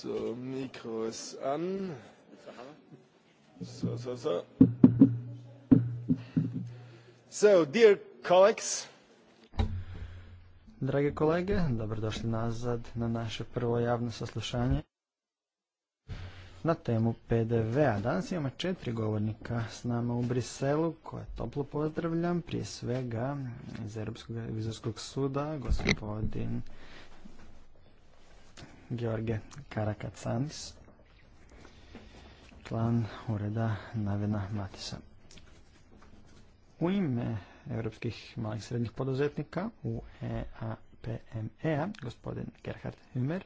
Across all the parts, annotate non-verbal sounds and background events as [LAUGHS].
So, Mikro ist an. So, so, so. So, dear colleagues. Drage kolege, dobrodošli nazad na naše prvo javno saslušanje na temu PDV-a. Danas imamo četiri govornika s nama u Briselu, koje toplo pozdravljam, prije svega iz Europskog revizorskog suda, gospodin George Karakacanis, član ureda Navena Matisa. U ime europskih malih srednjih poduzetnika u EAPME-a, gospodin Gerhard Hümer,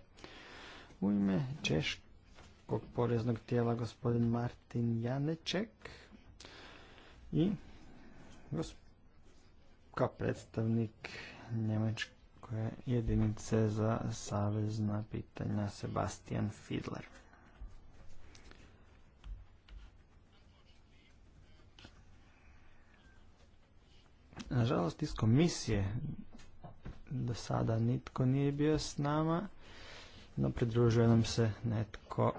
u ime Češkog poreznog tijela gospodin Martin Janeček i kao predstavnik Njemački Dakle, jedinice za savezna pitanja Sebastian Fidler. Nažalost, iz komisije do sada nitko nije bio s nama, no pridružuje nam se netko,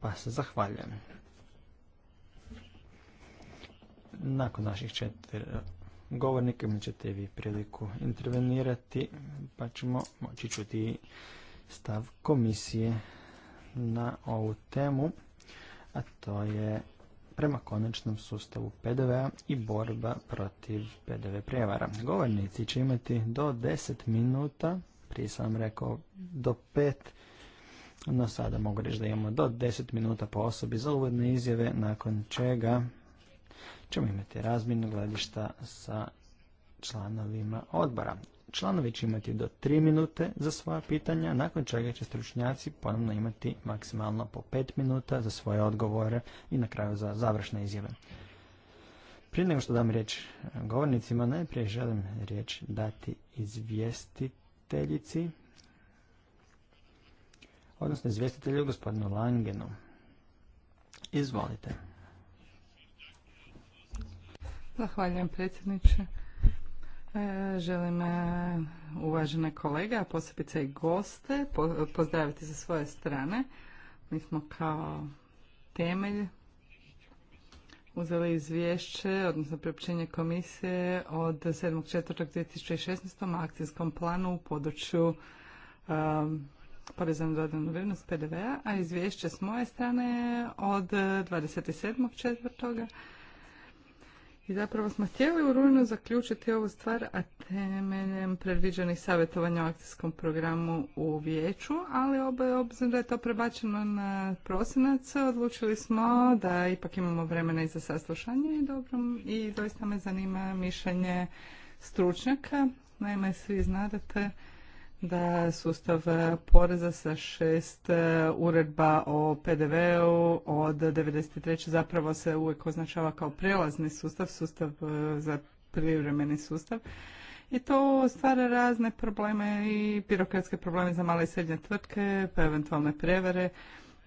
pa se zahvaljujem. Nakon naših četiri Govornike mi ćete vi priliku intervenirati, pa ćemo moći čuti stav komisije na ovu temu, a to je prema konačnom sustavu PDV-a i borba protiv PDV prijevara. Govornici će imati do 10 minuta, prije sam rekao do 5, no sada mogu reći da imamo do 10 minuta po osobi za uvodne izjave, nakon čega ćemo imati razmjenu gledišta sa članovima odbora. Članovi će imati do 3 minute za svoja pitanja, nakon čega će stručnjaci ponovno imati maksimalno po 5 minuta za svoje odgovore i na kraju za završne izjave. Prije nego što dam riječ eh, govornicima, najprije želim riječ dati izvjestiteljici, odnosno izvjestitelju gospodinu Langenu. Izvolite. Zahvaljujem predsjedniče. E, želim e, uvažene kolege, a posebice i goste, pozdraviti sa svoje strane. Mi smo kao temelj uzeli izvješće, odnosno priopćenje komisije od 7.4.2016. akcijskom planu u području um, poreza na dodanu vrijednost PDV-a, a izvješće s moje strane od 27.4 i zapravo smo htjeli u rujnu zaključiti ovu stvar, a temeljem predviđenih savjetovanja o akcijskom programu u vijeću, ali obzirom da je to prebačeno na prosinac, odlučili smo da ipak imamo vremena i za saslušanje i dobro, i doista me zanima mišljenje stručnjaka. Naime, svi znadete da sustav e, poreza sa šest e, uredba o PDV-u od 93. zapravo se uvijek označava kao prelazni sustav, sustav e, za privremeni sustav. I to stvara razne probleme i birokratske probleme za male i srednje tvrtke, pa eventualne prevare,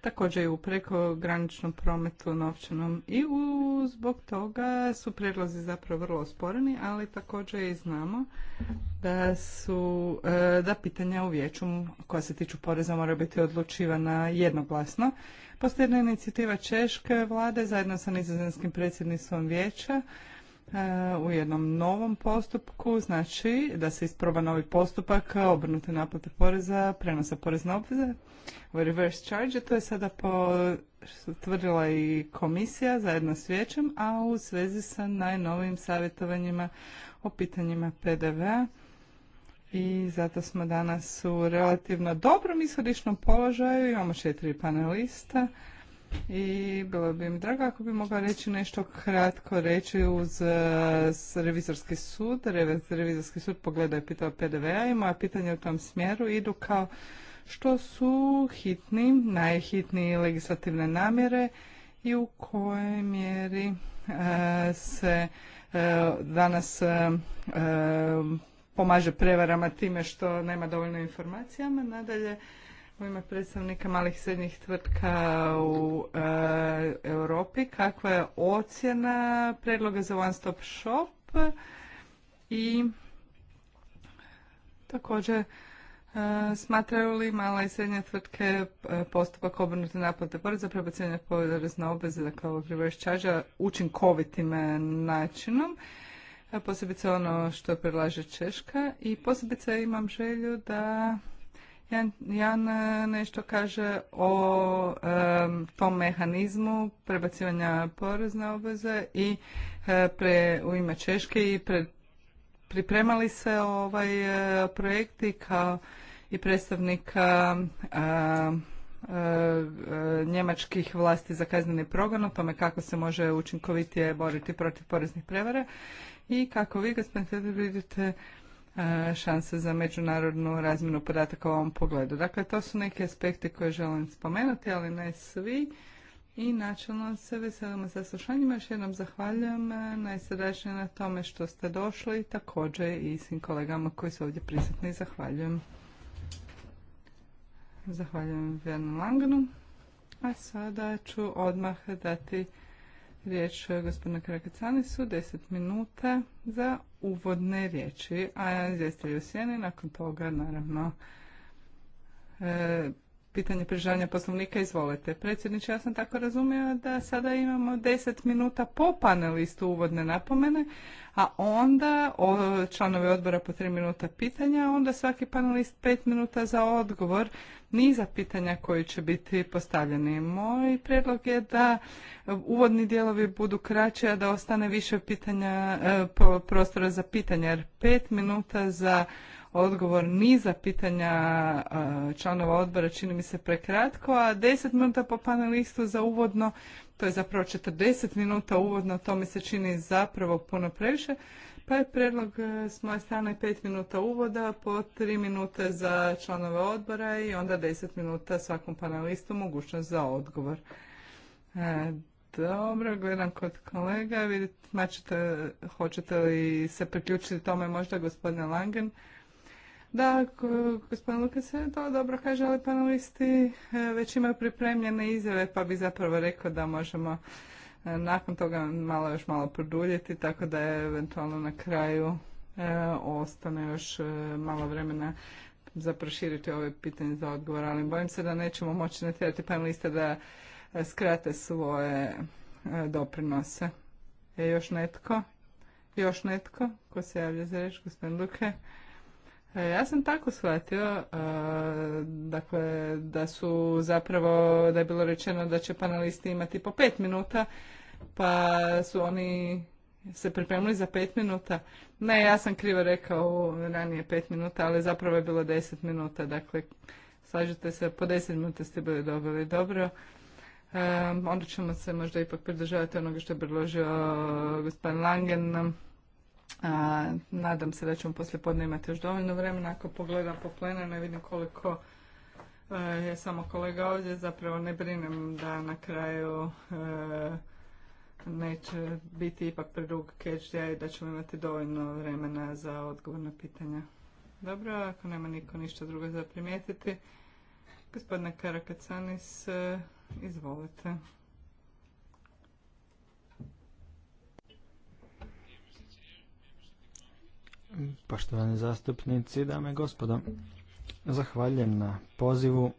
također i u prekograničnom prometu novčanom i u, zbog toga su predlozi zapravo vrlo osporeni, ali također i znamo da su e, da pitanja u vijeću koja se tiču poreza moraju biti odlučivana jednoglasno. Postoji inicijativa Češke vlade zajedno sa nizozemskim predsjednicom vijeća E, u jednom novom postupku, znači da se isproba novi postupak e, obrnute naplate poreza, prenosa porezne obveze u reverse charge, to je sada potvrdila i komisija zajedno s vijećem, a u svezi sa najnovim savjetovanjima o pitanjima PDV-a i zato smo danas u relativno dobrom ishodišnom položaju, imamo četiri panelista i bilo bi im drago ako bi mogla reći nešto kratko reći uz e, revizorski sud. Revizorski sud pogleda je pitao PDV-a i moja pitanja u tom smjeru idu kao što su hitni, najhitniji legislativne namjere i u kojoj mjeri e, se e, danas pomaže prevarama time što nema dovoljno informacijama. Nadalje, u ime predstavnika malih i srednjih tvrtka u e, Europi. Kakva je ocjena predloga za One Stop Shop i također E, smatraju li mala i srednja tvrtke e, postupak obrnute naplate poreza, prebacivanje porezne obveze, dakle ovog reverse učinkovitim e, načinom, posebice ono što predlaže Češka i posebice imam želju da Jan, Jan e, nešto kaže o e, tom mehanizmu prebacivanja porezne obveze i e, pre, u ime Češke i pre, pripremali se ovaj e, projekti kao i predstavnika njemačkih vlasti za kazneni progon o tome kako se može učinkovitije boriti protiv poreznih prevara i kako vi gospodine vidite E, šanse za međunarodnu razmjenu podataka u ovom pogledu. Dakle, to su neki aspekti koje želim spomenuti, ali ne svi. I načelno se veselimo sa slušanjima. Još jednom zahvaljujem e, najsrdačnije na tome što ste došli. Također i svim kolegama koji su ovdje prisutni zahvaljujem. Zahvaljujem Vjernu Langanu. A sada ću odmah dati riječ gospodina su 10 minuta za uvodne riječi, a izvjestitelj u sjeni, nakon toga naravno e, pitanje prižavanja poslovnika, izvolite. Predsjedniče, ja sam tako razumio da sada imamo deset minuta po panelistu uvodne napomene, a onda članovi odbora po tri minuta pitanja, a onda svaki panelist pet minuta za odgovor niza pitanja koji će biti postavljeni. Moj predlog je da uvodni dijelovi budu kraće, a da ostane više pitanja, e, prostora za pitanja, jer pet minuta za odgovor niza pitanja članova odbora čini mi se prekratko, a 10 minuta po panelistu za uvodno, to je zapravo 40 minuta uvodno, to mi se čini zapravo puno previše. Pa je predlog e, s moje strane 5 minuta uvoda, po 3 minute za članove odbora i onda 10 minuta svakom panelistu mogućnost za odgovor. E, dobro, gledam kod kolega, vidite, hoćete li se priključiti tome možda gospodine Langen? Da, gospodin Lukas se to dobro kaže, ali panelisti e, već imaju pripremljene izjave, pa bi zapravo rekao da možemo e, nakon toga malo još malo produljiti, tako da je eventualno na kraju e, ostane još malo vremena za proširiti ove pitanje za odgovor, ali bojim se da nećemo moći natjerati paneliste da skrate svoje doprinose. Je još netko? Još netko ko se javlja za reč? Gospodin Luke? E, ja sam tako shvatio, e, dakle, da su zapravo, da je bilo rečeno da će panelisti imati po pet minuta, pa su oni se pripremili za pet minuta. Ne, ja sam krivo rekao ranije pet minuta, ali zapravo je bilo deset minuta, dakle, slažete se, po deset minuta ste bili dobili dobro. E, onda ćemo se možda ipak pridržavati onoga što je predložio gospodin Langen a, nadam se da ćemo poslije podne imati još dovoljno vremena. Ako pogledam po plenu ne vidim koliko e, je samo kolega ovdje. Zapravo ne brinem da na kraju e, neće biti ipak predug catch i da ćemo imati dovoljno vremena za odgovor na pitanja. Dobro, ako nema niko ništa drugo za primijetiti. Gospodine Karakacanis, e, izvolite. Poštovani zastupnici, dame i gospodo, zahvaljujem na pozivu.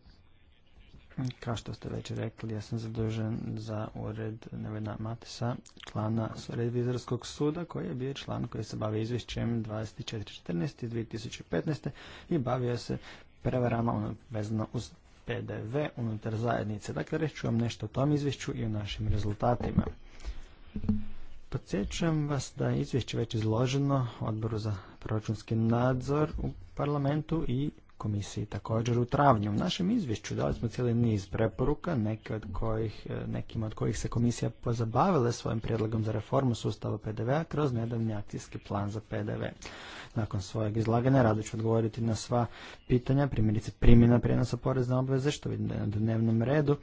Kao što ste već rekli, ja sam zadužen za ured Nevena Matisa, člana revizorskog suda, koji je bio član koji se bavi izvješćem 24.14. i 2015. i bavio se prevarama ono, vezano uz PDV unutar zajednice. Dakle, reći ću vam nešto o tom izvješću i o našim rezultatima. Podsjećam vas da je izvješće već izloženo odboru za proračunski nadzor u parlamentu i komisiji također u travnju. U našem izvješću dali smo cijeli niz preporuka, neke od kojih, e, nekima od kojih se komisija pozabavila svojim prijedlogom za reformu sustava PDV-a kroz nedavni akcijski plan za PDV. Nakon svojeg izlaganja rado ću odgovoriti na sva pitanja, primjerice primjena prijenosa porezne obveze, što vidim da je na dnevnom redu,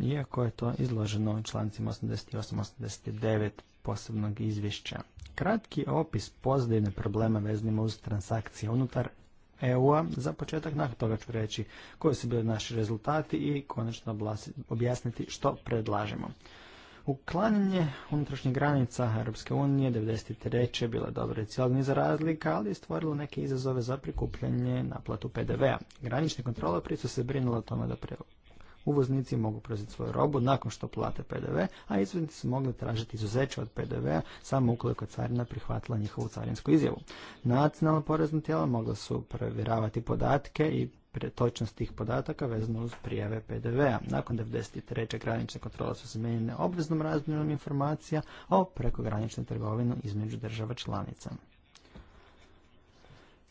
iako je to izloženo člancima 88-89 posebnog izvješća. Kratki opis pozdajne problema veznima uz transakcije unutar EU-a. Za početak nakon toga ću reći koji su bili naši rezultati i konačno objasniti što predlažemo. Uklanjanje unutrašnjih granica Europske unije 1993. bila je dobra i cijelog niza razlika, ali je stvorilo neke izazove za prikupljanje naplatu PDV-a. Granične kontrole prije se brinula o tome da uvoznici mogu preuzeti svoju robu nakon što plate PDV, a izvoznici su mogli tražiti izuzeće od PDV-a samo ukoliko carina prihvatila njihovu carinsku izjavu. Nacionalna porezna tijela mogla su provjeravati podatke i točnost tih podataka vezano uz prijave PDV-a. Nakon 93. granične kontrole su zamijenjene obveznom razmjenom informacija o prekograničnoj trgovini između država članica.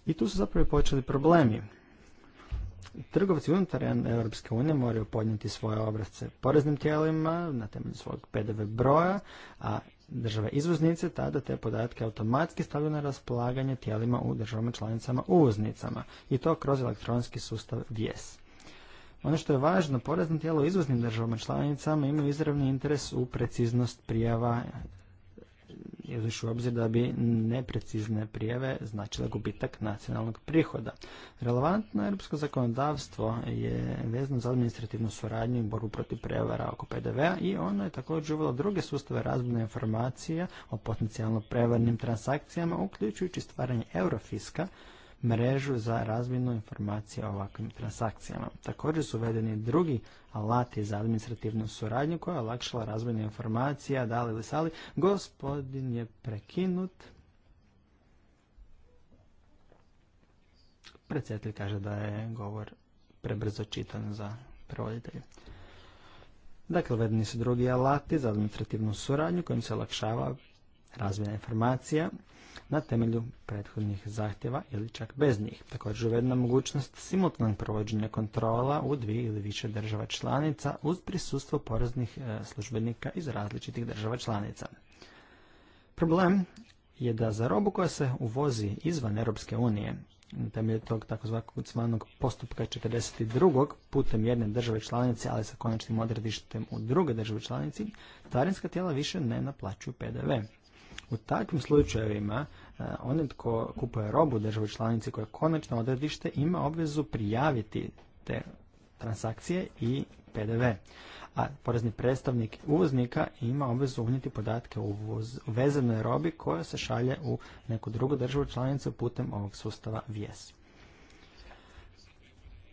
I tu su zapravo počeli problemi. Trgovci unutar Europske unije moraju podnijeti svoje obrazce poreznim tijelima na temelju svog PDV broja, a države izvoznice tada te podatke automatski stavljaju na raspolaganje tijelima u državama članicama uvoznicama i to kroz elektronski sustav VIES. Ono što je važno, porezno tijelo u izvoznim državama članicama imaju izravni interes u preciznost prijava uzeši u obzir da bi neprecizne prijeve značile gubitak nacionalnog prihoda. Relevantno europsko zakonodavstvo je vezano za administrativnu suradnju i borbu protiv prevara oko PDV-a i ono je također uvelo druge sustave razmjene informacije o potencijalno prevarnim transakcijama, uključujući stvaranje eurofiska, mrežu za razmjenu informacija o ovakvim transakcijama. Također su uvedeni drugi alati za administrativnu suradnju koja je olakšala razmjenu informacija, dali li sali. Gospodin je prekinut. Predsjetelj kaže da je govor prebrzo čitan za prevoditelje. Dakle, uvedeni su drugi alati za administrativnu suradnju kojim se olakšava razmjena informacija na temelju prethodnih zahtjeva ili čak bez njih. Također uvedena mogućnost simultanog provođenja kontrola u dvije ili više država članica uz prisustvo poreznih e, službenika iz različitih država članica. Problem je da za robu koja se uvozi izvan Europske unije, na temelju tog takozvanog postupka 42. putem jedne države članice, ali sa konačnim odredištem u druge države članici, carinska tijela više ne naplaćuju PDV. U takvim slučajevima e, onaj tko kupuje robu u državi članici koja je konačno odredište ima obvezu prijaviti te transakcije i PDV. A porezni predstavnik uvoznika ima obvezu unijeti podatke u vezanoj robi koja se šalje u neku drugu državu članicu putem ovog sustava VIES.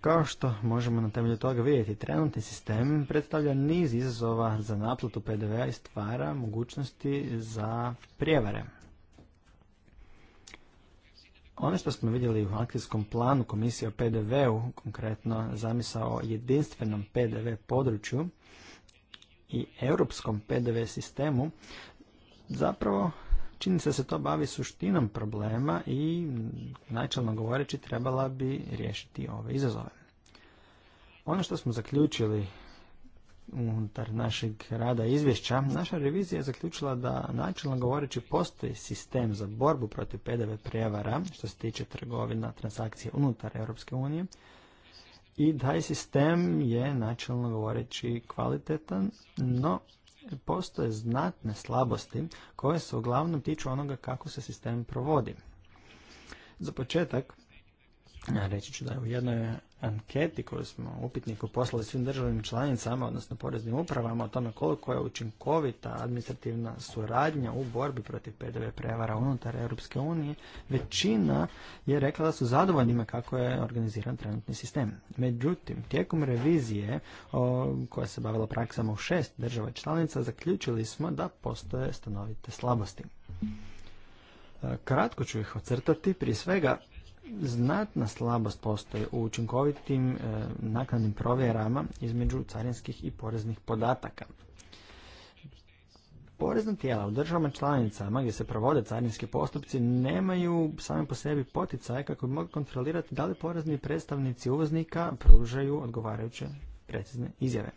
Kao što možemo na temelju toga vidjeti, trenutni sistem predstavlja niz izazova za naplatu PDV-a i stvara mogućnosti za prijevare. Ono što smo vidjeli u akcijskom planu Komisije o PDV-u, konkretno zamisa o jedinstvenom PDV području i europskom PDV sistemu, zapravo čini se da se to bavi suštinom problema i načelno govoreći trebala bi riješiti ove izazove. Ono što smo zaključili unutar našeg rada izvješća, naša revizija je zaključila da načelno govoreći postoji sistem za borbu protiv PDV prijevara što se tiče trgovina transakcije unutar Europske unije i taj sistem je načelno govoreći kvalitetan, no postoje znatne slabosti koje se uglavnom tiču onoga kako se sistem provodi. Za početak, reći ću da je u jednoj anketi koju smo upitniku poslali svim državnim članicama, odnosno poreznim upravama o tome koliko je učinkovita administrativna suradnja u borbi protiv PDV prevara unutar Europske unije, većina je rekla da su zadovoljni kako je organiziran trenutni sistem. Međutim, tijekom revizije o, koja se bavila praksama u šest država članica, zaključili smo da postoje stanovite slabosti. E, kratko ću ih ocrtati, prije svega znatna slabost postoji u učinkovitim e, naknadnim provjerama između carinskih i poreznih podataka. Porezna tijela u državama članicama gdje se provode carinski postupci nemaju sami po sebi poticaje kako bi mogli kontrolirati da li porezni predstavnici uvoznika pružaju odgovarajuće precizne izjave.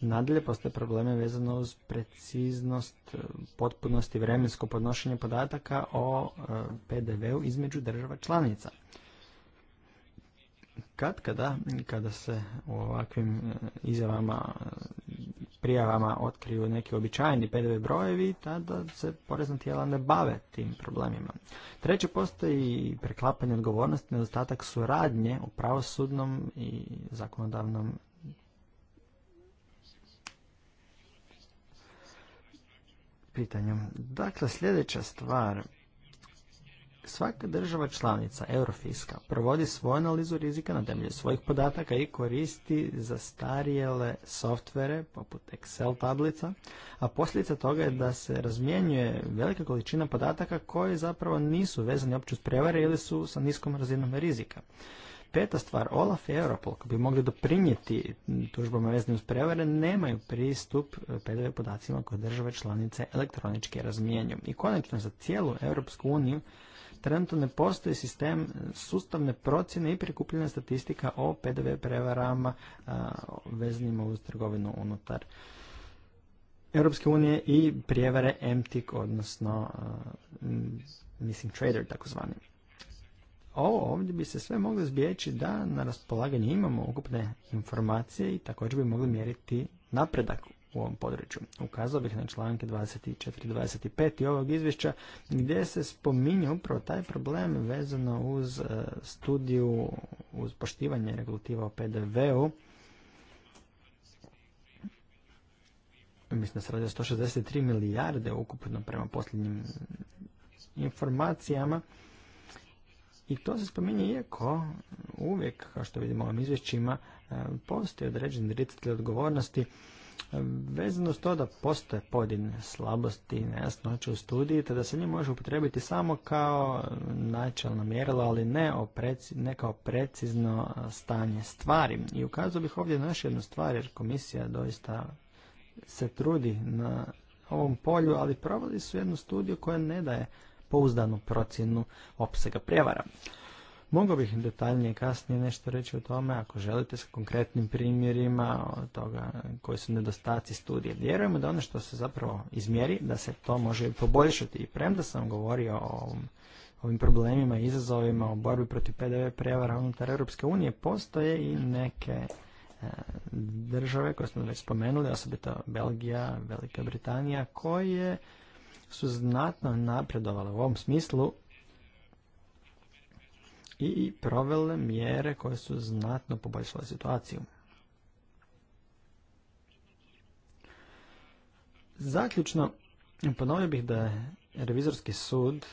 Nadalje postoje probleme vezano uz preciznost, e, potpunost i vremensko podnošenje podataka o e, PDV-u između država članica. Kad kada, kada se u ovakvim e, izjavama, prijavama otkriju neki običajni PDV brojevi, tada se porezna tijela ne bave tim problemima. Treće, postoji preklapanje odgovornosti, nedostatak suradnje u pravosudnom i zakonodavnom pitanju. Dakle, sljedeća stvar. Svaka država članica Eurofiska provodi svoju analizu rizika na temelju svojih podataka i koristi zastarijele softvere poput Excel tablica, a posljedica toga je da se razmjenjuje velika količina podataka koji zapravo nisu vezani opće s prevare ili su sa niskom razinom rizika. Peta stvar, Olaf i Europol, koji bi mogli doprinijeti tužbama veznim uz prevare, nemaju pristup e, PDV podacima koje države članice elektronički razmijenju. I konačno za cijelu Europsku uniju trenutno ne postoji sistem e, sustavne procjene i prikupljena statistika o PDV prevarama e, vezanima uz trgovinu unutar Europske unije i prijevare MTIC, odnosno Missing Trader takozvani ovo ovdje bi se sve moglo zbijeći da na raspolaganju imamo ukupne informacije i također bi mogli mjeriti napredak u ovom području. Ukazao bih na članke 24 i 25 ovog izvješća gdje se spominje upravo taj problem vezano uz e, studiju, uz poštivanje regulativa o PDV-u. Mislim da se radi o 163 milijarde ukupno prema posljednjim informacijama. I to se spominje iako uvijek, kao što vidimo u ovim izvješćima, e, postoji određeni ricitelj odgovornosti e, vezano s to da postoje pojedine slabosti i nejasnoće u studiji, te da se nje može upotrebiti samo kao načelno mjerilo, ali ne, kao precizno stanje stvari. I ukazao bih ovdje na još jednu stvar, jer komisija doista se trudi na ovom polju, ali provodi su jednu studiju koja ne daje pouzdanu procjenu opsega prijevara. Mogao bih detaljnije kasnije nešto reći o tome, ako želite sa konkretnim primjerima toga koji su nedostaci studije. Vjerujemo da ono što se zapravo izmjeri, da se to može poboljšati. I premda sam govorio o ovim problemima i izazovima, o borbi protiv PDV prevara unutar Europske unije, postoje i neke e, države koje smo već spomenuli, osobito Belgija, Velika Britanija, koje su znatno napredovali u ovom smislu i provele mjere koje su znatno poboljšale situaciju. Zaključno, ponovio bih da je Revizorski sud,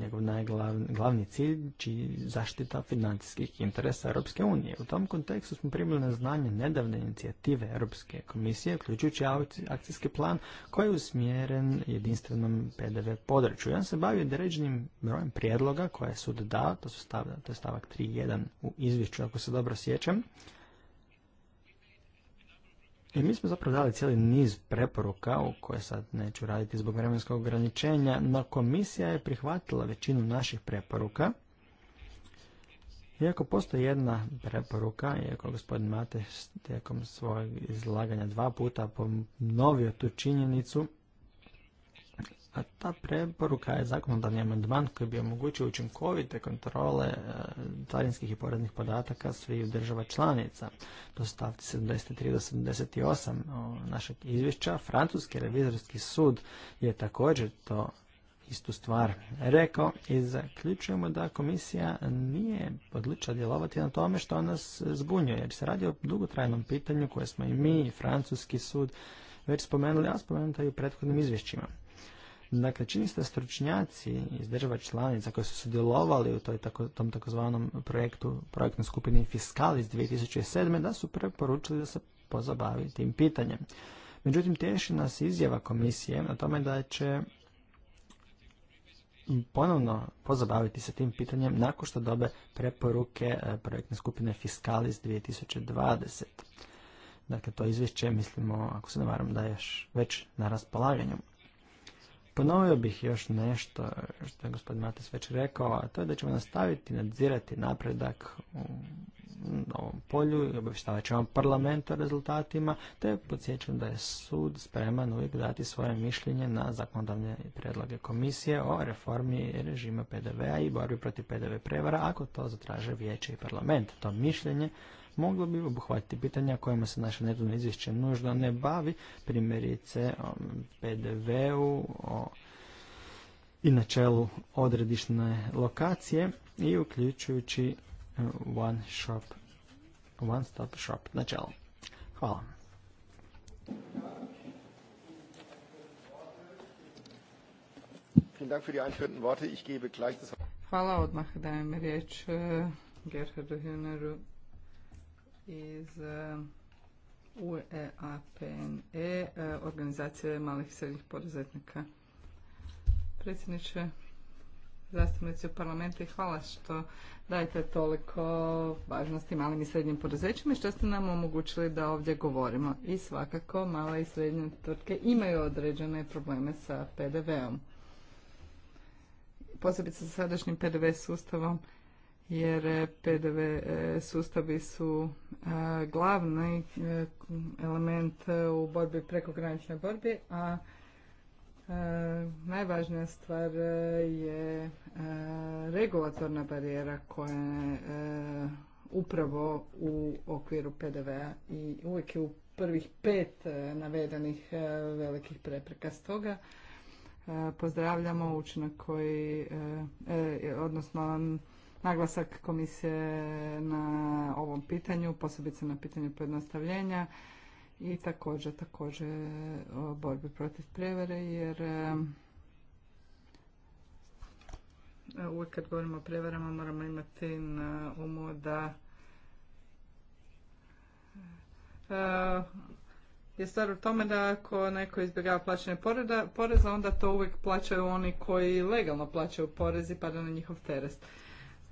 njegov najglavni cilj, čiji zaštita financijskih interesa Europske unije. U tom kontekstu smo primili na znanje nedavne inicijative Europske komisije, uključujući akcijski plan koji je usmjeren jedinstvenom PDV području. on se bavio određenim brojem prijedloga koje je sud dao, to, su to je stavak 3.1 u izvješću, ako se dobro sjećam. I mi smo zapravo dali cijeli niz preporuka u koje sad neću raditi zbog vremenskog ograničenja, no komisija je prihvatila većinu naših preporuka. Iako postoji jedna preporuka, iako gospodin Mateš tijekom svojeg izlaganja dva puta ponovio tu činjenicu, a ta preporuka je zakonodavni amandman koji bi omogućio učinkovite kontrole e, carinskih i poreznih podataka svih država članica. To stavci 73 do 78 našeg izvješća. Francuski revizorski sud je također to istu stvar rekao i zaključujemo da komisija nije odlučila djelovati na tome što nas zbunjuje jer se radi o dugotrajnom pitanju koje smo i mi i francuski sud već spomenuli, a spomenuta i u prethodnim izvješćima. Dakle, čini se da stručnjaci iz država članica koji su sudjelovali u tako, tom takozvanom projektu, projektnoj skupini Fiskalis 2007. da su preporučili da se pozabavi tim pitanjem. Međutim, tješi nas izjava komisije na tome da će ponovno pozabaviti se tim pitanjem nakon što dobe preporuke e, projektne skupine Fiskalis 2020. Dakle, to izvješće mislimo, ako se ne varam, da je već na raspolaganju. Ponovio bih još nešto što je gospodin Matis već rekao, a to je da ćemo nastaviti nadzirati napredak u ovom polju i obavještavat ćemo parlament o rezultatima, te podsjećam da je sud spreman uvijek dati svoje mišljenje na zakonodavne predloge komisije o reformi režima PDV-a i borbi protiv PDV prevara ako to zatraže vijeće i parlament. To mišljenje moglo bi obuhvatiti pitanja kojima se naše nedavno izvješće nužno ne bavi, primjerice um, o PDV-u i načelu odredišne lokacije i uključujući um, one shop, one stop shop načelo. Hvala. Hvala, odmah dajem riječ eh, Gerhardu iz UEAPNE, e e, e, organizacije malih i srednjih poduzetnika. Predsjedniče, zastupnici u parlamentu i hvala što dajete toliko važnosti malim i srednjim poduzećima i što ste nam omogućili da ovdje govorimo. I svakako male i srednje tvrtke imaju određene probleme sa PDV-om. Posebice sa sadašnjim PDV sustavom jer e, PDV e, sustavi su e, glavni element u borbi prekogranične borbi, a najvažnija stvar je regulatorna barijera koja je upravo u okviru PDV-a i uvijek je u prvih pet navedenih velikih prepreka. Stoga pozdravljamo učinak koji, odnosno naglasak komisije na ovom pitanju, posebice na pitanju pojednostavljenja i također, također o borbi protiv prevere jer e, uvijek kad govorimo o prevarama moramo imati na umu da e, je stvar u tome da ako neko izbjegava plaćanje poreza, onda to uvijek plaćaju oni koji legalno plaćaju porez i pada na njihov terest.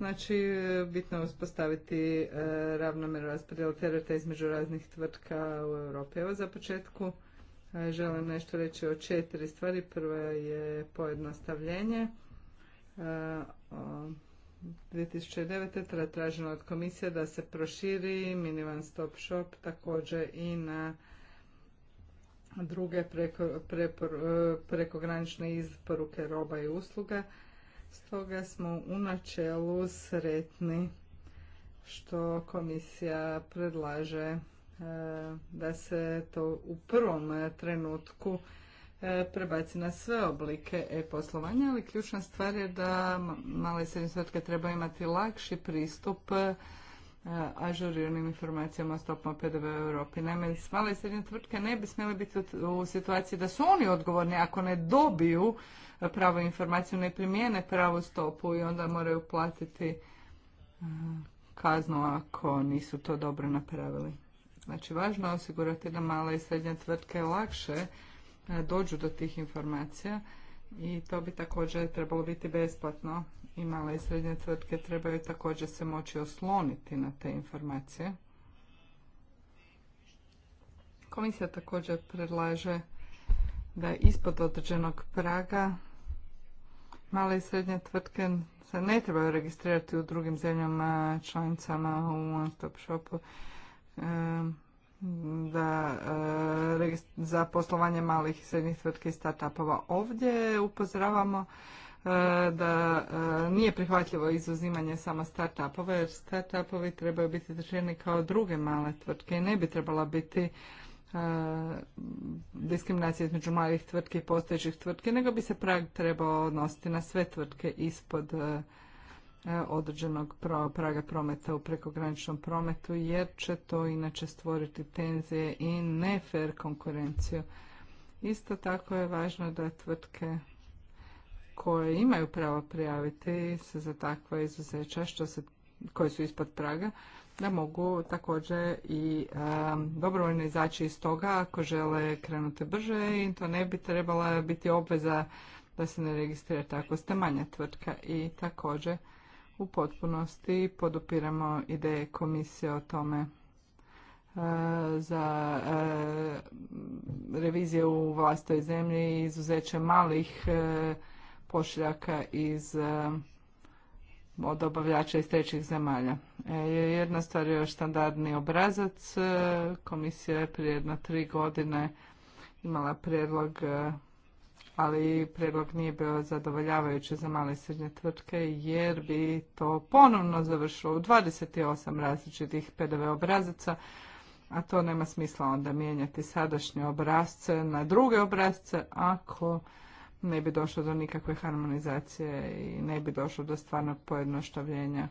Znači, bitno je uspostaviti e, ravnomjernu raspodjelu tereta između raznih tvrtka u Europi. Evo za početku e, želim nešto reći o četiri stvari. Prva je pojednostavljenje. 2009. E, je traženo od komisije da se proširi minivan stop shop također i na druge preko, prekogranične isporuke roba i usluga Stoga smo u načelu sretni što komisija predlaže e, da se to u prvom trenutku e, prebaci na sve oblike e-poslovanja, ali ključna stvar je da male i srednje tvrtke treba imati lakši pristup ažuriranim informacijama o stopama PDV u Europi. Naime, male i srednje tvrtke ne bi smjele biti u situaciji da su oni odgovorni ako ne dobiju pravu informaciju, ne primijene pravu stopu i onda moraju platiti kaznu ako nisu to dobro napravili. Znači, važno je osigurati da male i srednje tvrtke lakše dođu do tih informacija i to bi također trebalo biti besplatno i male i srednje tvrtke trebaju također se moći osloniti na te informacije. Komisija također predlaže da ispod određenog praga male i srednje tvrtke se ne trebaju registrirati u drugim zemljama članicama u One Stop Shopu e, za poslovanje malih i srednjih tvrtki i startupova. Ovdje upozoravamo E, da e, nije prihvatljivo izuzimanje samo startupova jer startupovi trebaju biti tretirani kao druge male tvrtke i ne bi trebala biti e, diskriminacija između malih tvrtki i postojećih tvrtki, nego bi se prag trebao odnositi na sve tvrtke ispod određenog praga prometa u prekograničnom prometu, jer će to inače stvoriti tenzije i nefer konkurenciju. Isto tako je važno da tvrtke koje imaju pravo prijaviti se za takva izuzeća što se, koje su ispod praga, da mogu također i um, dobrovoljno izaći iz toga ako žele krenuti brže i to ne bi trebala biti obveza da se ne registrira tako ste manja tvrtka i također u potpunosti podupiramo ideje komisije o tome uh, za uh, revizije u vlastoj zemlji i izuzeće malih uh, pošiljaka iz eh, od dobavljača iz trećih zemalja. E, jedna stvar je još standardni obrazac. Eh, komisija je prije jedno tri godine imala prijedlog, eh, ali predlog nije bio zadovoljavajući za male i srednje tvrtke jer bi to ponovno završilo u 28 različitih PDV obrazaca, a to nema smisla onda mijenjati sadašnje obrazce na druge obrazce ako ne bi došlo do nikakve harmonizacije i ne bi došlo do stvarnog pojednostavljenja,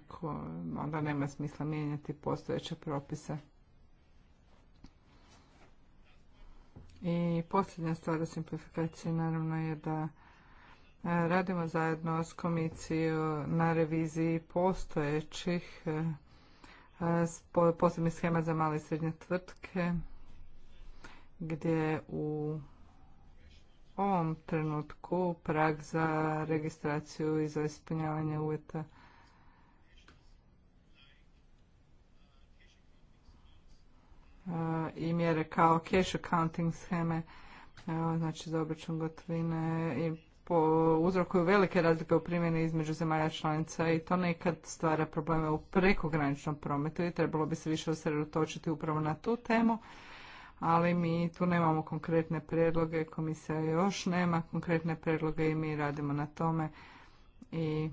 onda nema smisla mijenjati postojeće propise. I posljednja stvar o simplifikaciji naravno je da e, radimo zajedno s komisijom na reviziji postojećih e, posebnih schema za male i srednje tvrtke gdje u ovom trenutku prag za registraciju i za ispunjavanje uvjeta e, i mjere kao cash accounting scheme, e, znači za obračun gotovine i uzrokuju velike razlike u primjeni između zemalja članica i to nekad stvara probleme u prekograničnom prometu i trebalo bi se više usredotočiti upravo na tu temu ali mi tu nemamo konkretne predloge, komisija još nema konkretne predloge i mi radimo na tome i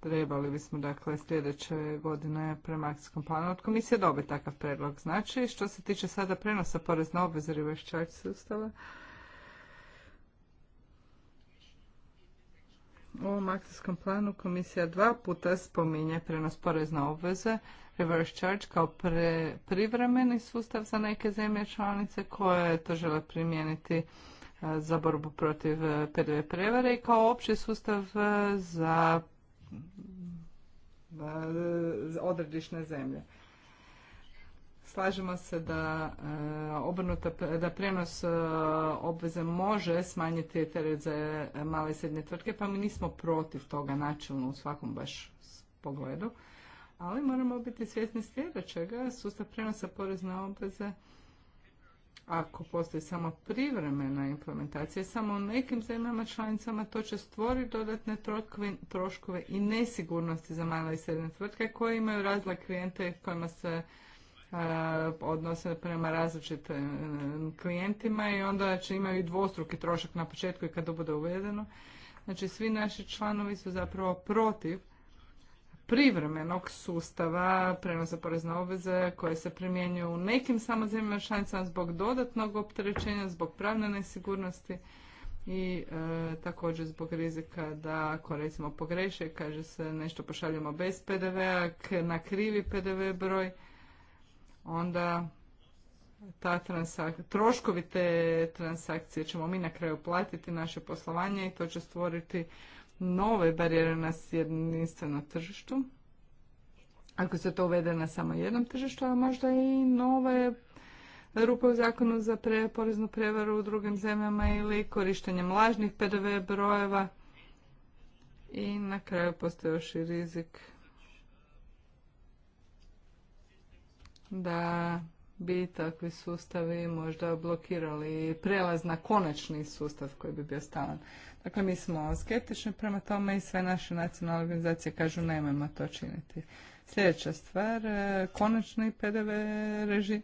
trebali bismo dakle sljedeće godine prema akcijskom planu od komisije dobiti takav predlog. Znači, što se tiče sada prenosa porezne obveze rivešćač sustava, u ovom akcijskom planu komisija dva puta spominje prenos porezne obveze reverse charge kao privremeni sustav za neke zemlje članice koje to žele primijeniti e, za borbu protiv e, PDV prevare i kao opći sustav e, za odredišne zemlje. Slažemo se da obrnuta, da prijenos obveze može smanjiti teret za male i srednje tvrtke, pa mi nismo protiv toga načelno u svakom baš pogledu ali moramo biti svjesni sljedećega, sustav prenosa porezne obveze ako postoji samo privremena implementacija, samo u nekim zemljama članicama to će stvoriti dodatne troškove i nesigurnosti za male i srednje tvrtke koje imaju razla klijente kojima se e, odnose prema različitim e, klijentima i onda će imaju dvostruki trošak na početku i kada bude uvedeno. Znači svi naši članovi su zapravo protiv privremenog sustava prenosa porezne obveze koje se primjenjuje u nekim samo zemljama zbog dodatnog opterećenja, zbog pravne nesigurnosti i e, također zbog rizika da ako recimo pogreše, kaže se nešto pošaljemo bez PDV-a, na krivi PDV broj, onda ta transak troškovi te transakcije ćemo mi na kraju platiti naše poslovanje i to će stvoriti nove barijere na jedinstvenom tržištu. Ako se to uvede na samo jednom tržištu, a možda i nove rupe u zakonu za poreznu prevaru u drugim zemljama ili korištenjem lažnih PDV brojeva. I na kraju postoji još i rizik da bi takvi sustavi možda blokirali prelaz na konačni sustav koji bi bio stalan. Dakle, mi smo skeptični prema tome i sve naše nacionalne organizacije kažu nemojmo to činiti. Sljedeća stvar, e, konačni PDV režim.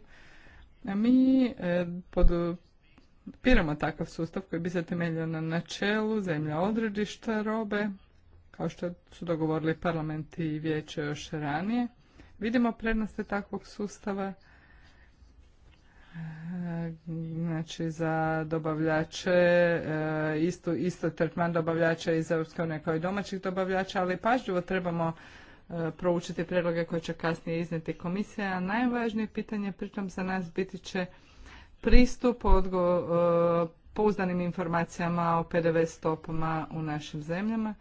E, mi e, piramo takav sustav koji bi se temeljio na načelu zemlja odredišta robe, kao što su dogovorili parlament i vijeće još ranije. Vidimo prednosti takvog sustava znači za dobavljače, e, isto, isto tretman dobavljača iz Europske unije kao i domaćih dobavljača, ali pažljivo trebamo e, proučiti prijedloge koje će kasnije iznijeti komisija. Najvažnije pitanje pritom za nas biti će pristup odgo, e, pouzdanim informacijama o PDV stopama u našim zemljama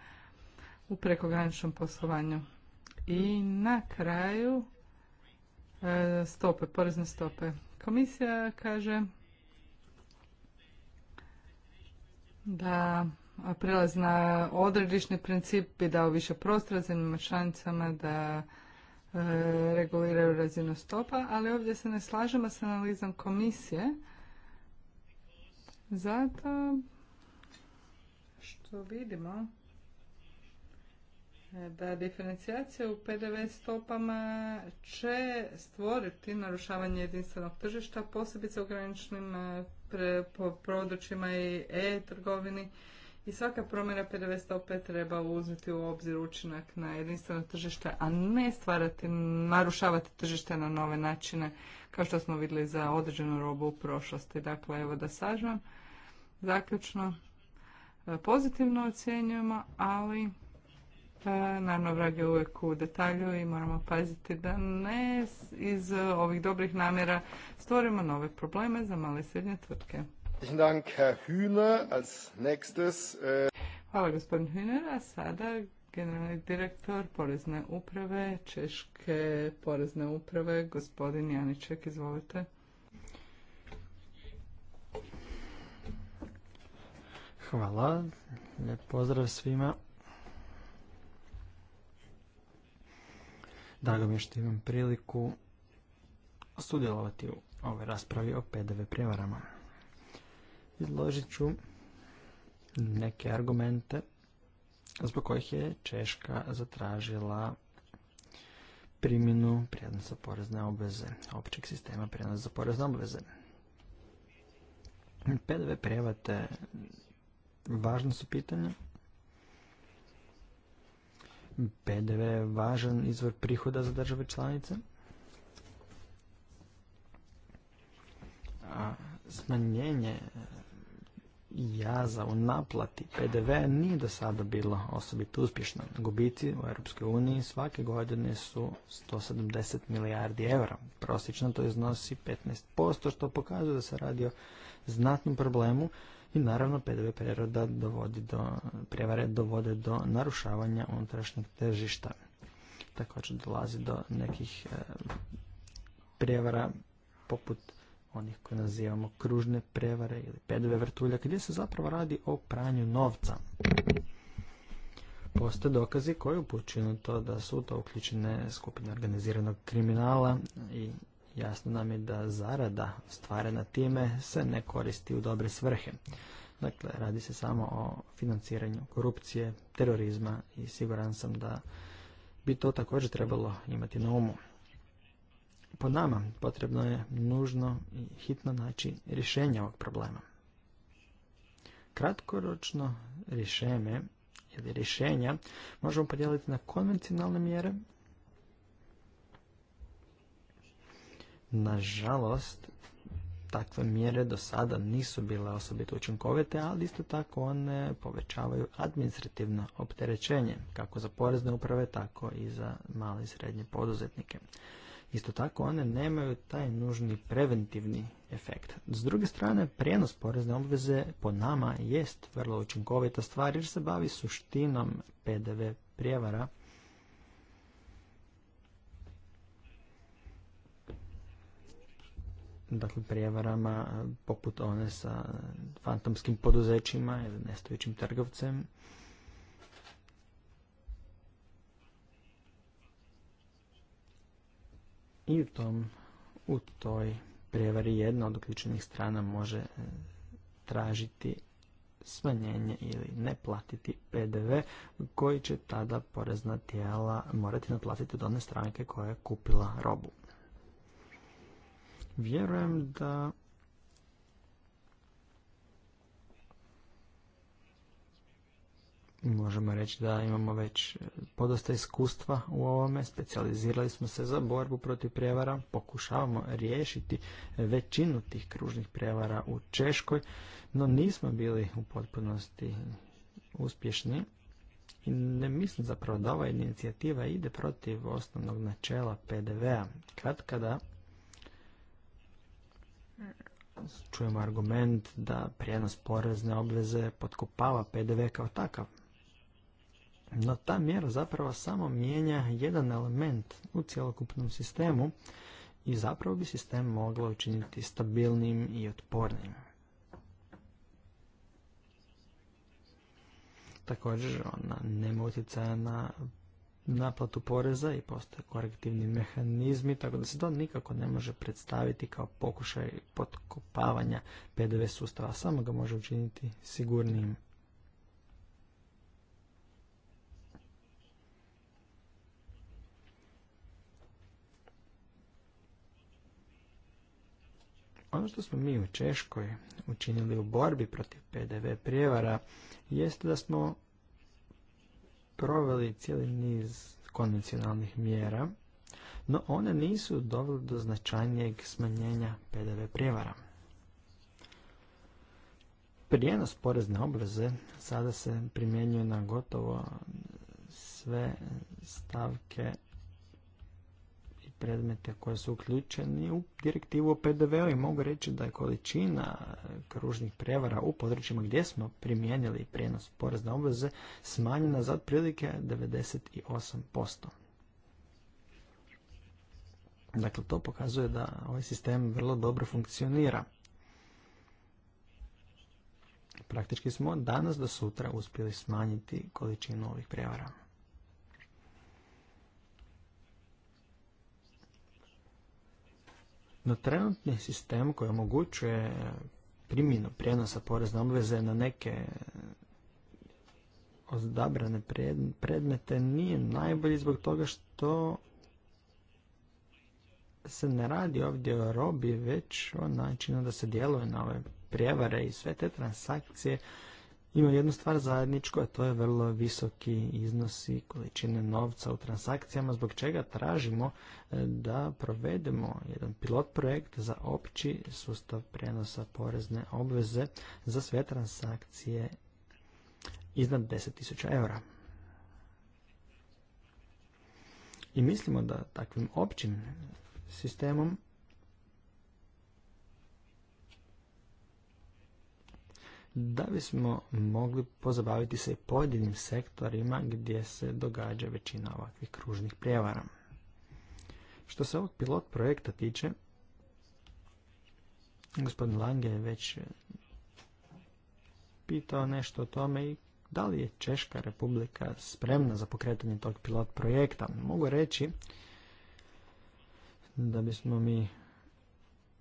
u prekograničnom poslovanju. I na kraju stope, porezne stope. Komisija kaže da prilaz na odredišni princip bi dao više prostora zemljama članicama da e, reguliraju razinu stopa, ali ovdje se ne slažemo s analizom komisije zato što vidimo da diferencijacija u PDV stopama će stvoriti narušavanje jedinstvenog tržišta, posebice u graničnim eh, područjima i e-trgovini i svaka promjena PDV stope treba uzeti u obzir učinak na jedinstveno tržište, a ne stvarati, narušavati tržište na nove načine, kao što smo vidjeli za određenu robu u prošlosti. Dakle, evo da sažmem, zaključno, eh, pozitivno ocjenjujemo, ali E, naravno je uvijek u detalju i moramo paziti da ne iz ovih dobrih namjera stvorimo nove probleme za male i srednje tvrtke. Äh, Hvala gospodin Hühner, a sada generalni direktor porezne uprave Češke porezne uprave, gospodin Janiček, izvolite. Hvala, lijep pozdrav svima. Drago mi je što imam priliku sudjelovati u ovoj raspravi o PDV prijevarama. Izložit ću neke argumente zbog kojih je Češka zatražila primjenu za porezne obveze, općeg sistema za porezne obveze. PDV prijevate važno su pitanja PDV je važan izvor prihoda za države članice. A smanjenje jaza u naplati PDV nije do sada bilo osobito uspješno. Gubici u EU svake godine su 170 milijardi eura. Prosječno to iznosi 15%, što pokazuje da se radi o znatnom problemu i naravno PDV preroda dovodi do, prevare dovode do narušavanja unutrašnjeg tržišta. Također dolazi do nekih e, prevara poput onih koje nazivamo kružne prevare ili PDV vrtulja, gdje se zapravo radi o pranju novca. Postoje dokazi koji upućuju to da su to uključene skupine organiziranog kriminala i jasno nam je da zarada stvarena time se ne koristi u dobre svrhe. Dakle, radi se samo o financiranju korupcije, terorizma i siguran sam da bi to također trebalo imati na umu. Po nama potrebno je nužno i hitno naći rješenje ovog problema. Kratkoročno rješenje ili rješenja možemo podijeliti na konvencionalne mjere Nažalost, takve mjere do sada nisu bile osobito učinkovite, ali isto tako one povećavaju administrativno opterećenje, kako za porezne uprave, tako i za male i srednje poduzetnike. Isto tako one nemaju taj nužni preventivni efekt. S druge strane, prijenos porezne obveze po nama jest vrlo učinkovita stvar jer se bavi suštinom PDV prijevara dakle, prijevarama poput one sa fantomskim poduzećima ili nestojećim trgovcem. I u, tom, u toj prijevari jedna od uključenih strana može e, tražiti smanjenje ili ne platiti PDV koji će tada porezna tijela morati naplatiti od one stranke koja je kupila robu. Vjerujem da možemo reći da imamo već podosta iskustva u ovome, specijalizirali smo se za borbu protiv prevara. pokušavamo riješiti većinu tih kružnih prevara u Češkoj, no nismo bili u potpunosti uspješni i ne mislim zapravo da ova inicijativa ide protiv osnovnog načela PDV-a. Kad kada čujemo argument da prijenos porezne obveze potkopava PDV kao takav. No ta mjera zapravo samo mijenja jedan element u cjelokupnom sistemu i zapravo bi sistem mogla učiniti stabilnim i otpornim. Također ona nema utjecaja na naplatu poreza i postoje korektivni mehanizmi, tako da se to nikako ne može predstaviti kao pokušaj potkopavanja PDV sustava, samo ga može učiniti sigurnijim. Ono što smo mi u Češkoj učinili u borbi protiv PDV prijevara jeste da smo proveli cijeli niz konvencionalnih mjera, no one nisu dovele do značajnijeg smanjenja PDV prijevara. Prijenos porezne obveze sada se primjenjuje na gotovo sve stavke predmete koje su uključeni u direktivu o PDV-u i mogu reći da je količina e, kružnih prevara u područjima gdje smo primijenili prijenos porezne obveze smanjena za otprilike 98%. Dakle, to pokazuje da ovaj sistem vrlo dobro funkcionira. Praktički smo danas do sutra uspjeli smanjiti količinu ovih prevara. na trenutni sistem koji omogućuje primjenu prijenosa porezne obveze na neke odabrane predmete nije najbolji zbog toga što se ne radi ovdje o robi, već o načinu da se djeluje na ove prijevare i sve te transakcije ima jednu stvar zajedničku, a to je vrlo visoki iznosi količine novca u transakcijama, zbog čega tražimo e, da provedemo jedan pilot projekt za opći sustav prenosa porezne obveze za sve transakcije iznad 10.000 eura. I mislimo da takvim općim sistemom da bismo mogli pozabaviti se i pojedinim sektorima gdje se događa većina ovakvih kružnih prijevara. Što se ovog pilot projekta tiče, gospodin Lange je već pitao nešto o tome i da li je Češka republika spremna za pokretanje tog pilot projekta. Mogu reći da bismo mi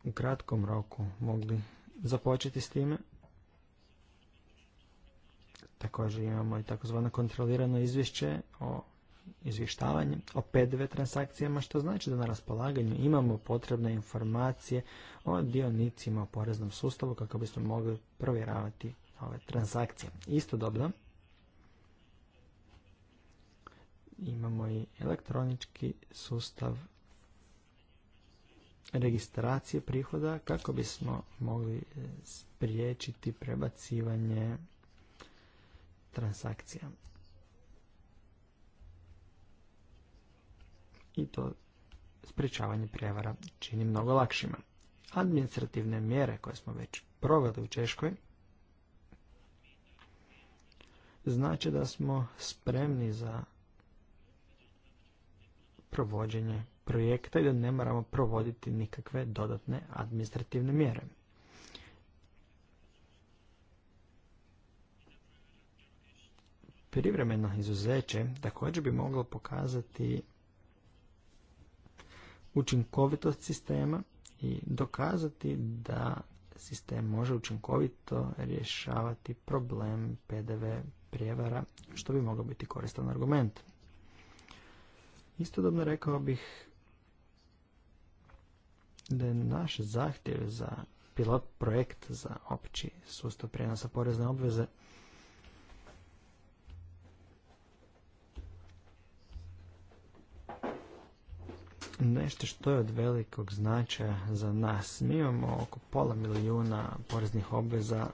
u kratkom roku mogli započeti s time. Također imamo i takozvano kontrolirano izvješće o izvještavanju o PDV transakcijama, što znači da na raspolaganju imamo potrebne informacije o dionicima u poreznom sustavu kako bismo mogli provjeravati ove transakcije. Isto Istodobno imamo i elektronički sustav registracije prihoda kako bismo mogli e, spriječiti prebacivanje transakcija. I to spričavanje prijevara čini mnogo lakšima. Administrativne mjere koje smo već proveli u Češkoj znači da smo spremni za provođenje projekta i da ne moramo provoditi nikakve dodatne administrativne mjere. privremeno izuzeće također bi moglo pokazati učinkovitost sistema i dokazati da sistem može učinkovito rješavati problem PDV prijevara, što bi moglo biti koristan argument. Istodobno rekao bih da je naš zahtjev za pilot projekt za opći sustav prijenosa porezne obveze nešto što je od velikog značaja za nas. Mi imamo oko pola milijuna poreznih obveza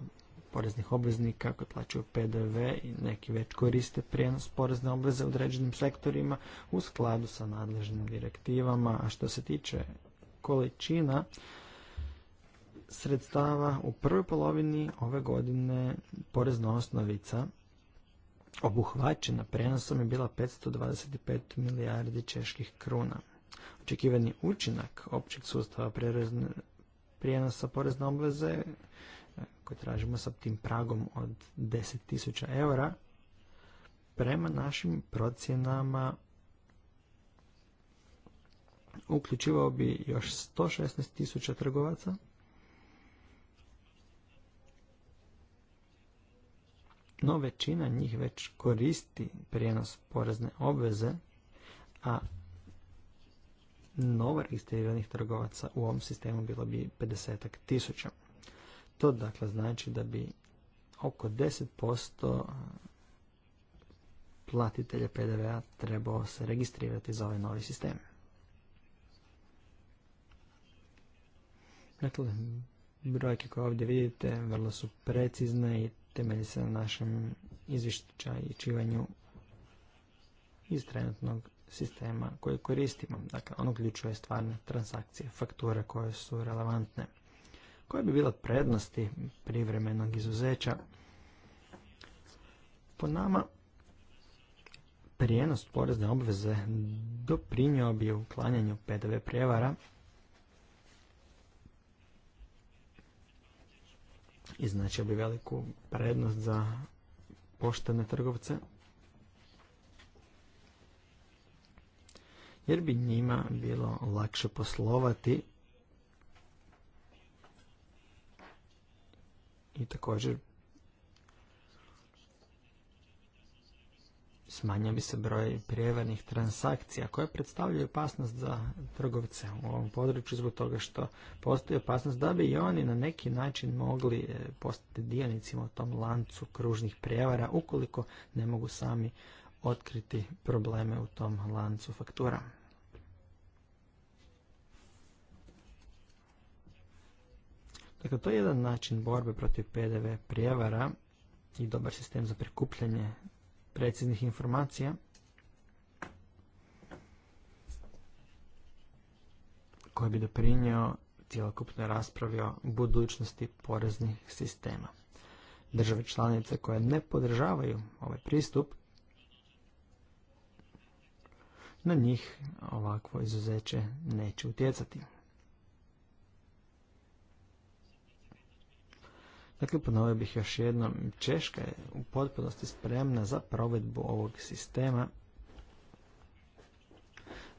poreznih obveznika koji plaćaju PDV i neki već koriste prijenos porezne obveze u određenim sektorima u skladu sa nadležnim direktivama. A što se tiče količina sredstava u prvoj polovini ove godine porezna osnovica obuhvaćena prenosom je bila 525 milijardi čeških kruna očekivani učinak općeg sustava prijenosa porezne obveze e, koje tražimo sa tim pragom od 10.000 eura prema našim procjenama uključivao bi još 116.000 trgovaca no većina njih već koristi prijenos porezne obveze a novo registriranih trgovaca u ovom sistemu bilo bi 50 tisuća. To dakle znači da bi oko 10% platitelja PDV-a trebao se registrirati za ovaj novi sistem. Dakle, brojke koje ovdje vidite vrlo su precizne i temelji se na našem i čivanju iz trenutnog sistema koji koristimo. Dakle, on uključuje stvarne transakcije, fakture koje su relevantne. Koje bi bila prednosti privremenog izuzeća? Po nama, prijenost porezne obveze doprinio bi uklanjanju PDV prijevara i značio bi veliku prednost za poštene trgovce. jer bi njima bilo lakše poslovati i također smanja bi se broj prijevarnih transakcija koje predstavljaju opasnost za trgovce u ovom području zbog toga što postoji opasnost da bi i oni na neki način mogli e, postati dionicima u tom lancu kružnih prijevara ukoliko ne mogu sami otkriti probleme u tom lancu faktura. Dakle, to je jedan način borbe protiv PDV prijevara i dobar sistem za prikupljanje preciznih informacija. koji bi doprinio cjelokupnoj raspravi o budućnosti poreznih sistema. Države članice koje ne podržavaju ovaj pristup, na njih ovakvo izuzeće neće utjecati. Dakle, ponovio bih još jednom, Češka je u potpunosti spremna za provedbu ovog sistema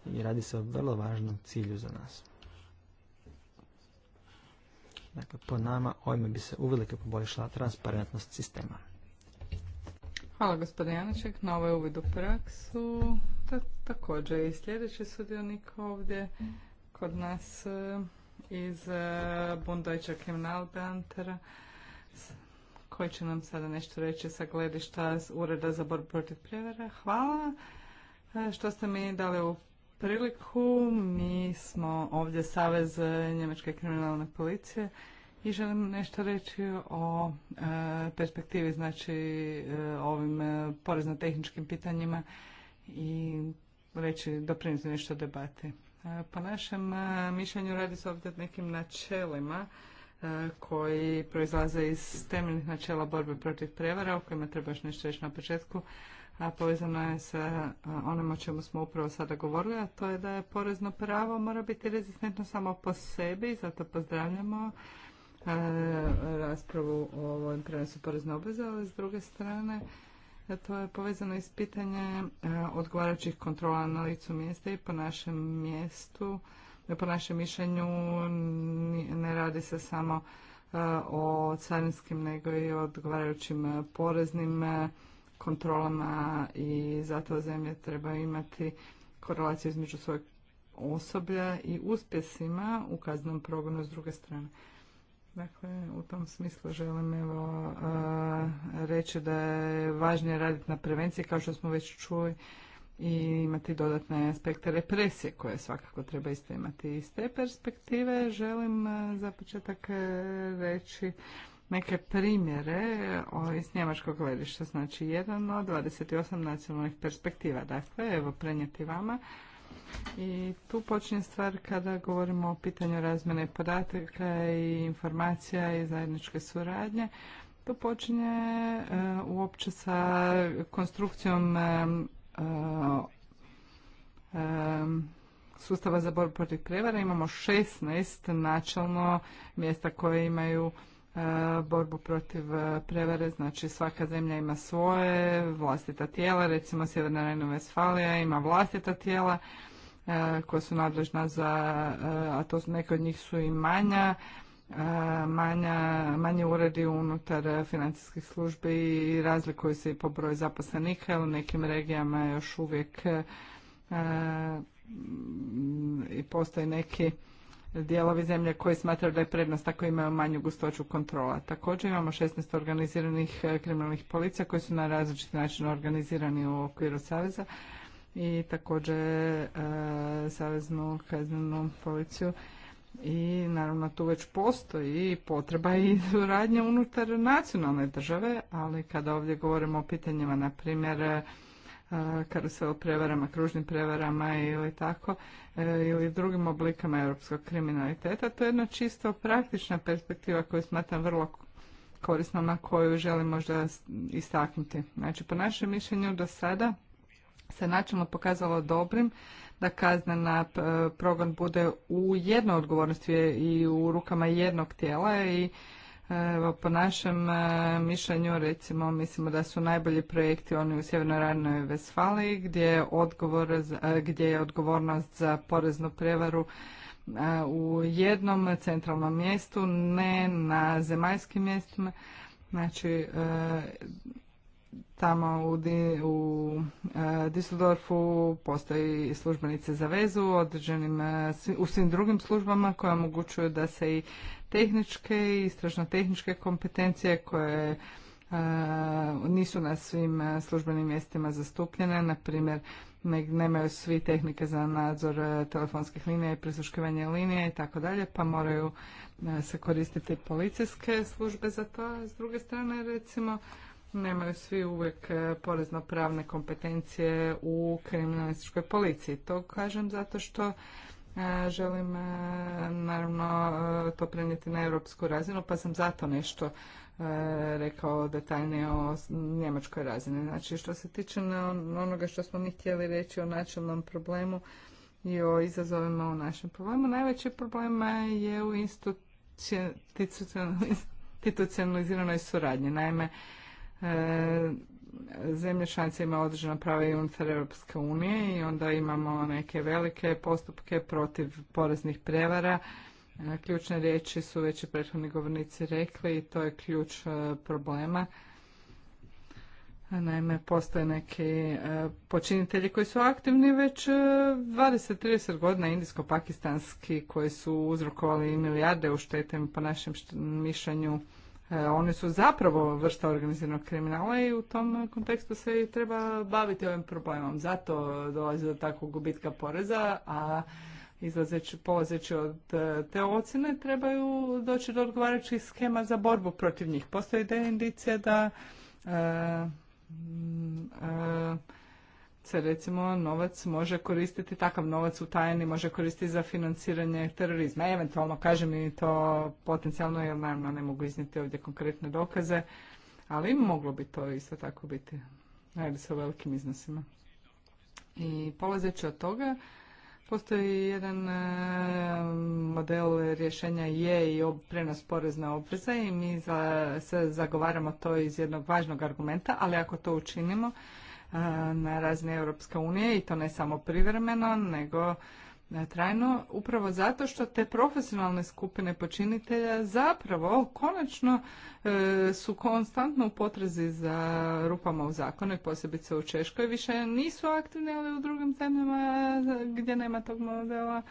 i radi se o vrlo važnom cilju za nas. Dakle, po nama ovime bi se uvelike poboljšala transparentnost sistema. Hvala gospodine Janiček na ovaj uvid u praksu. Ta, također i sljedeći sudionik ovdje kod nas eh, iz eh, Bundajča Kriminalbeantera koji će nam sada nešto reći sa gledišta Ureda za borbu protiv prijevara. Hvala e, što ste mi dali u priliku. Mi smo ovdje Savez Njemačke kriminalne policije i želim nešto reći o e, perspektivi, znači e, ovim porezno-tehničkim pitanjima i reći, doprinijeti nešto debati. Po našem mišljenju radi se ovdje o nekim načelima E, koji proizlaze iz temeljnih načela borbe protiv prevara o kojima treba još nešto reći na početku a povezano je sa e, onim o čemu smo upravo sada govorili, a to je da je porezno pravo mora biti rezistentno samo po sebi, zato pozdravljamo e, raspravu o ovom prenosu porezne obveze, ali s druge strane to je povezano i s odgovarajućih kontrola na licu mjesta i po našem mjestu po našem mišljenju ne radi se samo e, o carinskim nego i o odgovarajućim e, poreznim e, kontrolama i zato zemlje treba imati korelaciju između svojeg osoblja i uspjesima u kaznom progonu s druge strane. Dakle, u tom smislu želim evo reći da je važnije raditi na prevenciji, kao što smo već čuli, i imati dodatne aspekte represije koje svakako treba isto imati. Iz te perspektive želim e, za početak e, reći neke primjere e, iz njemačkog gledišta, znači jedan od 28 nacionalnih perspektiva. Dakle, evo prenijeti vama. I tu počinje stvar kada govorimo o pitanju razmjene podataka i informacija i zajedničke suradnje. To počinje uopće sa konstrukcijom Ehm, sustava za borbu protiv prevara imamo 16 načelno mjesta koje imaju e, borbu protiv e, prevare, znači svaka zemlja ima svoje vlastita tijela, recimo Sjeverna Rajna Vesfalija ima vlastita tijela e, koja su nadležna za, a to su neke od njih su i manja, manja, manje uredi unutar financijskih službi i razlikuju se i po broju zaposlenika. U nekim regijama još uvijek mm, i postoje neki dijelovi zemlje koji smatraju da je prednost tako imaju manju gustoću kontrola. Također imamo 16 organiziranih e, kriminalnih policija koji su na različiti način organizirani u okviru Saveza i također e, Saveznu kaznenu policiju i naravno tu već postoji potreba i radnja unutar nacionalne države, ali kada ovdje govorimo o pitanjima, na primjer, e, kada se o prevarama, kružnim prevarama ili tako, e, ili drugim oblikama europskog kriminaliteta, to je jedna čisto praktična perspektiva koju smatram vrlo korisnom, na koju želim možda istaknuti. Znači, po našem mišljenju do sada se načelno pokazalo dobrim da kaznena e, progon bude u jednoj odgovornosti i u rukama jednog tijela i e, Evo, po našem e, mišljenju, recimo, mislimo da su najbolji projekti oni u Sjevernoj Radnoj Vesfaliji, gdje je, odgovor, gdje je odgovornost za poreznu prevaru u jednom centralnom mjestu, ne na zemaljskim mjestima. Znači, tamo u, u e, Düsseldorfu postoji službenice za vezu određenim, e, u svim drugim službama koje omogućuju da se i tehničke i istražno-tehničke kompetencije koje e, nisu na svim e, službenim mjestima zastupljene, na primjer nemaju svi tehnike za nadzor telefonskih linija i prisluškivanje linija i tako dalje, pa moraju se koristiti policijske službe za to. S druge strane, recimo, nemaju svi uvijek e, porezno-pravne kompetencije u kriminalističkoj policiji. To kažem zato što e, želim e, naravno to prenijeti na europsku razinu, pa sam zato nešto rekao detaljnije o njemačkoj razini. Znači, što se tiče onoga što smo mi htjeli reći o načelnom problemu i o izazovima u našem problemu, najveći problem je u institucionaliziranoj suradnji. Naime, E, zemlje članice ima određena prava i unutar Europske unije i onda imamo neke velike postupke protiv poreznih prevara. E, ključne riječi su već i prethodni govornici rekli i to je ključ e, problema. Naime, postoje neki počinitelji koji su aktivni već 20-30 godina, indijsko-pakistanski, koji su uzrokovali milijarde u štetem, po našem mišljenju, E, oni su zapravo vrsta organiziranog kriminala i u tom kontekstu se i treba baviti ovim problemom. Zato dolazi do takvog gubitka poreza, a izlazeći, polazeći od e, te ocjene trebaju doći do odgovarajućih schema za borbu protiv njih. Postoji ideja indicija da e, e se recimo novac može koristiti, takav novac u tajni može koristiti za financiranje terorizma. Eventualno kažem i to potencijalno, jer naravno ne mogu iznijeti ovdje konkretne dokaze, ali moglo bi to isto tako biti. Radi se o velikim iznosima. I polazeći od toga, Postoji jedan e, model rješenja je i prenos porezne obveze i mi se zagovaramo to iz jednog važnog argumenta, ali ako to učinimo, na razne Europske unije i to ne samo privremeno, nego e, trajno, upravo zato što te profesionalne skupine počinitelja zapravo konačno e, su konstantno u potrezi za rupama u zakonu i posebice u Češkoj više nisu aktivne, ali u drugim zemljama e, gdje nema tog modela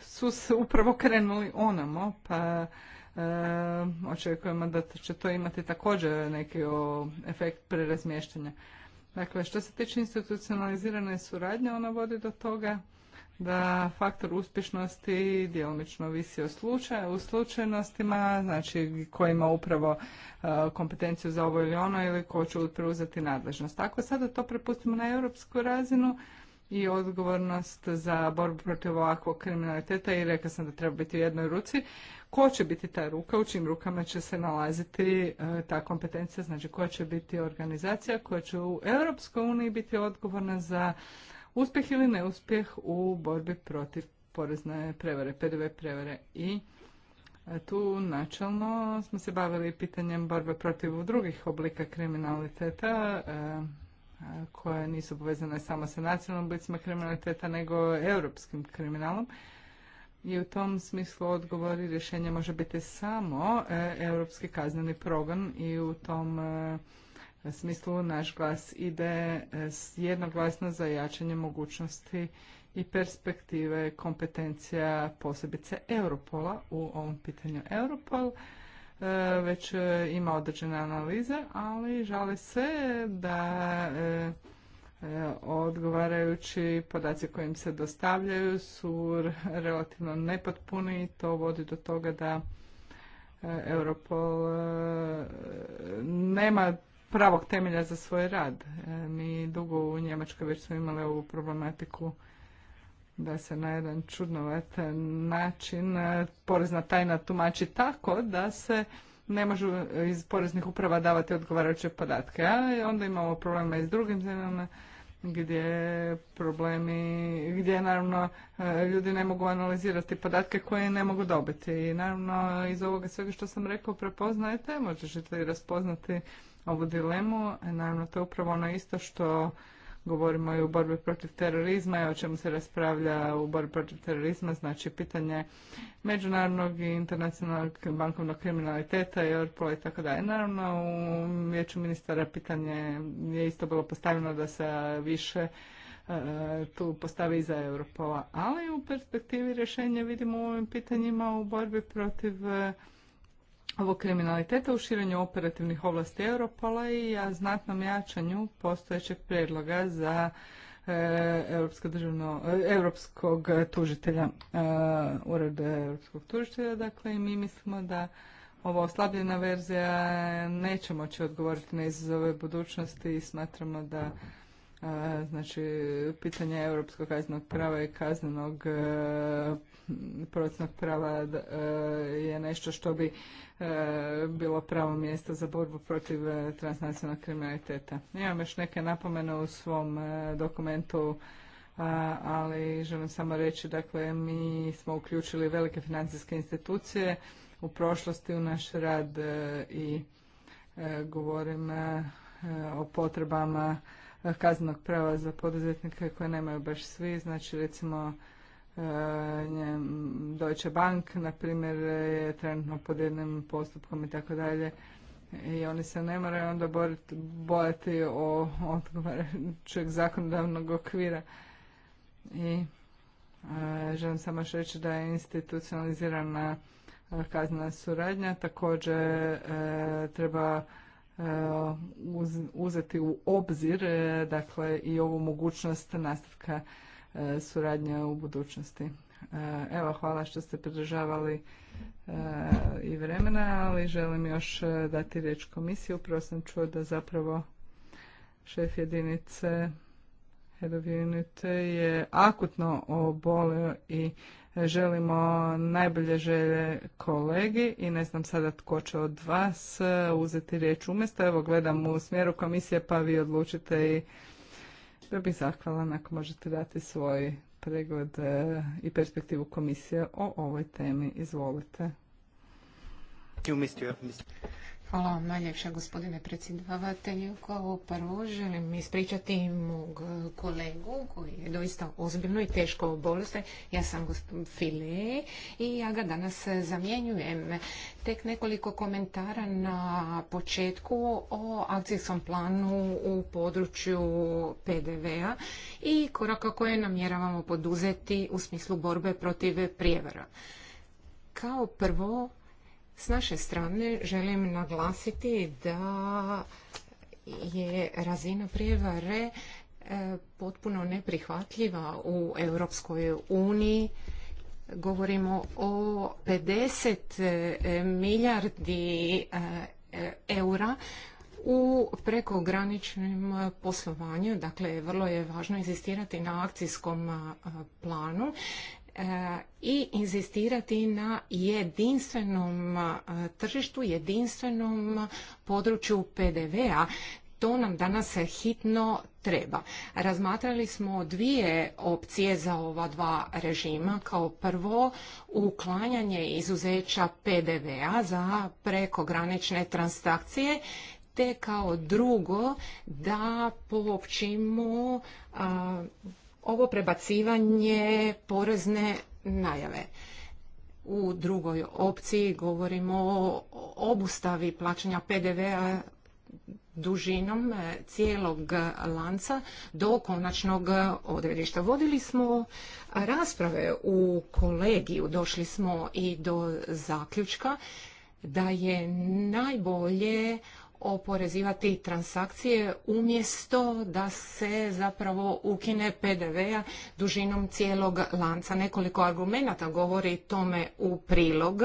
su se upravo krenuli onamo, pa očekujemo da će to imati također neki o, efekt prerazmještanja. Dakle, što se tiče institucionalizirane suradnje, ona vodi do toga da faktor uspješnosti djelomično visi o slučaju, u slučajnostima, znači ko ima upravo e, kompetenciju za ovo ili ono ili ko će preuzeti nadležnost. Ako sada to prepustimo na europsku razinu i odgovornost za borbu protiv ovakvog kriminaliteta i rekao sam da treba biti u jednoj ruci, ko će biti ta ruka, u čim rukama će se nalaziti e, ta kompetencija, znači koja će biti organizacija koja će u Europskoj uniji biti odgovorna za uspjeh ili neuspjeh u borbi protiv porezne prevare, PDV prevare i e, tu načelno smo se bavili pitanjem borbe protiv drugih oblika kriminaliteta e, koje nisu povezane samo sa nacionalnim oblicima kriminaliteta nego europskim kriminalom i u tom smislu odgovor i rješenje može biti samo e, europski kazneni progon i u tom e, smislu naš glas ide e, jednoglasno za jačanje mogućnosti i perspektive kompetencija posebice Europola u ovom pitanju Europol već ima određene analize, ali žale se da E, odgovarajući podaci kojim se dostavljaju su relativno nepotpuni i to vodi do toga da e, Europol e, nema pravog temelja za svoj rad. Mi dugo u Njemačkoj već smo imali ovu problematiku da se na jedan čudnovat način porezna tajna tumači tako da se ne može iz poreznih uprava davati odgovarajuće podatke. A onda imamo problema i s drugim zemljama gdje problemi, gdje naravno e, ljudi ne mogu analizirati podatke koje ne mogu dobiti. I naravno iz ovoga svega što sam rekao prepoznajete, možete i raspoznati ovu dilemu. Naravno to je upravo ono isto što govorimo i u borbi protiv terorizma i o čemu se raspravlja u borbi protiv terorizma, znači pitanje međunarodnog i internacionalnog bankovnog kriminaliteta, Europola i tako dalje. Naravno, u vijeću ministara pitanje je isto bilo postavljeno da se više e, tu postavi iza Europola, ali u perspektivi rješenja vidimo u ovim pitanjima u borbi protiv e, ovog kriminaliteta u širenju operativnih ovlasti Europola i znatnom jačanju postojećeg prijedloga za e, Europsko državno, e, europskog tužitelja, e, urede europskog tužitelja, dakle i mi mislimo da ova oslabljena verzija neće moći odgovoriti na izazove budućnosti i smatramo da znači pitanje europskog kaznenog prava i kaznenog procnog prava e, je nešto što bi e, bilo pravo mjesto za borbu protiv e, transnacionalnog kriminaliteta. Imam još neke napomene u svom dokumentu ali želim samo reći, dakle, mi smo uključili velike financijske institucije u prošlosti u naš rad i govorim o potrebama kaznenog prava za poduzetnike koje nemaju baš svi, znači recimo E, Deutsche Bank, na primjer, je trenutno pod jednim postupkom i tako dalje. I oni se ne moraju onda boriti, bojati o odgovarajućeg zakonodavnog okvira. I e, želim samo još reći da je institucionalizirana e, kaznena suradnja. Također e, treba uzeti u obzir dakle, i ovu mogućnost nastavka suradnja u budućnosti. E, evo, hvala što ste pridržavali e, i vremena, ali želim još e, dati riječ komisiji. Upravo sam čuo da zapravo šef jedinice Head of Unit je akutno obolio i želimo najbolje želje kolegi i ne znam sada tko će od vas uzeti riječ umjesto. Evo gledam u smjeru komisije pa vi odlučite i to bih zahvala, ako možete dati svoj pregled e, i perspektivu komisije o ovoj temi. Izvolite. Hvala vam najljepša gospodine predsjedavatelju. Kao prvo želim ispričati mog kolegu koji je doista ozbiljno i teško bolestan. Ja sam gospodin File i ja ga danas zamjenjujem. Tek nekoliko komentara na početku o akcijskom planu u području PDV-a i koraka koje namjeravamo poduzeti u smislu borbe protiv prijevara. Kao prvo, s naše strane želim naglasiti da je razina prijevare e, potpuno neprihvatljiva u Europskoj uniji. Govorimo o 50 e, milijardi e, eura u prekograničnim poslovanju, dakle vrlo je važno insistirati na akcijskom planu E, i inzistirati na jedinstvenom e, tržištu, jedinstvenom području PDV-a. To nam danas hitno treba. Razmatrali smo dvije opcije za ova dva režima. Kao prvo, uklanjanje izuzeća PDV-a za prekogranične transakcije, te kao drugo da poopćimo ovo prebacivanje porezne najave. U drugoj opciji govorimo o obustavi plaćanja PDV-a dužinom e, cijelog lanca do konačnog odredišta. Vodili smo rasprave u kolegiju, došli smo i do zaključka da je najbolje oporezivati transakcije umjesto da se zapravo ukine PDV-a dužinom cijelog lanca. Nekoliko argumenata govori tome u prilog.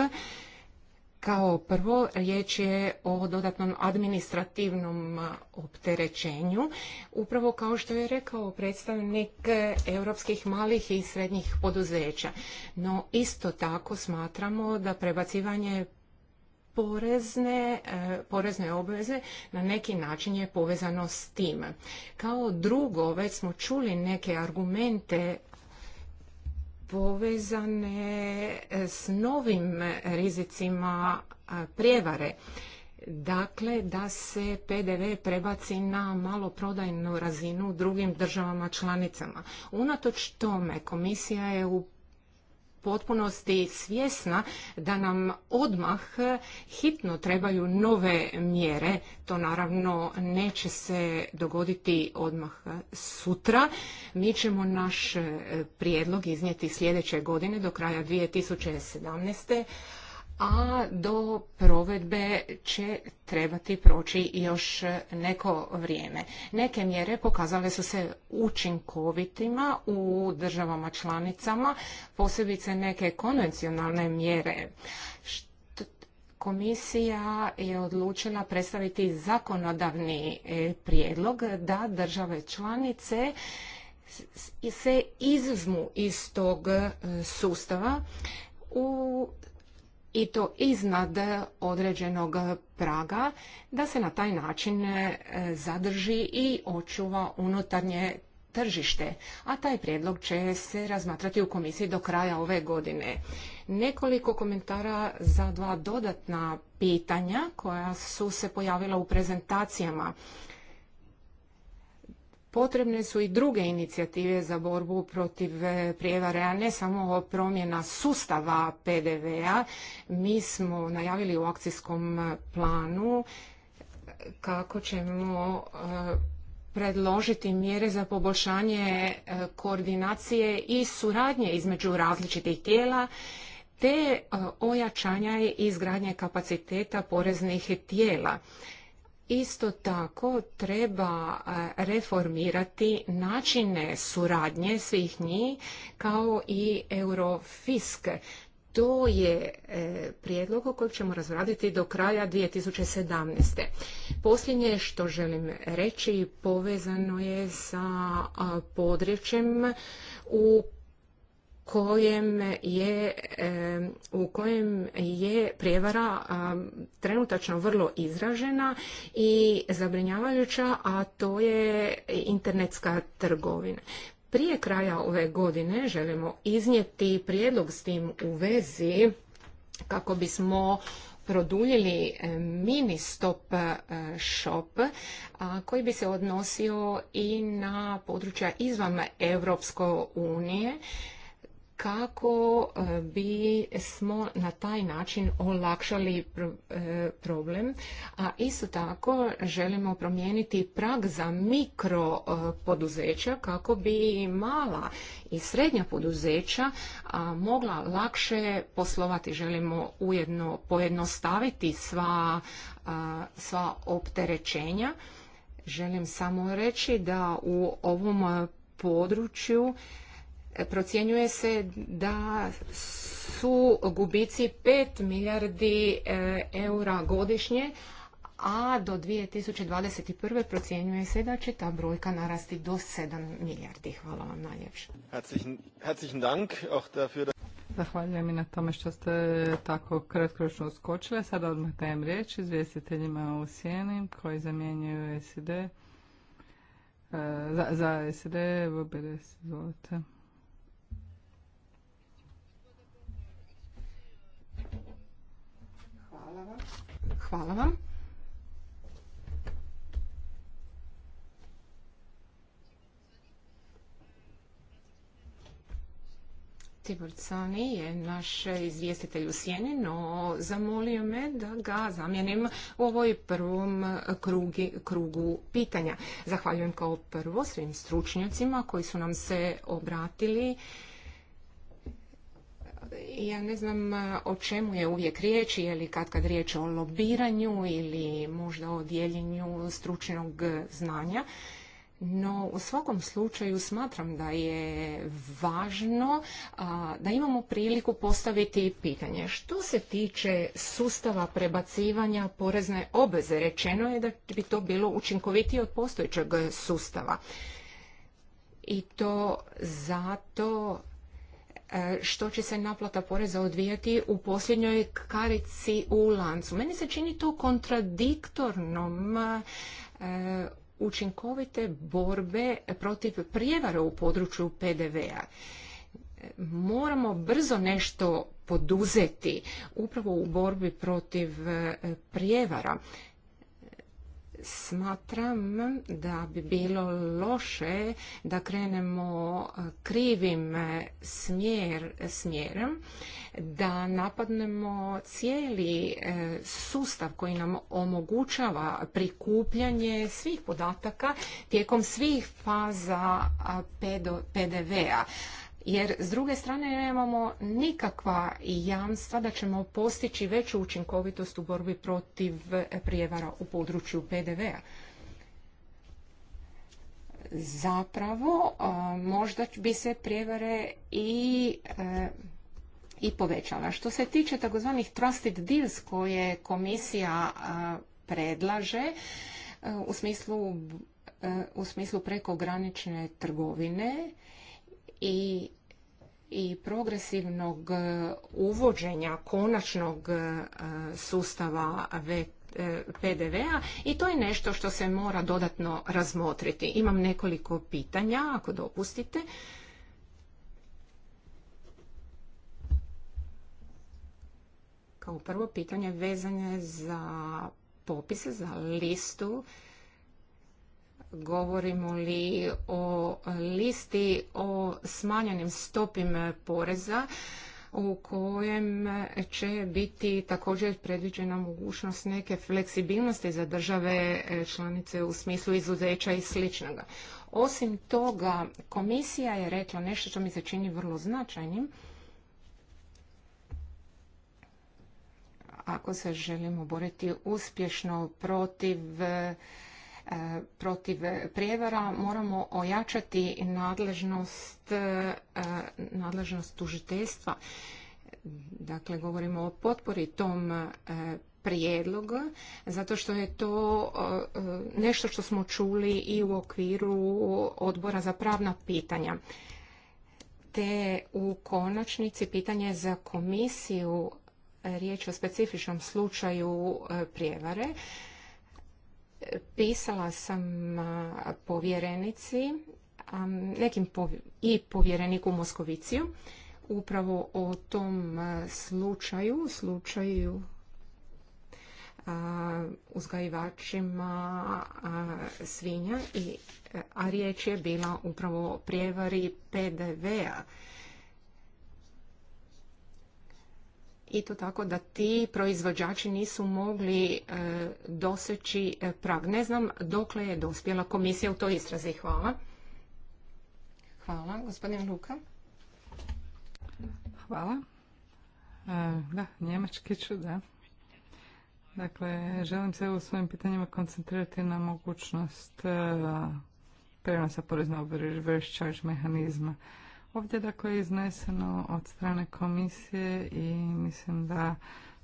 Kao prvo, riječ je o dodatnom administrativnom opterećenju, upravo kao što je rekao predstavnik europskih malih i srednjih poduzeća. No isto tako smatramo da prebacivanje porezne, e, porezne obveze na neki način je povezano s tim. Kao drugo, već smo čuli neke argumente povezane e, s novim rizicima e, prijevare. Dakle, da se PDV prebaci na maloprodajnu razinu drugim državama članicama. Unatoč tome, komisija je u potpunosti svjesna da nam odmah hitno trebaju nove mjere. To naravno neće se dogoditi odmah sutra. Mi ćemo naš prijedlog iznijeti sljedeće godine do kraja 2017 a do provedbe će trebati proći još neko vrijeme. Neke mjere pokazale su se učinkovitima u državama članicama, posebice neke konvencionalne mjere. Komisija je odlučila predstaviti zakonodavni e, prijedlog da države članice se izuzmu iz tog e, sustava u i to iznad određenog praga da se na taj način e, zadrži i očuva unutarnje tržište, a taj prijedlog će se razmatrati u komisiji do kraja ove godine. Nekoliko komentara za dva dodatna pitanja koja su se pojavila u prezentacijama. Potrebne su i druge inicijative za borbu protiv e, prijevare, a ne samo promjena sustava PDV-a. Mi smo najavili u akcijskom planu e, kako ćemo e, predložiti mjere za poboljšanje koordinacije i suradnje između različitih tijela te ojačanja i izgradnje kapaciteta poreznih tijela. Isto tako treba e, reformirati načine suradnje svih njih kao i Eurofisk. To je e, prijedlog o ćemo razraditi do kraja 2017. Posljednje što želim reći povezano je sa područjem u kojem je, e, u kojem je prijevara trenutačno vrlo izražena i zabrinjavajuća, a to je internetska trgovina. Prije kraja ove godine želimo iznijeti prijedlog s tim u vezi kako bismo produljili e, mini stop e, shop koji bi se odnosio i na područja izvan Europske unije kako e, bi smo na taj način olakšali e, problem, a isto tako želimo promijeniti prag za mikro e, poduzeća kako bi mala i srednja poduzeća mogla lakše poslovati. Želimo ujedno pojednostaviti sva, sva opterećenja. Želim samo reći da u ovom području procjenjuje se da su gubici 5 milijardi e, eura godišnje, a do 2021. procjenjuje se da će ta brojka narasti do 7 milijardi. Hvala vam najljepše. Zahvaljujem i na tome što ste tako kratkoročno uskočili. Sada odmah dajem riječ izvjestiteljima u sjeni koji zamjenjuju SED. E, za, za SED, izvolite. Hvala vam. Tibor Cani je naš izvjestitelj u Sjeni, no zamolio me da ga zamijenim u ovoj prvom krugu pitanja. Zahvaljujem kao prvo svim stručnjacima koji su nam se obratili ja ne znam o čemu je uvijek riječ, je li kad kad riječ o lobiranju ili možda o dijeljenju stručnog znanja, no u svakom slučaju smatram da je važno da imamo priliku postaviti pitanje. Što se tiče sustava prebacivanja porezne obveze, rečeno je da bi to bilo učinkovitije od postojećeg sustava. I to zato E, što će se naplata poreza odvijati u posljednjoj karici u lancu. Meni se čini to kontradiktornom e, učinkovite borbe protiv prijevara u području PDV-a. Moramo brzo nešto poduzeti upravo u borbi protiv e, prijevara Smatram da bi bilo loše da krenemo e, krivim e, smjer, smjerom, da napadnemo cijeli e, sustav koji nam omogućava prikupljanje svih podataka tijekom svih faza PDV-a jer s druge strane nemamo nikakva jamstva da ćemo postići veću učinkovitost u borbi protiv prijevara u području PDV-a. Zapravo, možda bi se prijevare i e, i povećala. Što se tiče takozvanih trusted deals koje komisija predlaže e, u smislu e, u smislu prekogranične trgovine i i progresivnog e, uvođenja konačnog e, sustava e, PDV-a i to je nešto što se mora dodatno razmotriti. Imam nekoliko pitanja, ako dopustite. Kao prvo pitanje vezanje za popise, za listu govorimo li o listi o smanjenim stopim poreza u kojem će biti također predviđena mogućnost neke fleksibilnosti za države e, članice u smislu izuzeća i sličnoga. Osim toga, komisija je rekla nešto što mi se čini vrlo značajnim. Ako se želimo boriti uspješno protiv e, protiv prijevara moramo ojačati e, nadležnost, tužiteljstva. Dakle, govorimo o potpori tom e, prijedlog, zato što je to e, nešto što smo čuli i u okviru odbora za pravna pitanja. Te u konačnici pitanje za komisiju riječ o specifičnom slučaju prijevare. Pisala sam povjerenici nekim i povjereniku Moskoviciju upravo o tom slučaju, slučaju uzgajivačima svinja, i, a riječ je bila upravo o prijevari PDV-a i to tako da ti proizvođači nisu mogli e, doseći e, prag. Ne znam dokle je dospjela komisija u toj istrazi. Hvala. Hvala. Gospodin Luka. Hvala. E, da, njemački ću, da. Dakle, želim se u svojim pitanjima koncentrirati na mogućnost prenosa porezno reverse charge mehanizma. Ovdje dakle je izneseno od strane komisije i mislim da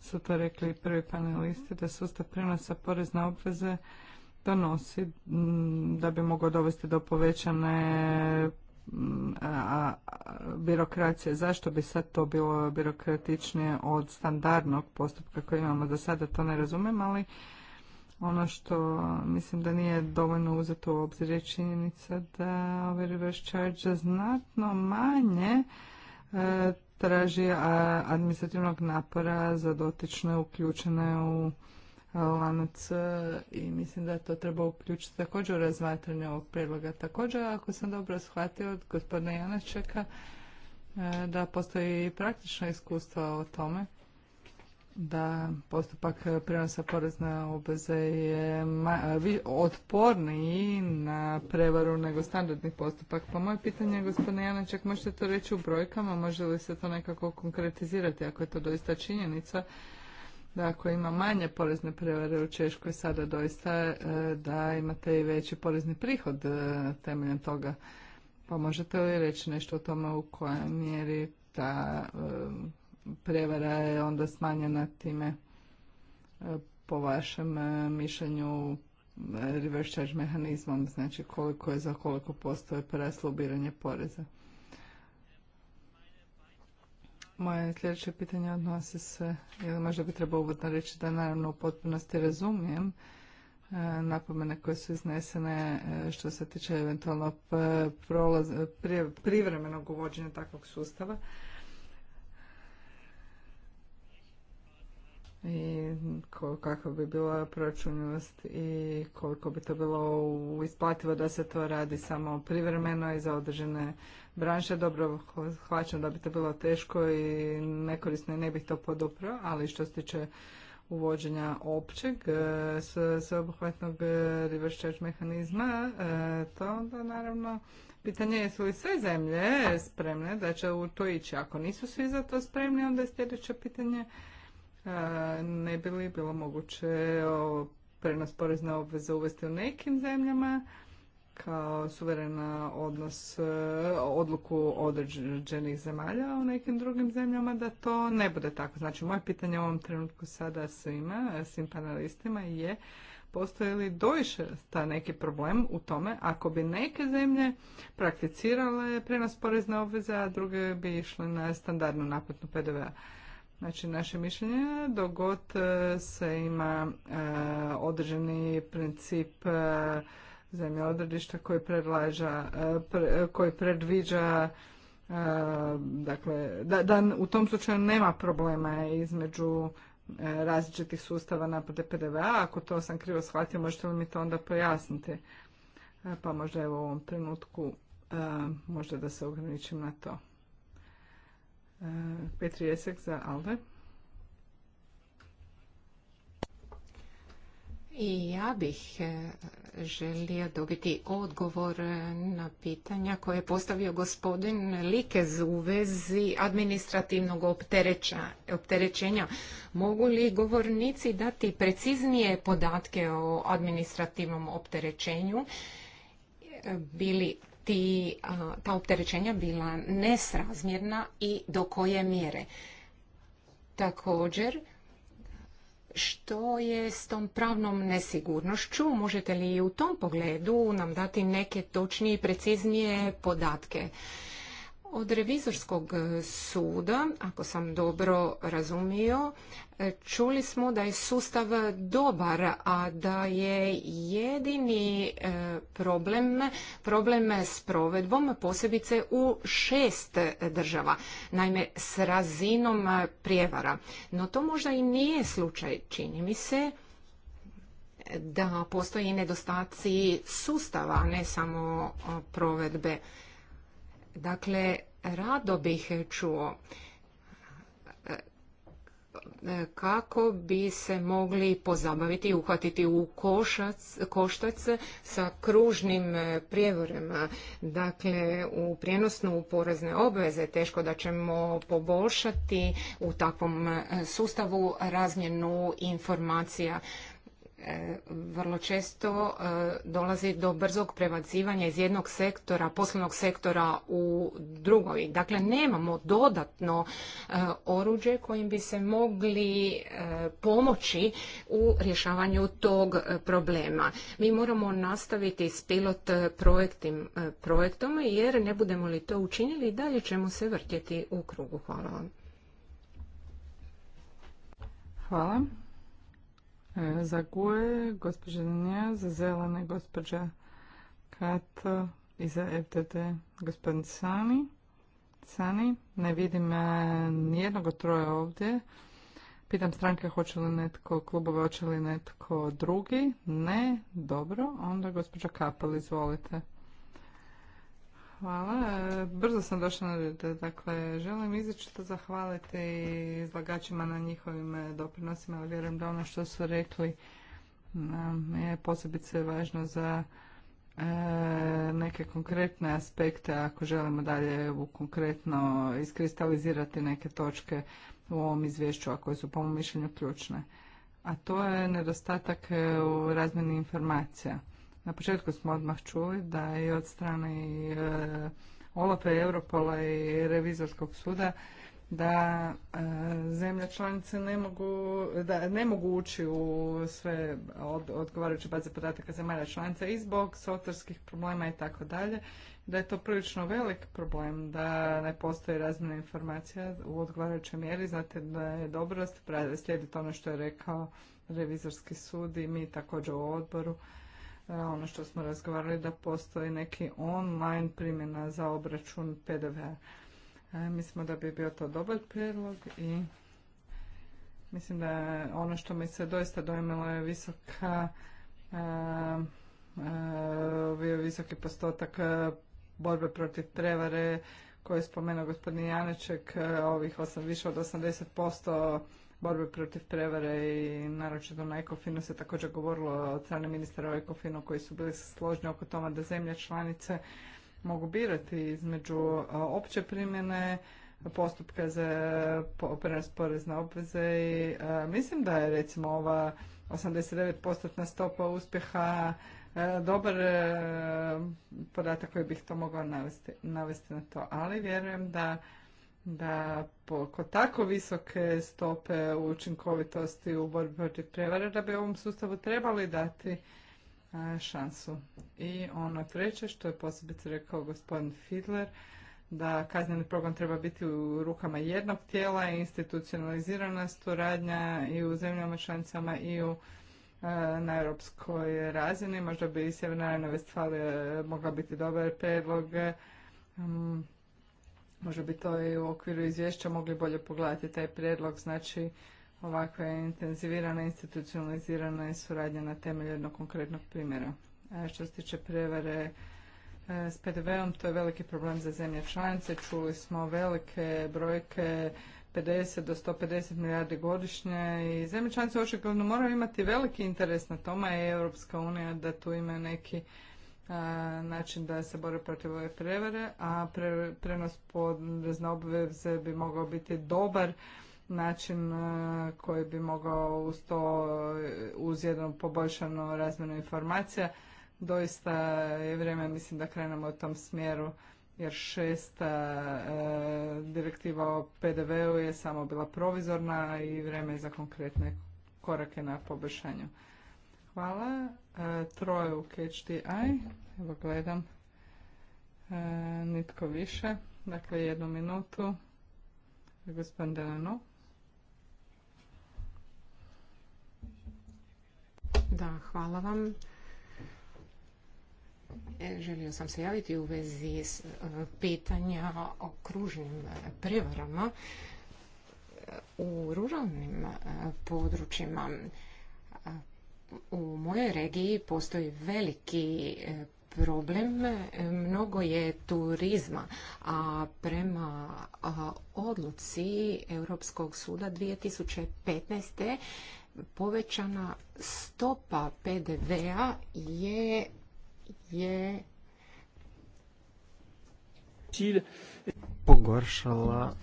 su to rekli prvi panelisti, da sustav prenosa porezne obveze donosi mm, da bi mogao dovesti do povećane mm, birokracije. Zašto bi sad to bilo birokratičnije od standardnog postupka koji imamo do sada, to ne razumijem, ali ono što mislim da nije dovoljno uzeto u obzir je činjenica da ovaj reverse charge znatno manje e, traži administrativnog napora za dotične uključene u e, lanac e, i mislim da to treba uključiti također u razmatranje ovog prijedloga. Također, ako sam dobro shvatio od gospodina Janačeka, da postoji praktično iskustva o tome da postupak prenosa porezne obveze je otporniji na prevaru nego standardni postupak. Pa moje pitanje gospodine Janaček, možete to reći u brojkama, može li se to nekako konkretizirati ako je to doista činjenica? da ako ima manje porezne prevare u Češkoj sada doista e, da imate i veći porezni prihod e, temeljem toga. Pa možete li reći nešto o tome u kojoj mjeri ta e, prevara je onda smanjena time e, po vašem e, mišljenju e, reverse charge mehanizmom, znači koliko je za koliko postoje preslobiranje poreza. Moje sljedeće pitanje odnose se, ili možda bi trebao uvodno reći da naravno u potpunosti razumijem napomene koje su iznesene što se tiče eventualno privremenog uvođenja takvog sustava, i kakva bi bila proračunjivost i koliko bi to bilo isplativo da se to radi samo privremeno i za određene branše. Dobro, hvaćam da bi to bilo teško i nekorisno i ne bih to podupro, ali što se tiče uvođenja općeg e, sveobuhvatnog e, reverse charge mehanizma, e, to onda naravno pitanje je su li sve zemlje spremne da će u to ići. Ako nisu svi za to spremni, onda je sljedeće pitanje ne bi li bilo moguće prenos porezne obveze uvesti u nekim zemljama kao suverena odnos, e, odluku određenih zemalja u nekim drugim zemljama da to ne bude tako. Znači moje pitanje u ovom trenutku sada svima, svim panelistima je postoji li doista neki problem u tome ako bi neke zemlje prakticirale prenos porezne obveze, a druge bi išle na standardnu naplatu PDV-a. Znači, naše mišljenje, dogod e, se ima e, određeni princip e, zemljeodredišta koji, predlaža, koji predviđa dakle, da, u tom slučaju nema problema između različitih sustava naplate pdv Ako to sam krivo shvatio, možete li mi to onda pojasniti? Pa možda evo u ovom trenutku možda da se ograničim na to. Petri Jesek za Alde. I ja bih e, želio dobiti odgovor e, na pitanja koje je postavio gospodin Likez u vezi administrativnog opterećenja. Mogu li govornici dati preciznije podatke o administrativnom opterećenju? E, Bili ti, ta opterećenja bila nesrazmjerna i do koje mjere. Također, što je s tom pravnom nesigurnošću? Možete li u tom pogledu nam dati neke točnije i preciznije podatke? Od revizorskog e, suda, ako sam dobro razumio, e, čuli smo da je sustav dobar, a da je jedini e, problem, problem s provedbom, posebice u šest država, naime s razinom prijevara. No to možda i nije slučaj, čini mi se, da postoji i nedostaci sustava, ne samo provedbe. Dakle, rado bih čuo e, kako bi se mogli pozabaviti i uhvatiti u košac, koštac sa kružnim e, prijevorema. Dakle, u prijenosnu porezne obveze teško da ćemo poboljšati u takvom e, sustavu razmjenu informacija vrlo često e, dolazi do brzog prebacivanja iz jednog sektora, poslovnog sektora u drugoj. Dakle, nemamo dodatno e, oruđe kojim bi se mogli e, pomoći u rješavanju tog problema. Mi moramo nastaviti s pilot projektim, projektom jer ne budemo li to učinili dalje ćemo se vrtjeti u krugu. Hvala vam. Hvala. E, za Guje, gospođa Nija, za zelene gospođa Kato e, i za FDD gospodin Sani. ne vidim e, nijednog od troje ovdje. Pitam stranke hoće li netko, klubove hoće li netko drugi. Ne, dobro, onda gospođa Kapel, izvolite. Hvala. Brzo sam došla na red. Dakle, želim izrečito zahvaliti izlagačima na njihovim doprinosima. Ali vjerujem da ono što su rekli je posebice važno za e, neke konkretne aspekte ako želimo dalje konkretno iskristalizirati neke točke u ovom izvješću, a koje su po mom mišljenju ključne. A to je nedostatak e, u razmjeni informacija. Na početku smo odmah čuli da i od strane e, i Europola i Revizorskog suda da e, zemlje članice ne mogu, da ne mogu ući u sve odgovarajuće baze podataka zemalja članica i zbog sotarskih problema i tako dalje, da je to prilično velik problem, da ne postoji razmjena informacija u odgovarajućoj mjeri, znate da je dobro slijedi ono što je rekao revizorski sud i mi također u odboru E, ono što smo razgovarali da postoji neki online primjena za obračun PDV-a. E, mislimo da bi bio to dobar prijedlog i mislim da je ono što mi se doista dojmilo je visoka e, bio visoki postotak borbe protiv prevare koje je spomenuo gospodin Janeček, ovih više od 80% borbe protiv prevare i naročito na Ekofinu se također govorilo od strane ministara o Ekofinu koji su bili složni oko toma da zemlje članice mogu birati između opće primjene postupka za prenos porezne obveze i mislim da je recimo ova 89% stopa uspjeha dobar podatak koji bih to mogao navesti, navesti na to, ali vjerujem da da oko tako visoke stope učinkovitosti u borbi protiv prevara da bi ovom sustavu trebali dati e, šansu. I ono treće što je posebice rekao gospodin Fidler, da kazneni program treba biti u rukama jednog tijela i institucionalizirana suradnja i u zemljama članicama i u e, na europskoj razini. Možda bi i Sjeverna Rana e, mogla biti dobar predlog. Možda bi to i u okviru izvješća mogli bolje pogledati taj prijedlog, znači intenzivirana, institucionalizirana i suradnja na temelju jednog konkretnog primjera. A što se tiče prevare e, s PDV-om, to je veliki problem za zemlje članice. Čuli smo velike brojke 50 do 150 milijardi godišnje i zemlje članice očigledno moraju imati veliki interes na tome i Europska unija da tu ima neki način da se bore protiv ove prevare, a pre, prenos porezne obveze bi mogao biti dobar način koji bi mogao uz to uz jednu poboljšanu razmjenu informacija. Doista je vrijeme, mislim, da krenemo u tom smjeru jer šesta direktiva o PDV-u je samo bila provizorna i vrijeme je za konkretne korake na poboljšanju. Hvala. E, troje u Catch Evo gledam. E, nitko više. Dakle, jednu minutu. Gospodin Delano. Da, hvala vam. E, želio sam se javiti u vezi s pitanja o kružnim prevarama u ruralnim područjima u mojoj regiji postoji veliki e, problem, mnogo je turizma, a prema odluci Europskog suda 2015. povećana stopa PDV-a je je pogoršala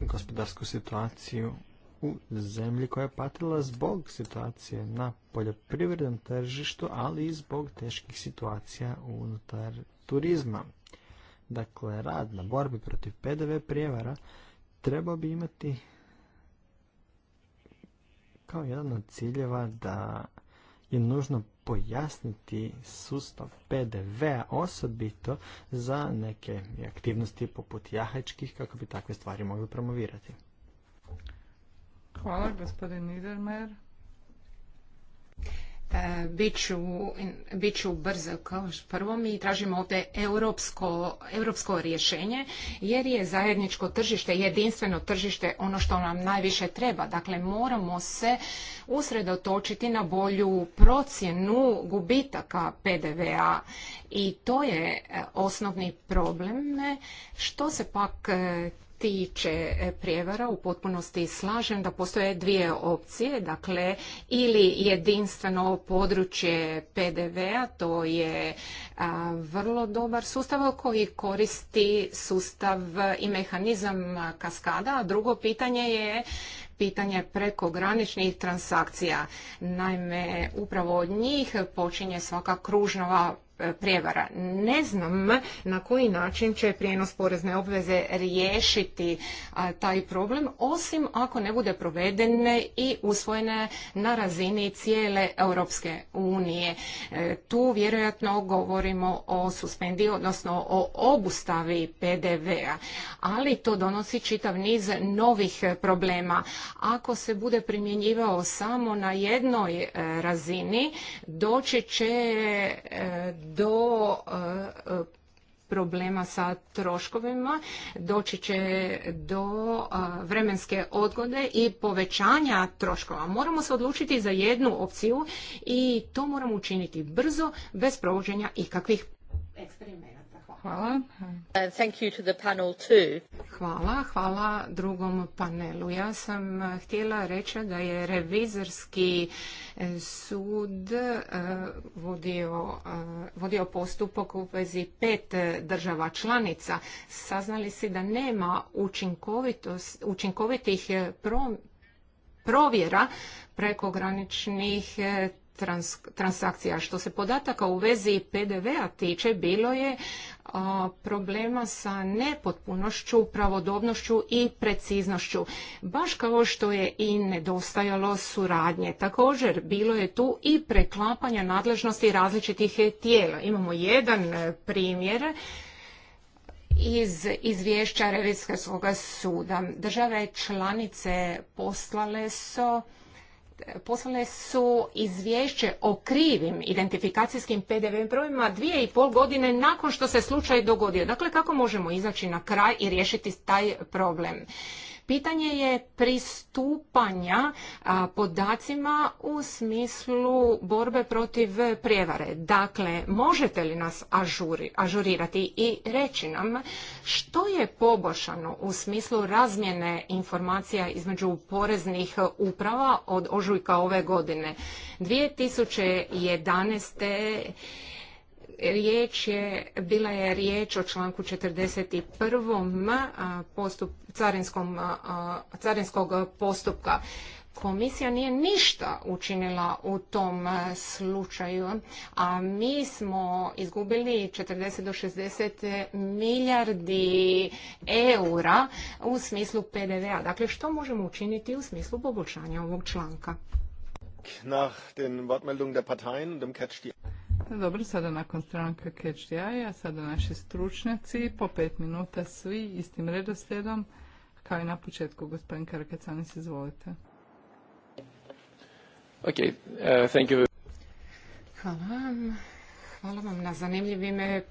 gospodarsku situaciju u zemlji koja je patila zbog situacije na poljoprivrednom tržištu, ali i zbog teških situacija unutar turizma. Dakle, rad na borbi protiv PDV prijevara treba bi imati kao jedan od ciljeva da je nužno pojasniti sustav pdv osobito za neke aktivnosti poput jahačkih kako bi takve stvari mogli promovirati. Hvala, gospodin Niedermayer. E, Biću, brzo kao prvo. Mi tražimo ovdje europsko, europsko rješenje jer je zajedničko tržište, jedinstveno tržište ono što nam najviše treba. Dakle, moramo se usredotočiti na bolju procjenu gubitaka PDV-a i to je e, osnovni problem. Što se pak e, tiče e, prijevara u potpunosti slažem da postoje dvije opcije, dakle ili jedinstveno područje PDV-a, to je vrlo dobar sustav koji koristi sustav i mehanizam kaskada, a drugo pitanje je pitanje prekograničnih transakcija. Naime, upravo od njih počinje svaka kružnova prijevara. Ne znam na koji način će prijenos porezne obveze riješiti taj problem, osim ako ne bude provedene i usvojene na razini cijele Europske unije. E, tu vjerojatno govorimo o suspendiji, odnosno o obustavi PDV-a, ali to donosi čitav niz novih problema. Ako se bude primjenjivao samo na jednoj e, razini, doći će e, do e, problema sa troškovima, doći će do e, vremenske odgode i povećanja troškova. Moramo se odlučiti za jednu opciju i to moramo učiniti brzo, bez provođenja ikakvih eksperimenta. Hvala. Uh, thank you to the panel too. Hvala, hvala drugom panelu. Ja sam htjela reći da je revizorski e, sud e, vodio, e, vodio postupak u vezi pet država članica. Saznali si da nema učinkovitih provjera prekograničnih transakcija. Što se podataka u vezi PDV-a tiče, bilo je problema sa nepotpunošću, pravodobnošću i preciznošću, baš kao što je i nedostajalo suradnje. Također, bilo je tu i preklapanja nadležnosti različitih tijela. Imamo jedan e, primjer iz izvješća svoga suda. Države članice poslale su poslane su izvješće o krivim identifikacijskim PDV brojima dvije i pol godine nakon što se slučaj dogodio. Dakle, kako možemo izaći na kraj i riješiti taj problem? Pitanje je pristupanja podacima u smislu borbe protiv prijevare. Dakle, možete li nas ažurirati i reći nam što je poboljšano u smislu razmjene informacija između poreznih uprava od ožujka ove godine? 2011 riječ je, bila je riječ o članku 41. Postup, carinskog postupka. Komisija nije ništa učinila u tom slučaju, a mi smo izgubili 40 do 60 milijardi eura u smislu PDV-a. Dakle, što možemo učiniti u smislu poboljšanja ovog članka? Nach den Wortmeldungen der Parteien dem Catch dobro, sada nakon stranka Catch the sada naši stručnjaci, po pet minuta svi, istim redoslijedom, kao i na početku, gospodin Karakacanis, izvolite. Ok, eh, thank you. Hvala vam. Hvala vam na zanimljivim eh,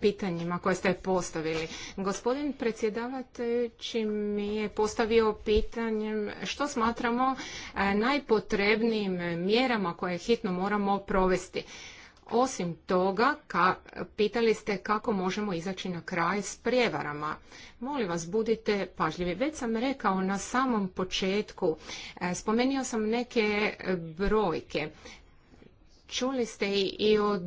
pitanjima koje ste postavili. Gospodin predsjedavajući mi je postavio pitanje što smatramo eh, najpotrebnijim mjerama koje hitno moramo provesti. Osim toga, pitali ste kako možemo izaći na kraj s prijevarama. Molim vas, budite pažljivi. Već sam rekao na samom početku, eh, spomenio sam neke brojke. Čuli ste i od,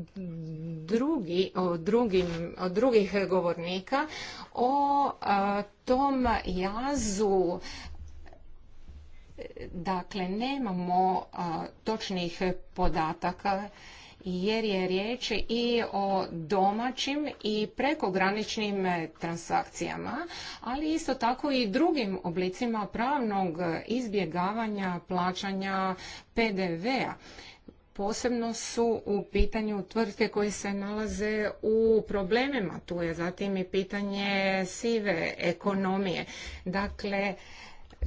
drugi, drugim, drugih govornika o tom jazu dakle nemamo točnih podataka jer je riječ i o domaćim i prekograničnim transakcijama, ali isto tako i drugim oblicima pravnog izbjegavanja plaćanja PDV-a. Posebno su u pitanju tvrtke koje se nalaze u problemima. Tu je zatim i pitanje sive ekonomije. Dakle,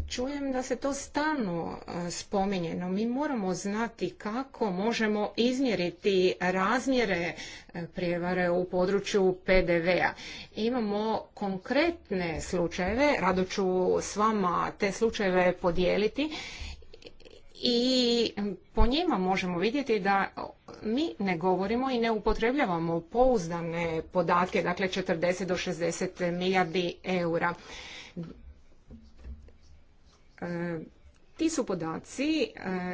čujem da se to stalno e, spominje, no mi moramo znati kako možemo izmjeriti razmjere e, prijevare u području PDV-a. Imamo konkretne slučajeve, rado ću s vama te slučajeve podijeliti i po njima možemo vidjeti da mi ne govorimo i ne upotrebljavamo pouzdane podatke, dakle 40 do 60 milijardi eura. Ti su podaci e,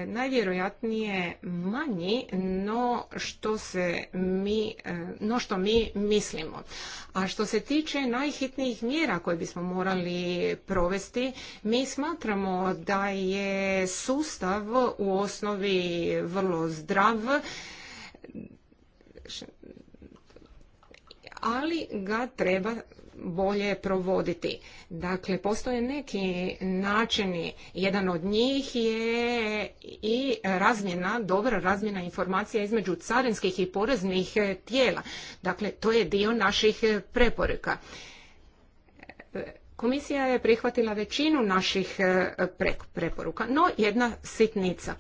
najvjerojatnije manji no što se mi, e, no što mi mislimo. A što se tiče najhitnijih mjera koje bismo morali provesti, mi smatramo da je sustav u osnovi vrlo zdrav, ali ga treba bolje provoditi. Dakle, postoje neki načini, jedan od njih je i razmjena, dobra razmjena informacija između carinskih i poreznih e, tijela. Dakle, to je dio naših e, preporuka. E, komisija je prihvatila većinu naših preporuka, no jedna sitnica.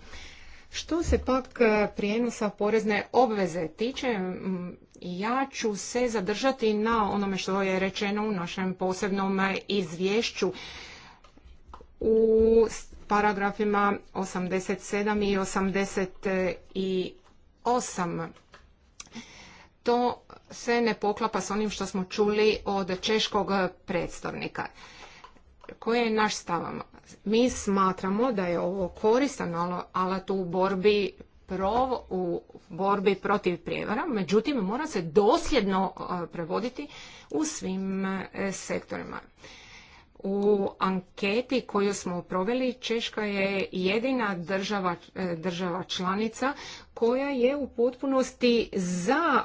Što se pak prijenosa porezne obveze tiče, ja ću se zadržati na onome što je rečeno u našem posebnom izvješću u paragrafima 87 i 88. To se ne poklapa s onim što smo čuli od češkog predstavnika. Koji je naš stav? Mi smatramo da je ovo koristan alat u borbi u borbi protiv prijevara, međutim mora se dosljedno e, prevoditi u svim e, sektorima. U anketi koju smo proveli Češka je jedina država, e, država članica koja je u potpunosti za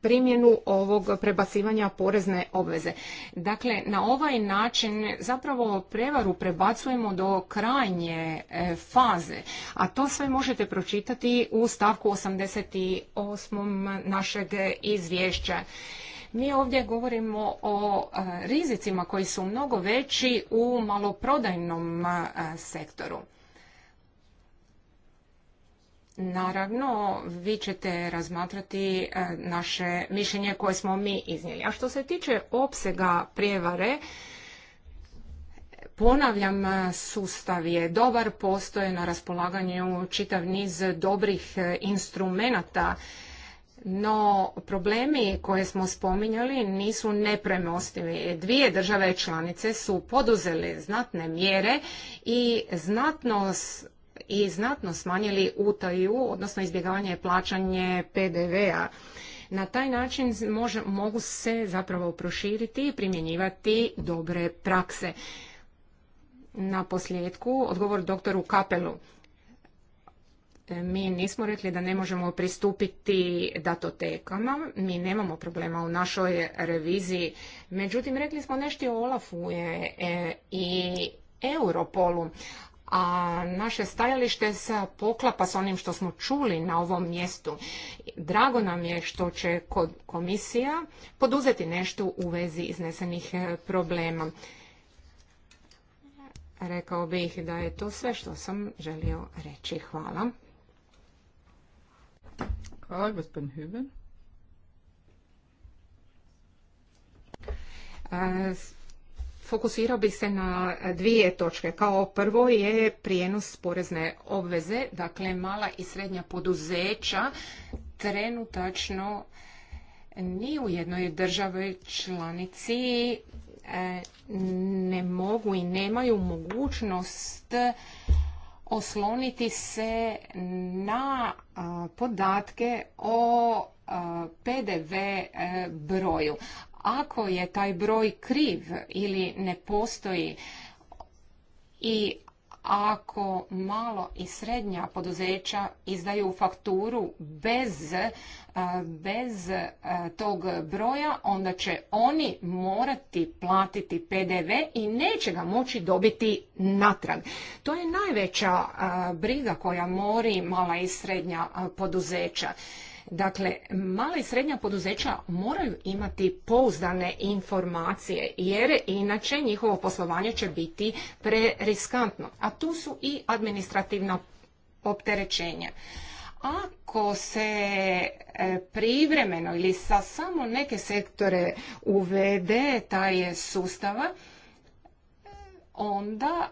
primjenu ovog prebacivanja porezne obveze. Dakle, na ovaj način zapravo prevaru prebacujemo do krajnje e, faze, a to sve možete pročitati u stavku 88. našeg izvješća. Mi ovdje govorimo o e, rizicima koji su mnogo veći u maloprodajnom e, sektoru. Naravno, vi ćete razmatrati e, naše mišljenje koje smo mi iznijeli. A što se tiče opsega prijevare, Ponavljam, e, sustav je dobar, postoje na raspolaganju čitav niz dobrih e, instrumenata, no problemi koje smo spominjali nisu nepremostivi. Dvije države članice su poduzele znatne mjere i znatno i znatno smanjili utaju, odnosno izbjegavanje plaćanje PDV-a. Na taj način mogu se zapravo proširiti i primjenjivati dobre prakse. Na posljedku, odgovor doktoru Kapelu. E, mi nismo rekli da ne možemo pristupiti datotekama, mi nemamo problema u našoj reviziji. Međutim, rekli smo nešto o Olafu e, i Europolu a naše stajalište se poklapa s onim što smo čuli na ovom mjestu. Drago nam je što će komisija poduzeti nešto u vezi iznesenih e, problema. Rekao bih da je to sve što sam želio reći. Hvala. Hvala, gospodin fokusirao bih se na dvije točke. Kao prvo je prijenos porezne obveze, dakle mala i srednja poduzeća trenutačno ni u jednoj državi članici e, ne mogu i nemaju mogućnost osloniti se na podatke o PDV e, broju. Ako je taj broj kriv ili ne postoji i ako malo i srednja poduzeća izdaju fakturu bez, bez tog broja, onda će oni morati platiti PDV i neće ga moći dobiti natrag. To je najveća briga koja mori mala i srednja poduzeća. Dakle, mala i srednja poduzeća moraju imati pouzdane informacije jer inače njihovo poslovanje će biti preriskantno. A tu su i administrativna opterećenja. Ako se e, privremeno ili sa samo neke sektore uvede taj sustava, e, onda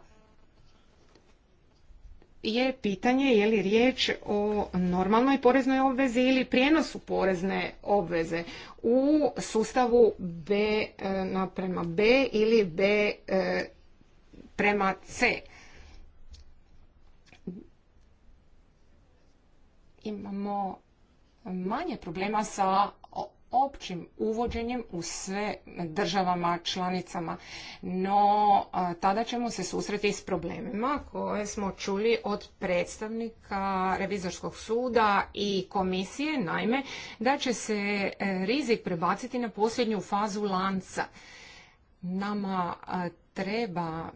je pitanje je li riječ o normalnoj poreznoj obvezi ili prijenosu porezne obveze u sustavu B e, prema B ili B e, prema C. Imamo manje problema sa općim uvođenjem u sve državama članicama. No, tada ćemo se susreti s problemima koje smo čuli od predstavnika Revizorskog suda i komisije, naime, da će se e, rizik prebaciti na posljednju fazu lanca. Nama treba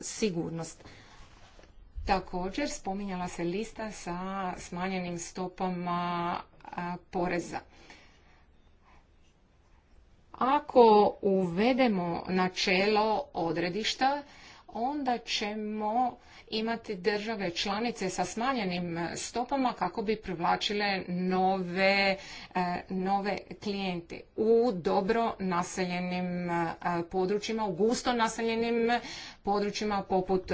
sigurnost. Također spominjala se lista sa smanjenim stopama poreza. Ako uvedemo načelo odredišta, onda ćemo imati države članice sa smanjenim e, stopama kako bi privlačile nove, e, nove klijente u dobro naseljenim e, područjima, u gusto naseljenim područjima poput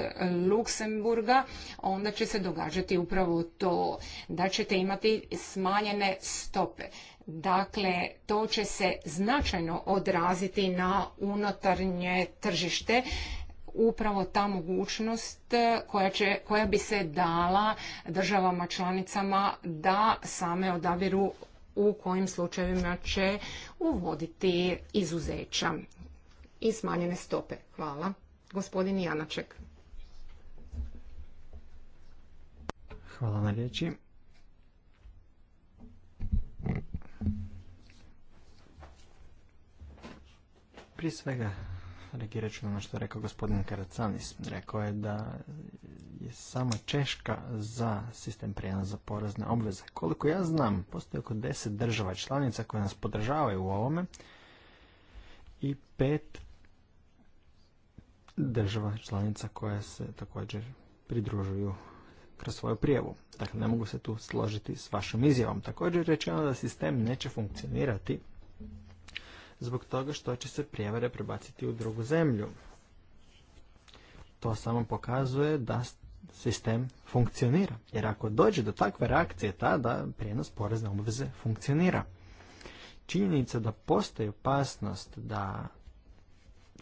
Luksemburga, onda će se događati upravo to da ćete imati smanjene stope. Dakle, to će se značajno odraziti na unutarnje tržište upravo ta mogućnost e, koja, bi se dala državama članicama da same odabiru u kojim slučajevima će uvoditi izuzeća i smanjene stope. Hvala. Gospodin Janaček. Hvala na riječi. svega reagirat ću na ono što je rekao gospodin Karacanis. Rekao je da je samo Češka za sistem prijena za porezne obveze. Koliko ja znam, postoje oko deset država članica koje nas podržavaju u ovome i pet država članica koje se također pridružuju kroz svoju prijevu. Dakle, ne mogu se tu složiti s vašom izjavom. Također rečeno da sistem neće funkcionirati zbog toga što će se prijevare prebaciti u drugu zemlju. To samo pokazuje da sistem funkcionira. Jer ako dođe do takve reakcije tada prijenos porezne obveze funkcionira. Činjenica da postoji opasnost da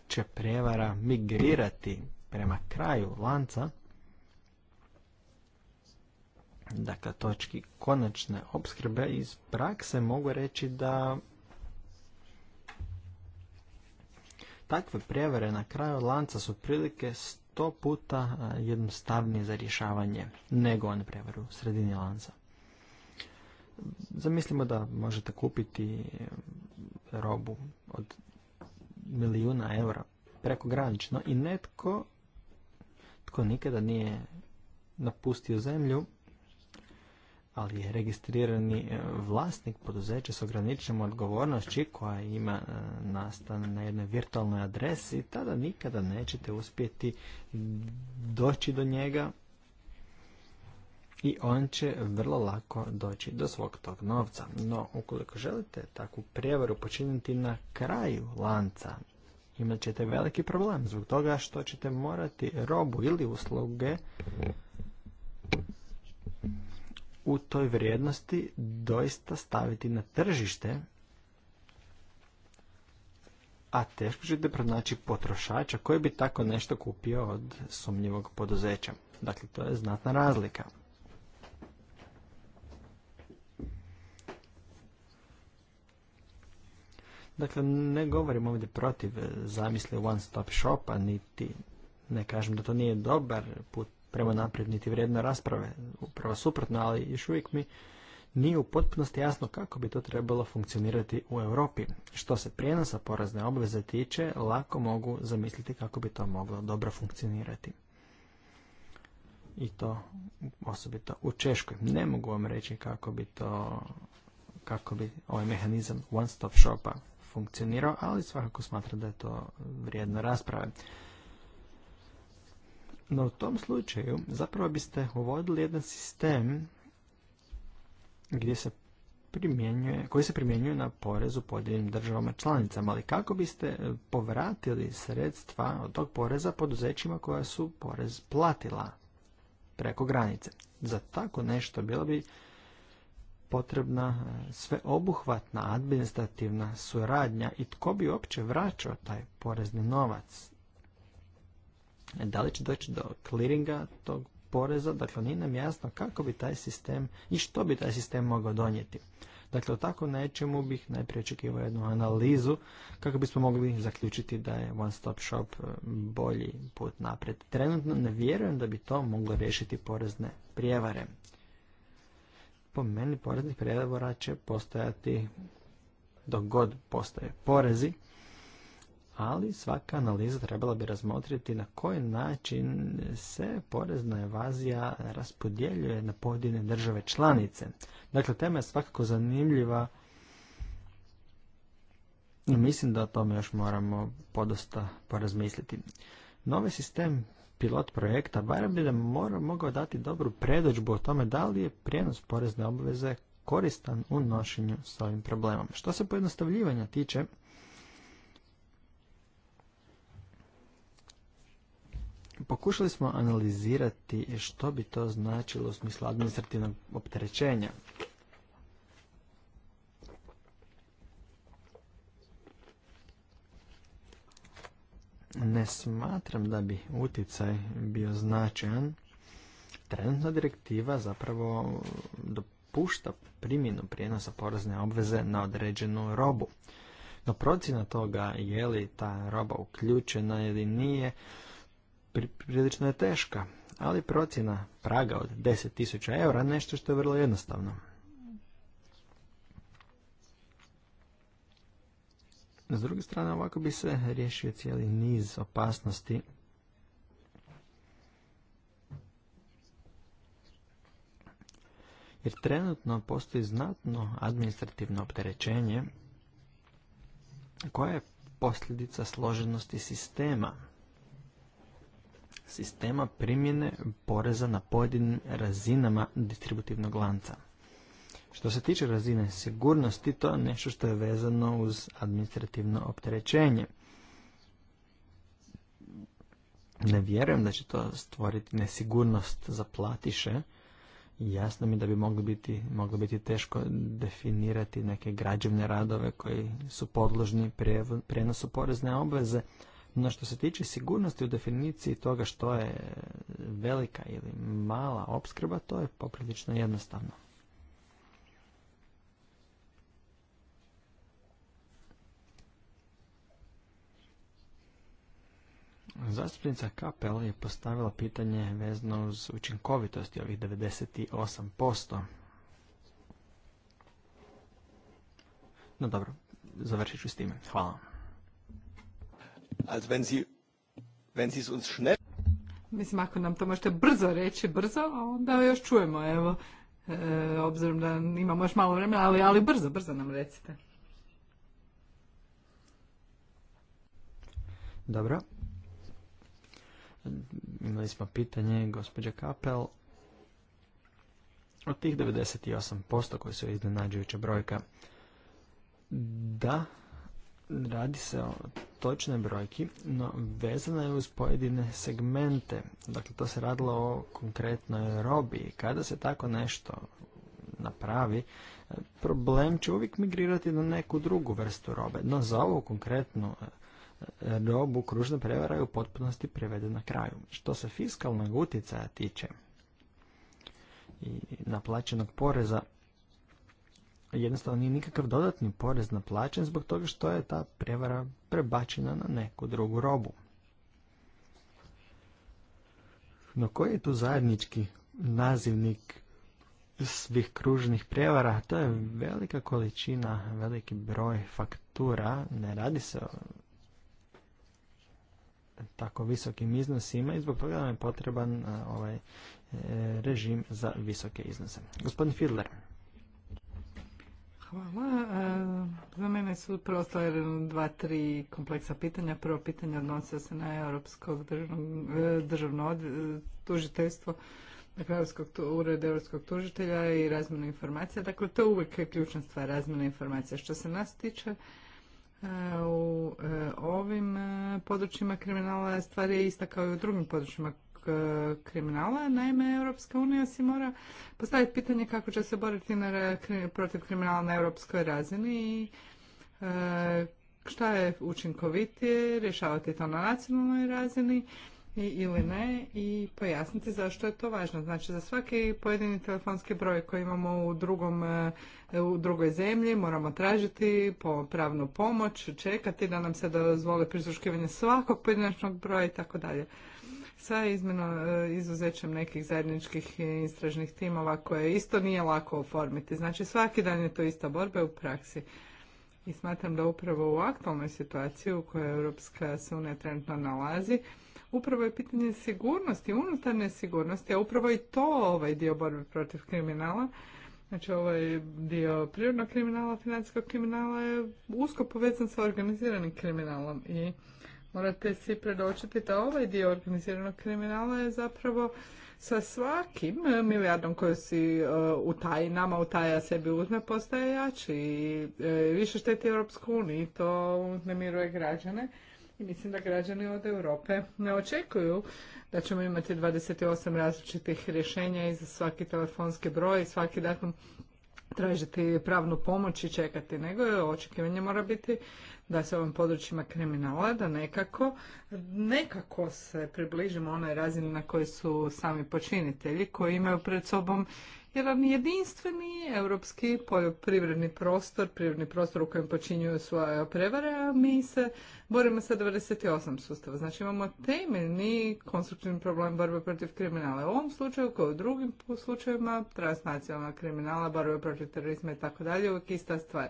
će prevara migrirati prema kraju lanca, dakle točki konačne opskrbe iz prakse mogu reći da takve prevare na kraju lanca su otprilike sto puta jednostavnije za rješavanje nego one prevare u sredini lanca. Zamislimo da možete kupiti e, robu od milijuna eura prekogranično i netko tko nikada nije napustio zemlju ali je registrirani e, vlasnik poduzeća s ograničenom odgovornošću koja ima e, nastan na jednoj virtualnoj adresi, tada nikada nećete uspjeti doći do njega i on će vrlo lako doći do svog tog novca. No, ukoliko želite takvu prijevaru počiniti na kraju lanca, imat ćete veliki problem zbog toga što ćete morati robu ili usluge u toj vrijednosti doista staviti na tržište, a teško ćete pronaći potrošača koji bi tako nešto kupio od sumnjivog poduzeća. Dakle, to je znatna razlika. Dakle, ne govorim ovdje protiv zamisli one stop shopa, niti ne kažem da to nije dobar put prema naprijed niti vrijedne rasprave, upravo suprotno, ali još uvijek mi nije u potpunosti jasno kako bi to trebalo funkcionirati u Europi. Što se prijenosa porazne obveze tiče, lako mogu zamisliti kako bi to moglo dobro funkcionirati. I to osobito u Češkoj. Ne mogu vam reći kako bi to kako bi ovaj mehanizam one stop shopa funkcionirao, ali svakako smatram da je to vrijedna rasprave. No u tom slučaju zapravo biste uvodili jedan sistem gdje se primjenjuje, koji se primjenjuje na porezu u pojedinim državama članicama, ali kako biste povratili sredstva od tog poreza poduzećima koja su porez platila preko granice. Za tako nešto bilo bi potrebna sveobuhvatna administrativna suradnja i tko bi uopće vraćao taj porezni novac. Da li će doći do kliringa tog poreza? Dakle, nije nam jasno kako bi taj sistem i što bi taj sistem mogao donijeti. Dakle, o tako nečemu bih najprije očekivao jednu analizu kako bismo mogli zaključiti da je One Stop Shop e, bolji put naprijed. Trenutno ne vjerujem da bi to moglo riješiti porezne prijevare. Po meni poreznih prijevara će postojati dok god postoje porezi ali svaka analiza trebala bi razmotriti na koji način se porezna evazija raspodjeljuje na pojedine države članice. Dakle, tema je svakako zanimljiva i mislim da o tome još moramo podosta porazmisliti. Novi sistem pilot projekta barem bi da mora, mogao dati dobru predođbu o tome da li je prijenos porezne obveze koristan u nošenju s ovim problemom. Što se pojednostavljivanja tiče, Pokušali smo analizirati što bi to značilo u smislu administrativnog opterećenja. Ne smatram da bi utjecaj bio značajan. Trenutna direktiva zapravo dopušta primjenu prijenosa porezne obveze na određenu robu. No procjena toga je li ta roba uključena ili nije, prilično je teška, ali procjena praga od 10.000 eura nešto što je vrlo jednostavno. S druge strane, ovako bi se riješio cijeli niz opasnosti jer trenutno postoji znatno administrativno opterećenje koje je posljedica složenosti sistema sistema primjene poreza na pojedinim razinama distributivnog lanca. Što se tiče razine sigurnosti, to je nešto što je vezano uz administrativno opterećenje. Ne vjerujem da će to stvoriti nesigurnost za platiše. Jasno mi da bi moglo biti, moglo biti teško definirati neke građevne radove koji su podložni prenosu porezne obveze, no što se tiče sigurnosti u definiciji toga što je velika ili mala opskrba, to je poprilično jednostavno. Zastupnica Kapel je postavila pitanje vezno uz učinkovitosti ovih 98%. No dobro, završit ću s time. Hvala Also wenn Sie, wenn Sie es uns schnell... Mislim, ako nam to možete brzo reći, brzo, onda još čujemo, evo, e, obzirom da imamo još malo vremena, ali, ali brzo, brzo nam recite. Dobro. Imali smo pitanje gospođa Kapel. Od tih 98% koji su iznenađujuća brojka, da, Radi se o točnoj brojki, no vezana je uz pojedine segmente. Dakle, to se radilo o konkretnoj robi. Kada se tako nešto napravi, e, problem će uvijek migrirati na neku drugu vrstu robe. No, za ovu konkretnu e, robu kružna prevara je u potpunosti prevedena na kraju. Što se fiskalnog utjecaja tiče i naplaćenog poreza, jednostavno nije nikakav dodatni porez naplaćen zbog toga što je ta prevara prebačena na neku drugu robu. No koji je tu zajednički nazivnik svih kružnih prevara? To je velika količina, veliki broj faktura. Ne radi se o tako visokim iznosima i zbog toga nam je potreban ovaj e, režim za visoke iznose. Gospodin Fidler. Hvala. E, za mene su preostale dva, tri kompleksa pitanja. Prvo pitanje odnosio se na Europskog e, državno, državno e, tužiteljstvo, dakle Europskog, ured Europskog tužitelja i razmjena informacija. Dakle, to uvijek ključna stvar, razmjena informacija. Što se nas tiče, u ovim područjima kriminala stvar je ista kao i u drugim područjima E, kriminala. Naime, Europska unija si mora postaviti pitanje kako će se boriti na, protiv kriminala na europskoj razini i e, šta je učinkovitije, rješavati to na nacionalnoj razini i, ili ne i pojasniti zašto je to važno. Znači za svaki pojedini telefonski broj koji imamo u, drugom, e, u drugoj zemlji moramo tražiti po pravnu pomoć, čekati da nam se dozvoli prisluškivanje svakog pojedinačnog broja i tako dalje sa izmjeno, e, izuzećem nekih zajedničkih istražnih timova koje isto nije lako oformiti. Znači svaki dan je to ista borba u praksi. I smatram da upravo u aktualnoj situaciji u kojoj Europska se unija trenutno nalazi, upravo je pitanje sigurnosti, unutarnje sigurnosti, a upravo i to ovaj dio borbe protiv kriminala, znači ovaj dio prirodnog kriminala, financijskog kriminala je usko povezan sa organiziranim kriminalom i morate si predočiti da ovaj dio organiziranog kriminala je zapravo sa svakim milijardom koji si e, utaji, nama utaja sebi uzme, postaje jači i e, više šteti Europsku uniju i to uznemiruje građane. I mislim da građani od Europe ne očekuju da ćemo imati 28 različitih rješenja i za svaki telefonski broj i svaki datum tražiti pravnu pomoć i čekati, nego očekivanje mora biti da se ovim područjima kriminala, da nekako, nekako se približimo onoj razini na kojoj su sami počinitelji koji imaju pred sobom jedan jedinstveni europski poljoprivredni prostor, privredni prostor u kojem počinjuju svoje prevare, a mi se borimo sa 98 sustava. Znači imamo temeljni konstruktivni problem borbe protiv kriminala. U ovom slučaju, kao u drugim slučajevima, transnacionalna kriminala, borbe protiv terorizma i tako dalje, uvijek ista stvar.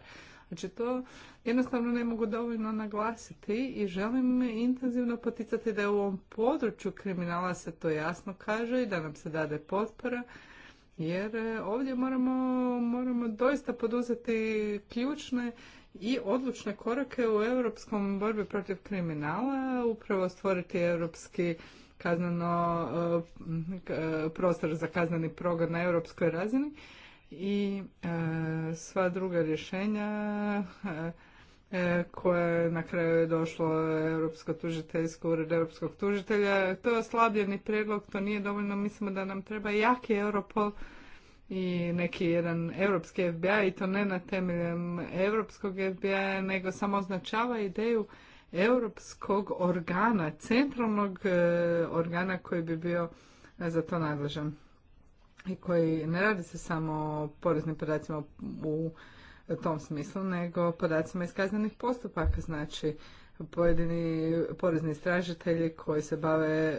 Znači to jednostavno ne mogu dovoljno naglasiti i želim intenzivno poticati da u ovom području kriminala se to jasno kaže i da nam se dade potpora jer e, ovdje moramo, moramo doista poduzeti ključne i odlučne korake u europskom borbi protiv kriminala, upravo stvoriti europski kazneno e, e, prostor za kazneni progon na europskoj razini i e, sva druga rješenja e, koje na kraju je došlo Europsko tužiteljsko ured Europskog tužitelja. To je oslabljeni prijedlog, to nije dovoljno. Mislimo da nam treba jaki Europol i neki jedan europski FBI i to ne na temeljem europskog FBI, nego samo označava ideju europskog organa, centralnog e, organa koji bi bio za to nadležan i koji ne radi se samo o poreznim podacima u tom smislu, nego o podacima iz kaznenih postupaka, znači pojedini porezni istražitelji koji se bave e,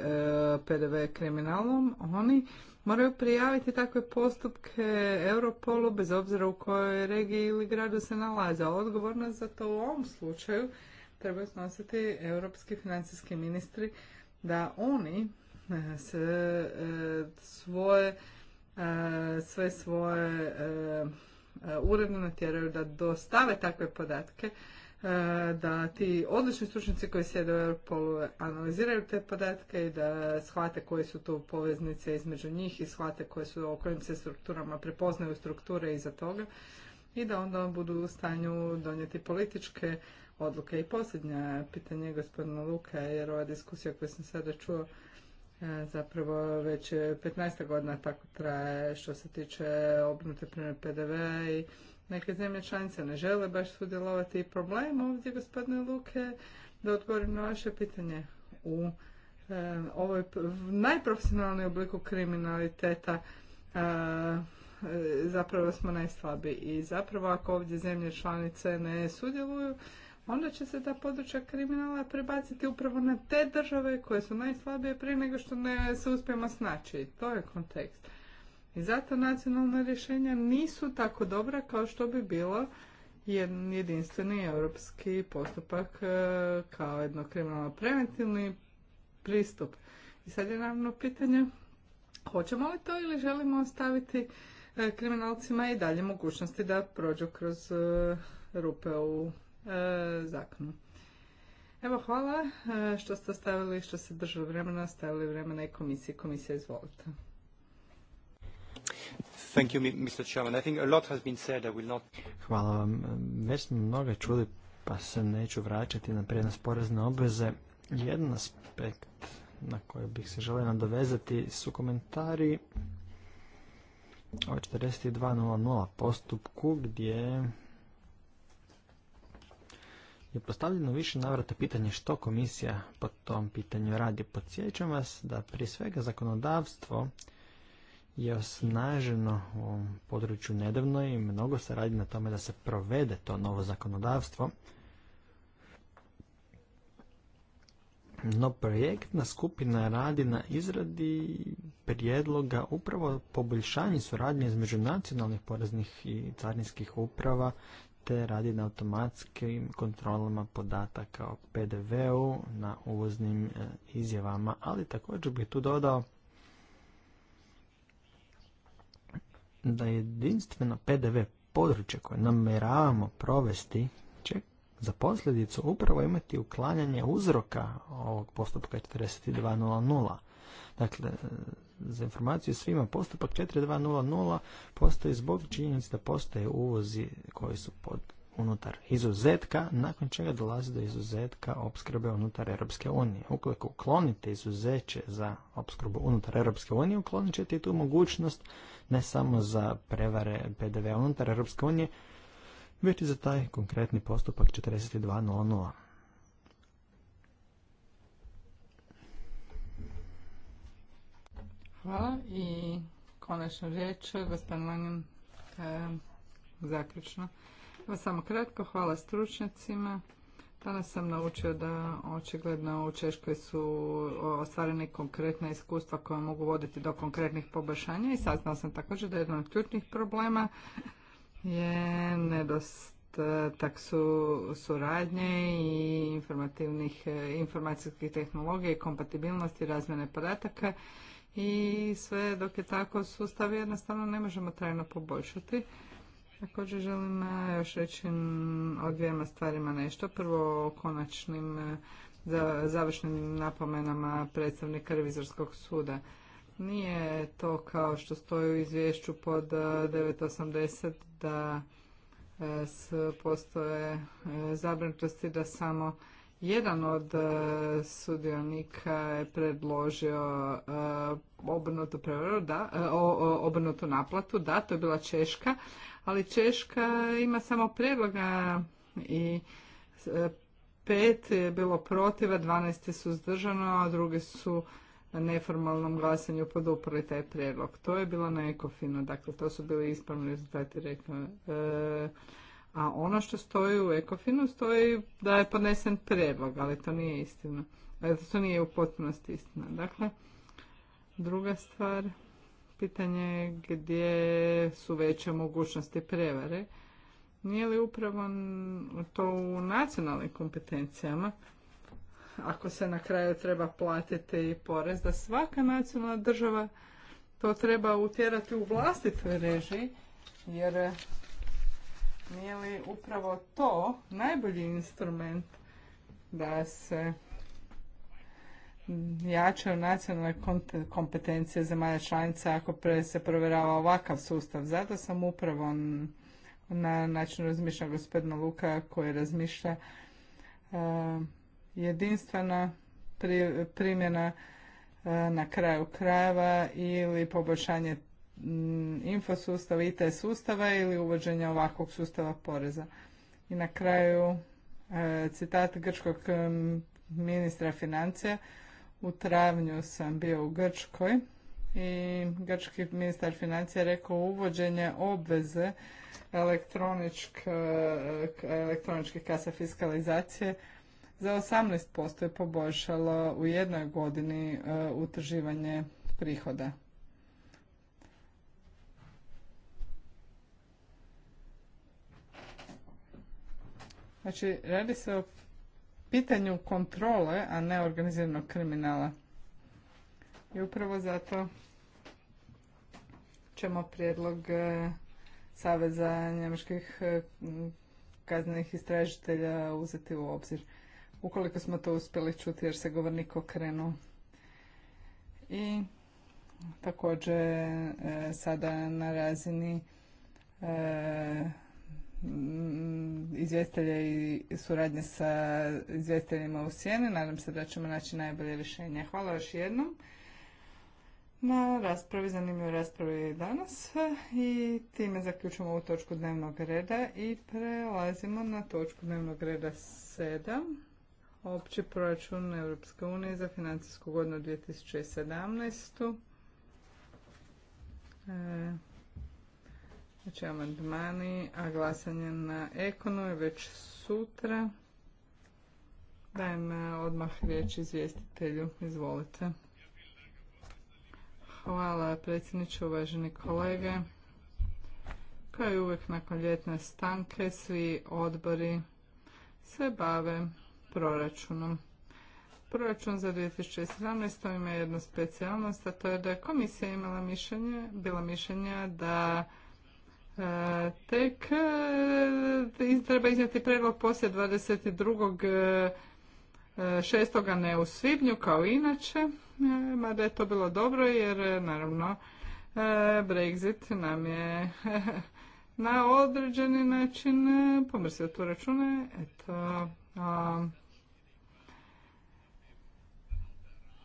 PDV kriminalom, oni moraju prijaviti takve postupke Europolu bez obzira u kojoj regiji ili gradu se nalaze. Odgovornost za to u ovom slučaju trebaju snositi europski financijski ministri da oni e, se e, svoje E, sve svoje e, e, uredno natjeraju da dostave takve podatke, da ti odlični stručnici koji sjede u Europolu analiziraju te podatke i da shvate koje su tu poveznice između njih i shvate koje su, o kojim se strukturama prepoznaju strukture iza toga i da onda budu u stanju donijeti političke odluke. I posljednja pitanje gospodina Luka, jer ova diskusija koju sam sada čuo E, zapravo već 15. godina tako traje što se tiče obnute primjene PDV i neke zemlje članice ne žele baš sudjelovati i problem ovdje gospodine Luke da odgovorim na vaše pitanje u e, ovoj najprofesionalniji obliku kriminaliteta e, zapravo smo najslabiji i zapravo ako ovdje zemlje članice ne sudjeluju onda će se ta područja kriminala prebaciti upravo na te države koje su najslabije prije nego što ne se uspijemo snaći. To je kontekst. I zato nacionalna rješenja nisu tako dobra kao što bi bilo jedinstveni europski postupak e, kao jedno kriminalno preventivni pristup. I sad je naravno pitanje hoćemo li to ili želimo ostaviti e, kriminalcima i dalje mogućnosti da prođu kroz e, rupe u E, zakonu. Evo, hvala e, što ste stavili, što ste držali vremena, stavili vremena i komisiji. Komisija, izvolite. Thank you, Hvala vam. Već smo mnoge čuli, pa se neću vraćati na prednost porezne obveze. Jedan aspekt na koji bih se želio nadovezati su komentari o 42.00 postupku gdje je postavljeno više navrata pitanje što komisija po tom pitanju radi. Podsjećam vas da prije svega zakonodavstvo je osnaženo u ovom području nedavno i mnogo se radi na tome da se provede to novo zakonodavstvo. No projektna skupina radi na izradi prijedloga upravo poboljšanje suradnje između nacionalnih poreznih i carinskih uprava te radi na automatskim kontrolama podataka o PDV-u na uvoznim e, izjavama, ali također bih tu dodao da jedinstveno PDV područje koje namjeravamo provesti će za posljedicu upravo imati uklanjanje uzroka ovog postupka 42.00. Dakle, za informaciju svima, postupak 4200 postoji zbog činjenica da postoje uvozi koji su pod unutar izuzetka, nakon čega dolazi do izuzetka opskrbe unutar Europske unije. Ukoliko uklonite izuzeće za opskrbu unutar Europske unije, uklonit ćete i tu mogućnost ne samo za prevare PDV unutar Europske unije, već i za taj konkretni postupak 4200. Hvala i konačno riječ, gospodin Langin, ehm, zaključno. Evo samo kratko, hvala stručnjacima. Danas sam naučio da očigledno u Češkoj su ostvarene konkretna iskustva koja mogu voditi do konkretnih poboljšanja i saznao sam također da jedan od ključnih problema je nedostatak su suradnje i informativnih informacijskih tehnologija i kompatibilnosti razmjene podataka i sve dok je tako sustav jednostavno ne možemo trajno poboljšati. Također želim e, još reći o dvijema stvarima nešto. Prvo o konačnim e, završnim napomenama predstavnika revizorskog suda. Nije to kao što stoji u izvješću pod 980 e, da postoje zabrinutosti da samo jedan od e, sudionika je predložio e, obrnutu prevaru, da, e, obrnutu naplatu, da, to je bila Češka, ali Češka ima samo predloga i pet je bilo protiva, dvanaest su suzdržano, a drugi su na neformalnom glasanju poduprli taj prijedlog. To je bilo na ekofinu, dakle to su bili ispravni rezultati rekao. A ono što stoji u Ekofinu stoji da je podnesen predlog, ali to nije istina. To nije u potpunosti istina. Dakle, druga stvar, pitanje je gdje su veće mogućnosti prevare. Nije li upravo to u nacionalnim kompetencijama? Ako se na kraju treba platiti i porez, da svaka nacionalna država to treba utjerati u vlastitoj režiji, jer nije li upravo to najbolji instrument da se jačaju nacionalne kompetencije zemalja članica ako pre se provjerava ovakav sustav. Zato sam upravo na način razmišlja gospodina Luka koji razmišlja e, jedinstvena primjena e, na kraju krajeva ili poboljšanje Mm, i IT sustava ili uvođenja ovakvog sustava poreza. I na kraju e, citat grčkog mm, ministra financija. U travnju sam bio u Grčkoj i grčki ministar financija rekao uvođenje obveze e, elektroničke kasa fiskalizacije za 18% je poboljšalo u jednoj godini e, utrživanje prihoda. Znači, radi se o pitanju kontrole, a ne organiziranog kriminala. I upravo zato ćemo prijedlog e, Saveza njemačkih e, kaznenih istražitelja uzeti u obzir. Ukoliko smo to uspjeli čuti jer se govornik okrenuo. I također e, sada na razini Mm, izvjestelja i suradnje sa izvjestiteljima u sjeni. Nadam se da ćemo naći najbolje rješenje. Hvala još jednom na raspravi, zanimljivoj raspravi danas i time zaključujemo ovu točku dnevnog reda i prelazimo na točku dnevnog reda 7. Opći proračun Europske unije za financijsku godinu 2017. E, Znači amandmani, a glasanje na ekonu je već sutra. Dajem eh, odmah riječ izvjestitelju. Izvolite. Hvala predsjedniče, uvaženi kolege. Kao i uvijek nakon ljetne stanke, svi odbori se bave proračunom. Proračun za 2017. ima jednu specijalnost, a to je da je komisija imala mišljenje, bila mišljenja da E, tek e, treba iznijeti predlog poslije 22. E, šestoga ne u svibnju kao inače, mada je to bilo dobro jer naravno Brexit nam je [LAUGHS] na određeni način pomrsio tu račune. Eto,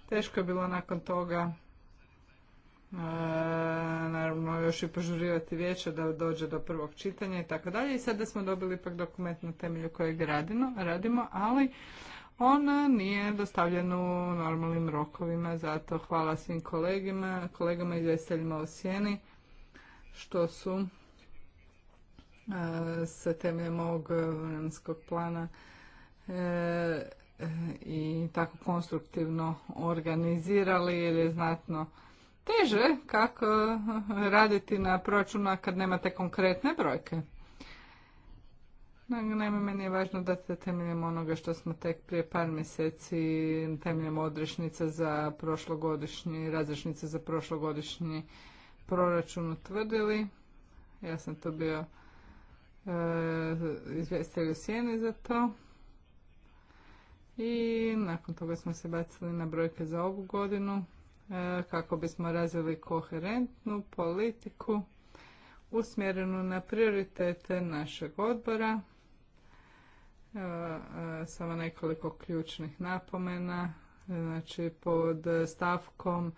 teško je bilo nakon toga E, naravno još i požurivati vijeće da dođe do prvog čitanja i tako dalje. I sada smo dobili ipak dokument na temelju kojeg radimo, radimo ali on nije dostavljen u normalnim rokovima, zato hvala svim kolegima, kolegama i veseljima u sjeni što su e, sa temeljem ovog vremenskog plana e, i tako konstruktivno organizirali jer je znatno teže kako eh, raditi na proračunu kad nemate konkretne brojke. Naime, meni je važno da se temeljem onoga što smo tek prije par mjeseci temeljem odrešnice za prošlogodišnji, razrešnice za prošlogodišnji proračun utvrdili. Ja sam to bio e, izvjestitelj u sjeni za to. I nakon toga smo se bacili na brojke za ovu godinu kako bismo razvili koherentnu politiku usmjerenu na prioritete našeg odbora. E, e, samo nekoliko ključnih napomena. Znači, pod stavkom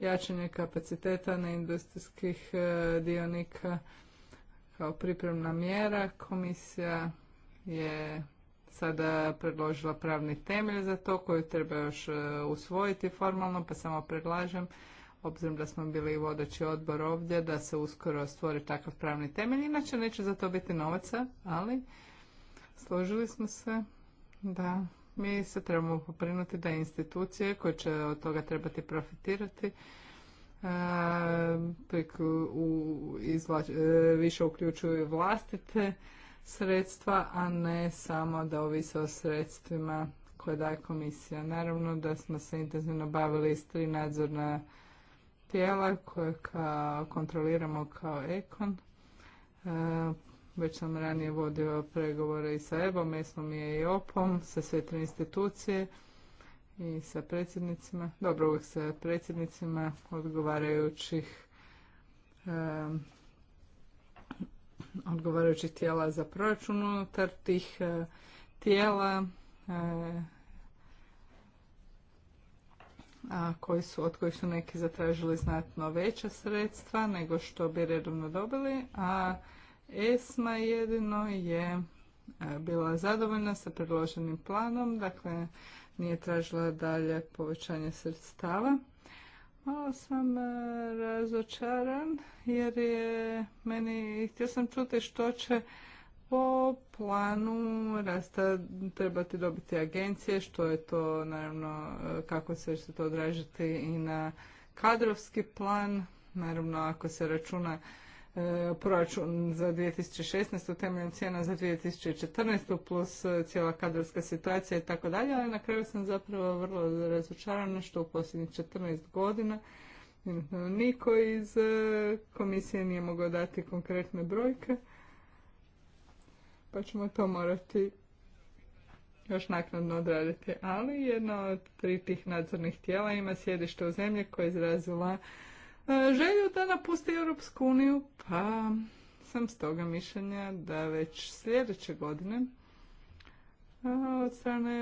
jačanje kapaciteta na industrijskih e, dionika kao pripremna mjera komisija je sada predložila pravni temelj za to koju treba još e, usvojiti formalno, pa samo predlažem obzirom da smo bili vodeći odbor ovdje, da se uskoro stvori takav pravni temelj. Inače neće za to biti novaca, ali složili smo se da mi se trebamo poprinuti da institucije koje će od toga trebati profitirati e, e, više uključuju vlastite sredstva, a ne samo da ovise o sredstvima koje daje komisija. Naravno da smo se intenzivno bavili s tri nadzorna tijela koje kontroliramo kao ekon. E, već sam ranije vodio pregovore i sa EBOM, je i EOPom, sa sve tri institucije i sa predsjednicima, dobro uvijek sa predsjednicima odgovarajućih odgovarajućih tijela za proračun unutar tih e, tijela e, a koji su, od kojih su neki zatražili znatno veća sredstva nego što bi redovno dobili, a ESMA jedino je e, bila zadovoljna sa predloženim planom, dakle nije tražila dalje povećanje sredstava. Malo sam e, razočaran jer je meni, htio sam čuti što će po planu rasta trebati dobiti agencije, što je to naravno, e, kako će se to odražiti i na kadrovski plan, naravno ako se računa E, proračun za 2016. temeljem cijena za 2014. plus e, cijela kadrovska situacija i tako dalje, ali na kraju sam zapravo vrlo razočarana što u posljednjih 14 godina niko iz e, komisije nije mogao dati konkretne brojke, pa ćemo to morati još naknadno odraditi. Ali jedno od tri tih nadzornih tijela ima sjedište u zemlji koja je izrazila E, želju da napusti Europsku uniju, pa sam stoga mišljenja da već sljedeće godine e, od strane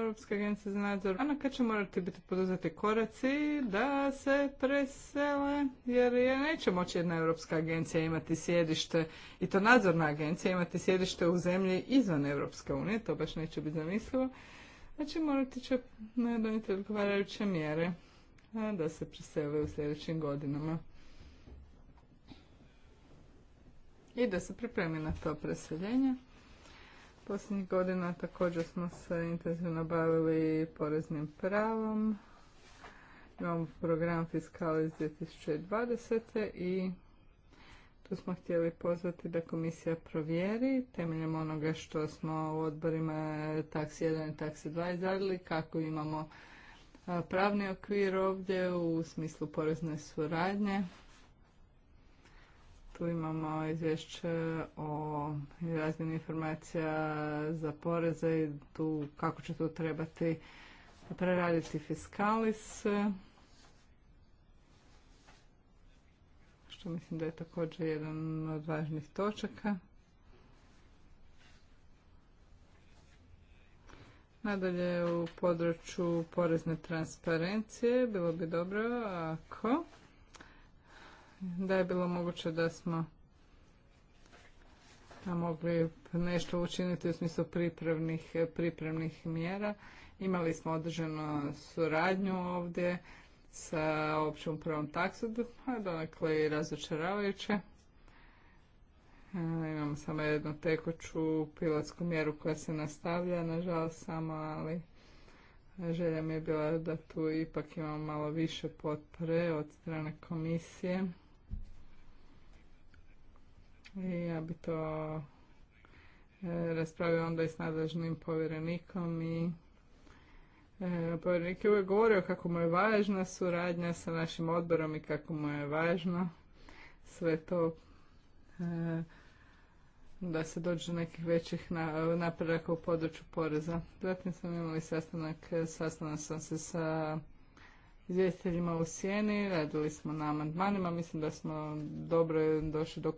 Europske agencije za nadzor banaka će morati biti poduzeti koraci da se presele, jer je neće moći jedna Europska agencija imati sjedište, i to nadzorna agencija imati sjedište u zemlji izvan Europske unije, to baš neće biti zamislivo. Znači morati će e, donijeti odgovarajuće mjere da se presele u sljedećim godinama. I da se pripremi na to preseljenje. Posljednjih godina također smo se intenzivno bavili poreznim pravom. Imamo program fiskali iz 2020. i tu smo htjeli pozvati da komisija provjeri temeljem onoga što smo u odborima taksi 1 i taksi 2 izradili kako imamo pravni okvir ovdje u smislu porezne suradnje. Tu imamo izvješće o razmjeni informacija za poreze i tu kako će tu trebati preraditi fiskalis. Što mislim da je također jedan od važnih točaka. Nadalje u području porezne transparencije bilo bi dobro ako da je bilo moguće da smo mogli nešto učiniti u smislu pripremnih, mjera. Imali smo održanu suradnju ovdje sa općom prvom taksu, a donekle i razočaravajuće. Imamo samo jednu tekuću pilotsku mjeru koja se nastavlja, nažalost samo, ali želja mi je bila da tu ipak imamo malo više potpore od strane komisije. I ja bi to e, raspravio onda i s nadležnim povjerenikom i e, povjerenik je uvijek govorio kako mu je važna suradnja sa našim odborom i kako mu je važno sve to e, da se dođe do nekih većih napredaka u području poreza. Zatim sam imali sastanak, sastanak sam se sa izvjestiteljima u sjeni, radili smo na amandmanima, mislim da smo dobro došli do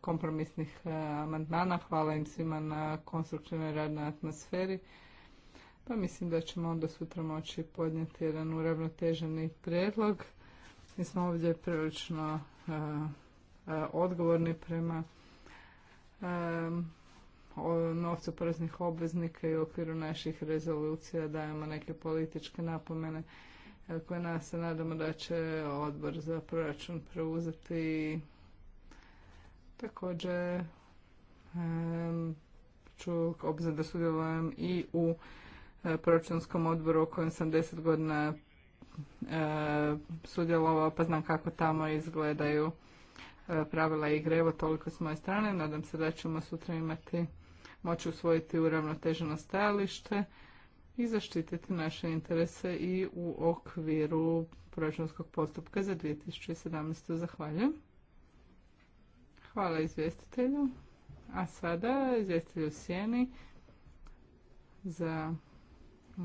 kompromisnih eh, amandmana, hvala im svima na konstruktivnoj radnoj atmosferi. Pa mislim da ćemo onda sutra moći podnijeti jedan uravnoteženi prijedlog. Mi smo ovdje prilično eh, eh, odgovorni prema novcu poreznih obveznika i u okviru naših rezolucija dajemo neke političke napomene e, koje nas se nadamo da će odbor za proračun preuzeti. Također ću obzir da sudjelujem i u e, proračunskom odboru u kojem sam deset godina e, sudjelovao pa znam kako tamo izgledaju E, pravila igre. Evo toliko s moje strane. Nadam se da ćemo sutra imati moći usvojiti uravnoteženo stajalište i zaštititi naše interese i u okviru proračunskog postupka za 2017. Zahvaljujem. Hvala izvjestitelju. A sada izvjestitelju Sjeni za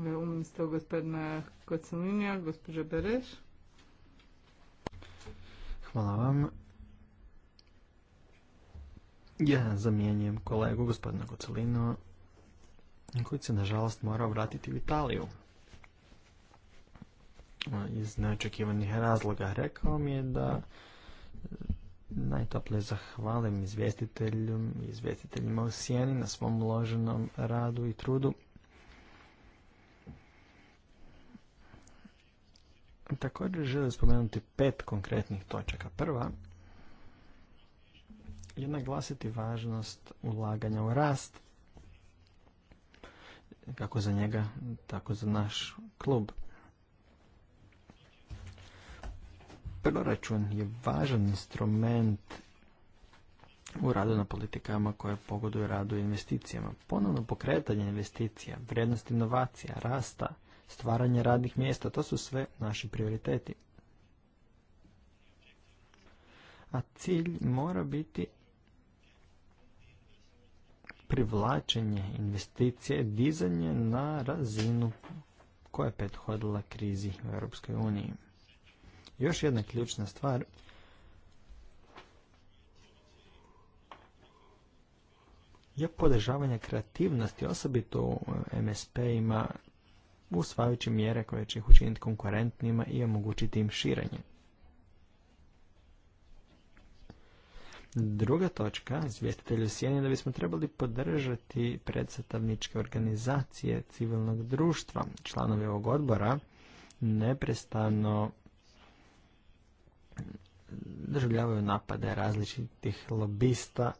e, umjesto gospodina Kocelinija, gospođa Bereš. Hvala vam. Ja zamjenjujem kolegu gospodina Kocelino koji se nažalost mora vratiti u Italiju. Iz neočekivanih razloga rekao mi je da e, najtoplje zahvalim izvjestitelju i izvjestiteljima u Sijeni na svom uloženom radu i trudu. Također želim spomenuti pet konkretnih točaka. Prva je naglasiti važnost ulaganja u rast, kako za njega, tako za naš klub. Proračun je važan instrument u radu na politikama koje pogoduju radu investicijama. Ponovno pokretanje investicija, vrijednost inovacija, rasta, stvaranje radnih mjesta, to su sve naši prioriteti. A cilj mora biti privlačenje investicije, dizanje na razinu koja je prethodila krizi u Europskoj uniji. Još jedna ključna stvar je podržavanje kreativnosti, osobito u MSP-ima, usvajući mjere koje će ih učiniti konkurentnima i omogućiti im širenje. Druga točka, izvjestitelj u sjeni da bismo trebali podržati predstavničke organizacije civilnog društva. Članovi ovog odbora neprestano doživljavaju napade različitih lobista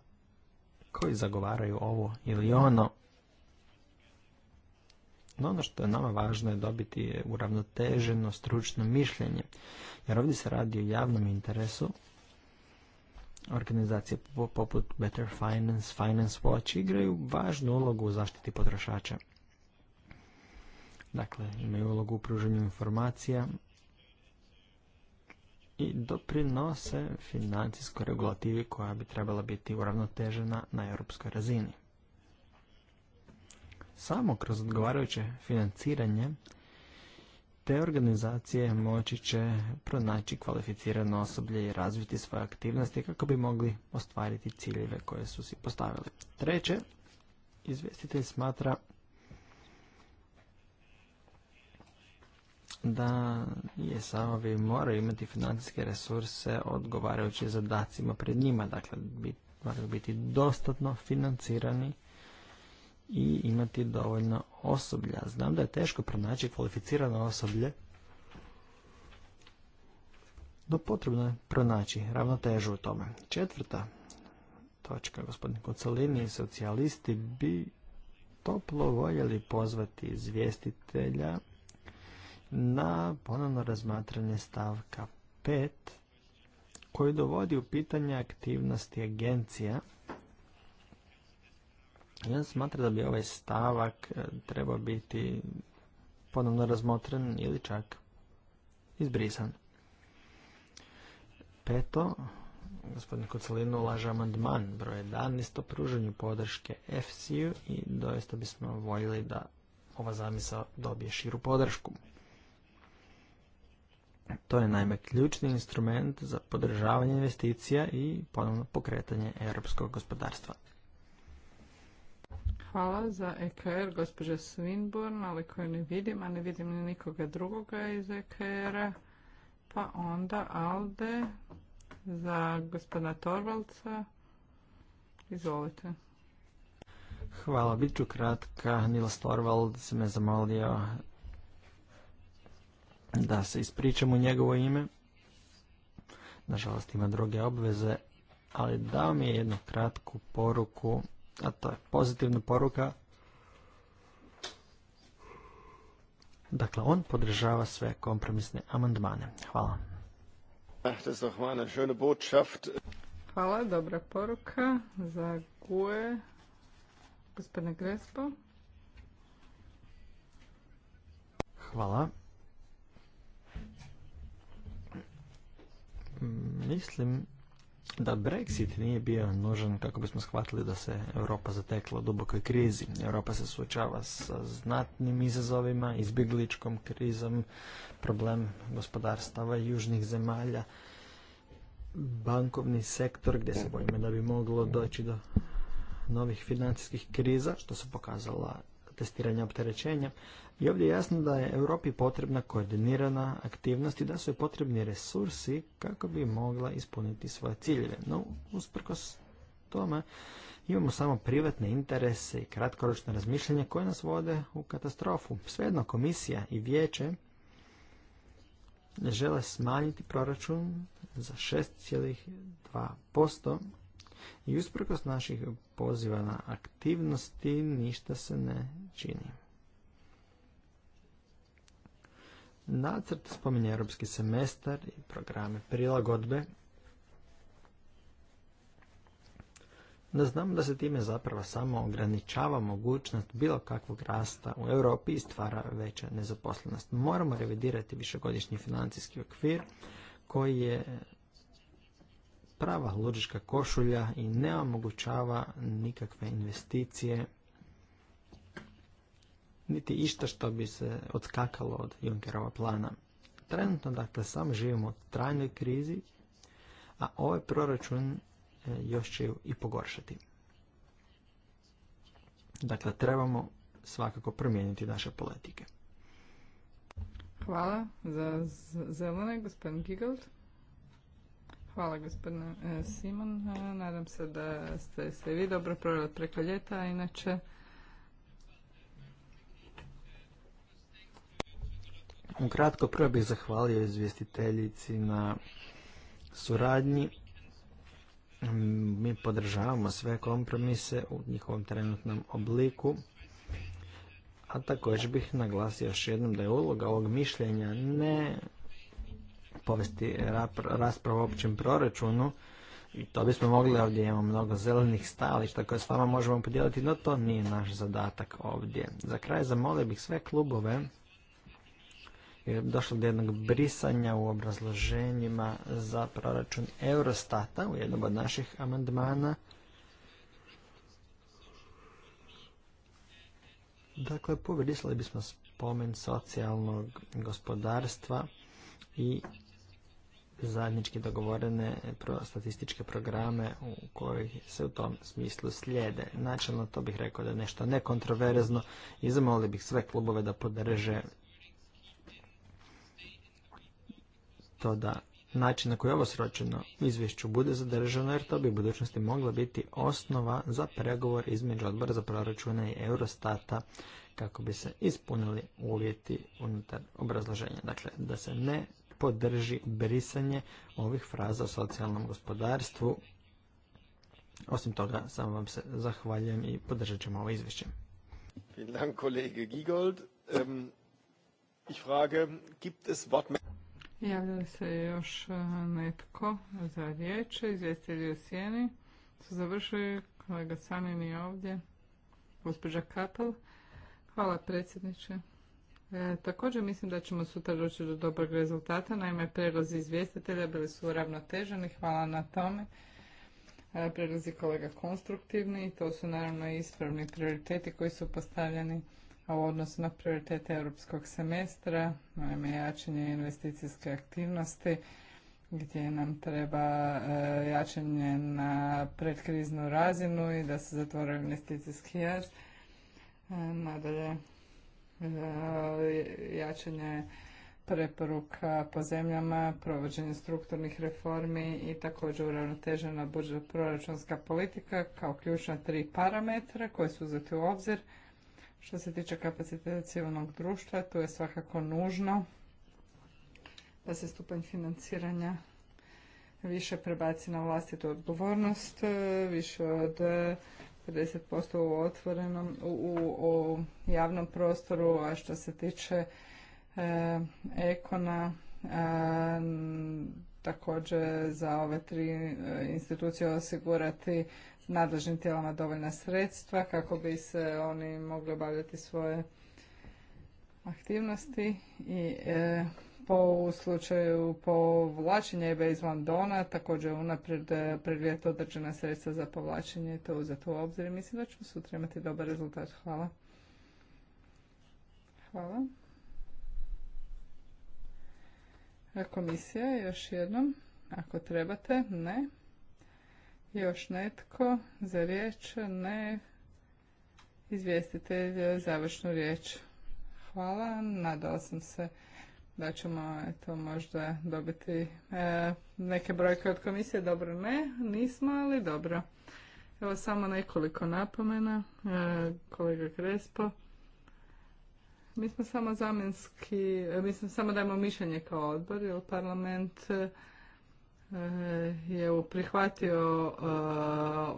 koji zagovaraju ovo ili ono. No ono što je nama važno je dobiti uravnoteženo stručno mišljenje, jer ovdje se radi o javnom interesu Organizacije poput Better Finance, Finance Watch igraju važnu ulogu u zaštiti potrošača. Dakle, imaju ulogu u pruženju informacija i doprinose financijskoj regulativi koja bi trebala biti uravnotežena na europskoj razini. Samo kroz odgovarajuće financiranje te organizacije moći će pronaći kvalificirano osoblje i razviti svoje aktivnosti kako bi mogli ostvariti ciljeve koje su si postavili. Treće, izvjestitelj smatra da samovi moraju imati financijske resurse odgovarajući zadacima pred njima, dakle moraju biti dostatno financirani i imati dovoljno osoblja. Znam da je teško pronaći kvalificirano osoblje, no potrebno je pronaći ravnotežu u tome. Četvrta točka, gospodin Kocelini i socijalisti bi toplo voljeli pozvati izvjestitelja na ponovno razmatranje stavka 5 koji dovodi u pitanje aktivnosti agencija ja smatra da bi ovaj stavak e, trebao biti ponovno razmotren ili čak izbrisan. Peto, gospodin Kocelino ulaže amandman broj 11 o pružanju podrške fc i doista bismo voljeli da ova zamisa dobije širu podršku. To je naime ključni instrument za podržavanje investicija i ponovno pokretanje europskog gospodarstva. Hvala za EKR, gospođa Svinborn, ali koju ne vidim, a ne vidim ni nikoga drugoga iz EKR-a. Pa onda Alde za gospodina Torvalca. Izvolite. Hvala, bit ću kratka. Nils Torvald se me zamolio da se ispričam u njegovo ime. Nažalost ima druge obveze, ali dao mi je jednu kratku poruku a to je pozitivna poruka. Dakle, on podržava sve kompromisne amandmane. Hvala. Hvala, dobra poruka za GUE. Gospodine Grespo. Hvala. Mislim da Brexit nije bio nužan kako bismo shvatili da se Europa zatekla u dubokoj krizi. Europa se suočava sa znatnim izazovima, izbjegličkom krizom, problem gospodarstava južnih zemalja, bankovni sektor gdje se bojimo da bi moglo doći do novih financijskih kriza, što se pokazala testiranja opterećenja. I ovdje je jasno da je Europi potrebna koordinirana aktivnost i da su joj potrebni resursi kako bi mogla ispuniti svoje ciljeve. No, usprkos tome, imamo samo privatne interese i kratkoročne razmišljanja koje nas vode u katastrofu. Svejedno komisija i vijeće žele smanjiti proračun za 6,2%, i usprkos naših poziva na aktivnosti ništa se ne čini. Nacrt spominje europski semestar i programe prilagodbe. Da znamo da se time zapravo samo ograničava mogućnost bilo kakvog rasta u Europi i stvara veća nezaposlenost. Moramo revidirati višegodišnji financijski okvir koji je prava lužička košulja i ne omogućava nikakve investicije niti išta što bi se odskakalo od Junkerova plana. Trenutno, dakle, sam živimo u trajnoj krizi, a ovaj proračun e, još će ju i pogoršati. Dakle, trebamo svakako promijeniti naše politike. Hvala za zelene, gospodin Gigold. Hvala gospodine e, Simon. E, nadam se da ste se vi dobro proveli preko ljeta, a inače... Ukratko prvo bih zahvalio izvjestiteljici na suradnji. Mm, Mi podržavamo sve kompromise u njihovom trenutnom obliku. A također bih naglasio još jednom da je uloga ovog mišljenja ne povesti raspravu o općem proračunu i to bismo mogli, ovdje imamo mnogo zelenih stajališta koje s vama možemo podijeliti, no to nije naš zadatak ovdje. Za kraj zamolio bih sve klubove, jer je došlo do jednog brisanja u obrazloženjima za proračun Eurostata u jednom od naših amandmana. Dakle, povrisali bismo spomen socijalnog gospodarstva i zajednički dogovorene statističke programe u kojih se u tom smislu slijede. Načelno to bih rekao da je nešto nekontroverzno i zamolio bih sve klubove da podrže to da način na koji je ovo sročeno izvješću bude zadržano jer to bi u budućnosti mogla biti osnova za pregovor između odbora za proračune i Eurostata kako bi se ispunili uvjeti unutar obrazloženja. Dakle, da se ne podrži brisanje ovih fraza o socijalnom gospodarstvu. Osim toga, samo vam se zahvaljujem i podržat ćemo ovo izvješće. Ähm, Javlja li se još e, netko za riječ? Izvjestitelji u sjeni su završili. Kolega Sanin ovdje. Gospođa Kapel. Hvala predsjedniče. E, također mislim da ćemo sutra doći do dobrog rezultata. Naime, prijedlozi izvjestitelja bili su uravnoteženi. Hvala na tome. E, kolega konstruktivni. To su naravno ispravni prioriteti koji su postavljeni u odnosu na prioritete europskog semestra. Naime, jačanje investicijske aktivnosti gdje nam treba e, jačanje na predkriznu razinu i da se zatvore investicijski jaz. E, nadalje, E, jačanje preporuka po zemljama, provođenje strukturnih reformi i također uravnotežena proračunska politika kao ključna tri parametra koje su uzeti u obzir. Što se tiče kapaciteta civilnog društva, tu je svakako nužno da se stupanj financiranja više prebaci na vlastitu odgovornost, e, više od 50% u otvorenom, u, u, javnom prostoru, a što se tiče e, ekona, e, također za ove tri e, institucije osigurati nadležnim tijelama dovoljna sredstva kako bi se oni mogli obavljati svoje aktivnosti i e, po u slučaju povlačenja bez iz dona također unaprijed e, predvidjeti određena sredstva za povlačenje to uzeti u obzir. Mislim da ćemo sutra imati dobar rezultat. Hvala. Hvala. E, komisija, još jednom, ako trebate, ne. Još netko za riječ, ne. Izvjestitelj, završnu riječ. Hvala, nadala sam se da ćemo eto, možda dobiti e, neke brojke od komisije. Dobro, ne, nismo, ali dobro. Evo samo nekoliko napomena. E, kolega Krespo. Mi smo samo zamjenski, e, mislim samo dajemo mišljenje kao odbor, jer parlament je prihvatio e,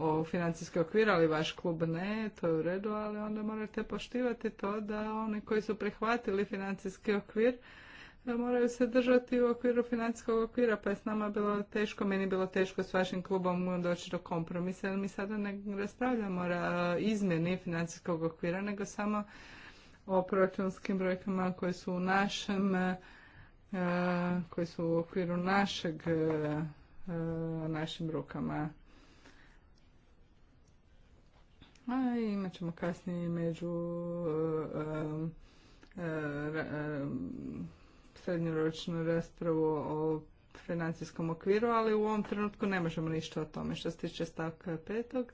o financijski okvir, ali vaš klub ne, to je u redu, ali onda morate poštivati to da oni koji su prihvatili financijski okvir, moraju se držati u okviru financijskog okvira, pa je s nama bilo teško, meni je bilo teško s vašim klubom doći do kompromisa, jer mi sada ne raspravljamo o izmjeni financijskog okvira, nego samo o proračunskim brojkama koje su u našem, e, koji su u okviru našeg, e, e, našim rukama. A imat ćemo kasnije među srednjoročnu raspravu o financijskom okviru, ali u ovom trenutku ne možemo ništa o tome. Što se tiče stavka petog,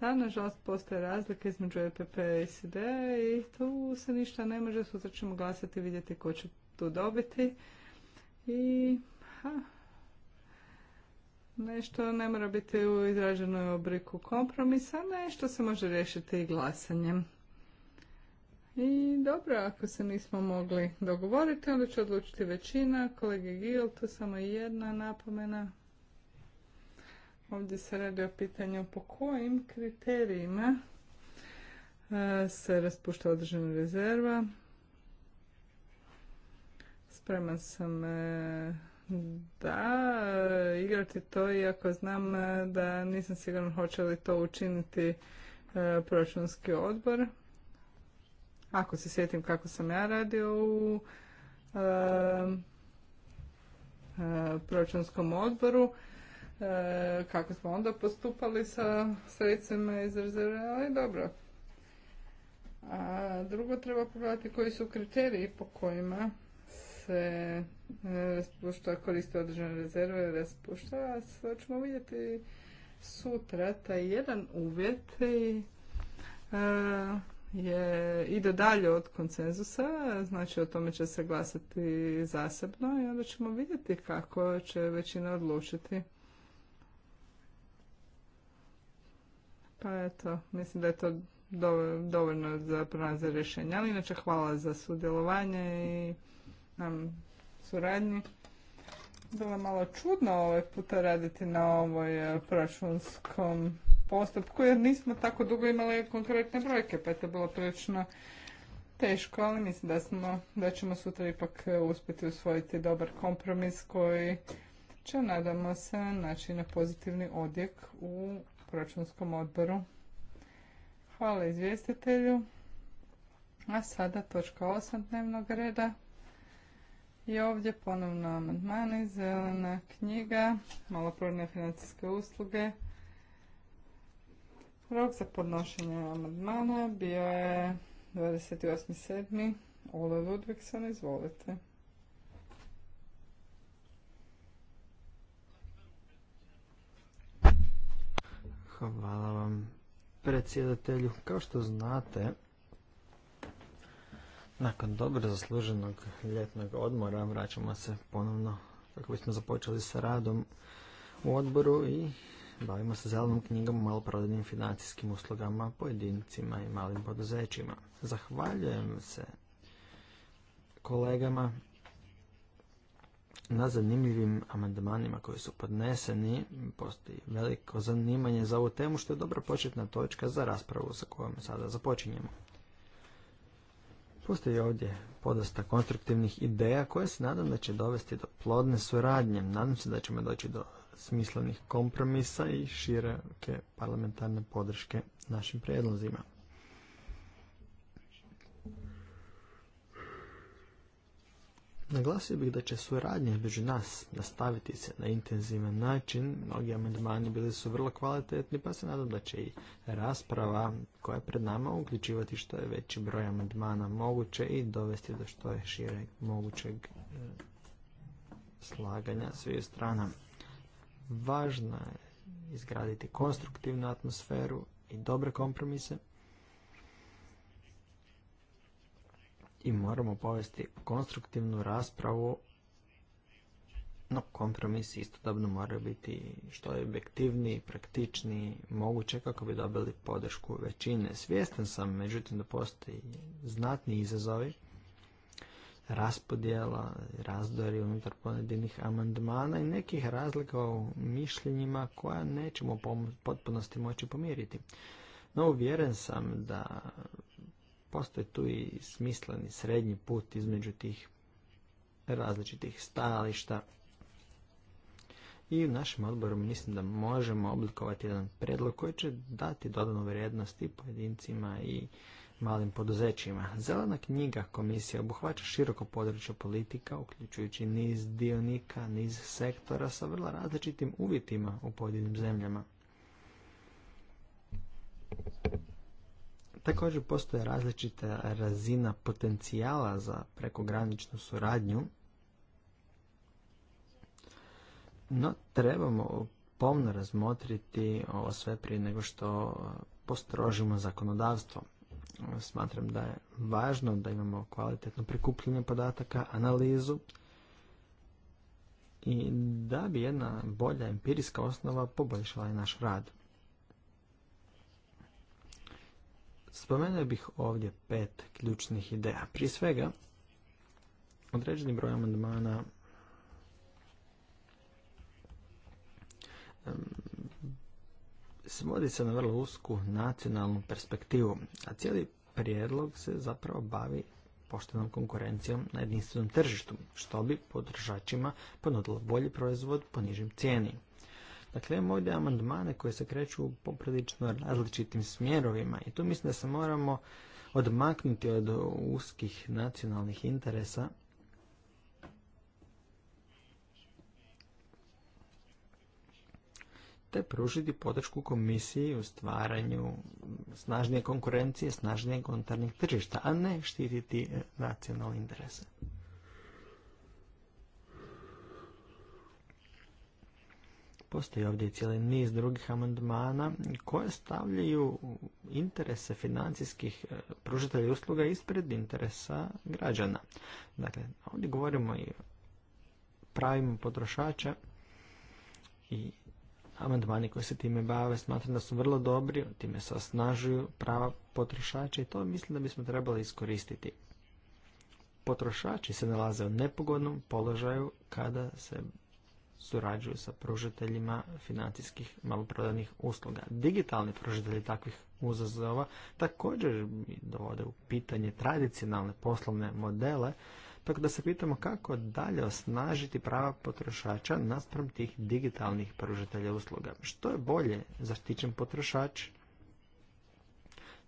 da, nažalost, postoje razlike između EPP i SID i tu se ništa ne može. Sutra ćemo glasati i vidjeti ko će tu dobiti. I ha, nešto ne mora biti u izraženoj obliku kompromisa, nešto se može riješiti i glasanjem. I dobro, ako se nismo mogli dogovoriti, onda će odlučiti većina. Kolege Gil, je samo jedna napomena. Ovdje se radi o pitanju po kojim kriterijima e, se raspušta održana rezerva. Spreman sam e, da e, igrati to iako znam da nisam sigurno hoće li to učiniti proračunski odbor. Ako se sjetim kako sam ja radio u proračunskom odboru, kako smo onda postupali sa sredstvima iz rezerve, ali dobro. A drugo treba pogledati koji su kriteriji po kojima se raspušta, koriste određene rezerve, raspušta, a sve ćemo vidjeti sutra. Taj jedan uvjet i je, ide dalje od konsenzusa, znači o tome će se glasati zasebno i onda ćemo vidjeti kako će većina odlučiti. Pa eto, mislim da je to dovoljno za pronaze rješenja. Ali inače hvala za sudjelovanje i nam suradnji. Bilo je malo čudno ovaj puta raditi na ovoj eh, proračunskom postupku jer nismo tako dugo imali konkretne brojke pa je to bilo prilično teško, ali mislim da, smo, da ćemo sutra ipak e, uspjeti usvojiti dobar kompromis koji će, nadamo se, naći na pozitivni odjek u proračunskom odboru. Hvala izvjestitelju. A sada točka 8 dnevnog reda. I ovdje ponovno amandmani, zelena knjiga, maloprodne financijske usluge, Rok za podnošenje amandmana bio je 28.7. Ole Ludvigson, izvolite. Hvala vam predsjedatelju. Kao što znate, nakon dobro zasluženog ljetnog odmora vraćamo se ponovno kako bismo započeli sa radom u odboru i Bavimo se zelenom knjigom o maloprodajnim financijskim uslugama, pojedincima i malim poduzećima. Zahvaljujem se kolegama na zanimljivim amandmanima koji su podneseni. Postoji veliko zanimanje za ovu temu što je dobra početna točka za raspravu sa kojom sada započinjemo. Postoji ovdje podosta konstruktivnih ideja koje se nadam da će dovesti do plodne suradnje. Nadam se da ćemo doći do smislenih kompromisa i široke parlamentarne podrške našim prijedlozima. Naglasio bih da će suradnja između nas nastaviti se na intenzivan način. Mnogi amandmani bili su vrlo kvalitetni, pa se nadam da će i rasprava koja je pred nama uključivati što je veći broj amandmana moguće i dovesti do što je šireg mogućeg e, slaganja svih strana. Važno je izgraditi konstruktivnu atmosferu i dobre kompromise. I moramo povesti konstruktivnu raspravu, no kompromisi istodobno moraju biti što je objektivniji, praktičniji, moguće kako bi dobili podršku većine. Svjestan sam, međutim, da postoji znatni izazovi raspodjela, razdori unutar pojedinih amandmana i nekih razlika u mišljenjima koja nećemo u potpunosti moći pomiriti. No uvjeren sam da postoji tu i smisleni srednji put između tih različitih stajališta i u našem odboru mislim da možemo oblikovati jedan predlog koji će dati dodanu vrijednost i pojedincima i malim poduzećima. Zelena knjiga komisije obuhvaća široko područje politika, uključujući niz dionika, niz sektora sa vrlo različitim uvjetima u pojedinim zemljama. Također postoje različita razina potencijala za prekograničnu suradnju, no trebamo pomno razmotriti ovo sve prije nego što postrožimo zakonodavstvo. Smatram da je važno da imamo kvalitetno prikupljanje podataka, analizu i da bi jedna bolja empirijska osnova poboljšala i naš rad. Spomenuo bih ovdje pet ključnih ideja. Prije svega, određeni broj amandmana svodi se na vrlo usku nacionalnu perspektivu, a cijeli prijedlog se zapravo bavi poštenom konkurencijom na jedinstvenom tržištu, što bi podržačima ponudilo bolji proizvod po nižim cijeni. Dakle, imamo ovdje amandmane koje se kreću u poprilično različitim smjerovima i tu mislim da se moramo odmaknuti od uskih nacionalnih interesa te pružiti podršku komisiji u stvaranju snažnije konkurencije, snažnijeg unutarnjeg tržišta, a ne štititi e, nacionalne interese. Postoji ovdje cijeli niz drugih amandmana koje stavljaju interese financijskih e, pružitelja usluga ispred interesa građana. Dakle, ovdje govorimo i pravima potrošača i Amandmani koji se time bave smatram da su vrlo dobri, time se osnažuju prava potrošača i to mislim da bismo trebali iskoristiti. Potrošači se nalaze u nepogodnom položaju kada se surađuju sa pružiteljima financijskih maloprodanih usluga. Digitalni pružitelji takvih uzazova također dovode u pitanje tradicionalne poslovne modele tako da se pitamo kako dalje osnažiti prava potrošača naspram tih digitalnih pružatelja usluga. Što je bolje zaštićen potrošač,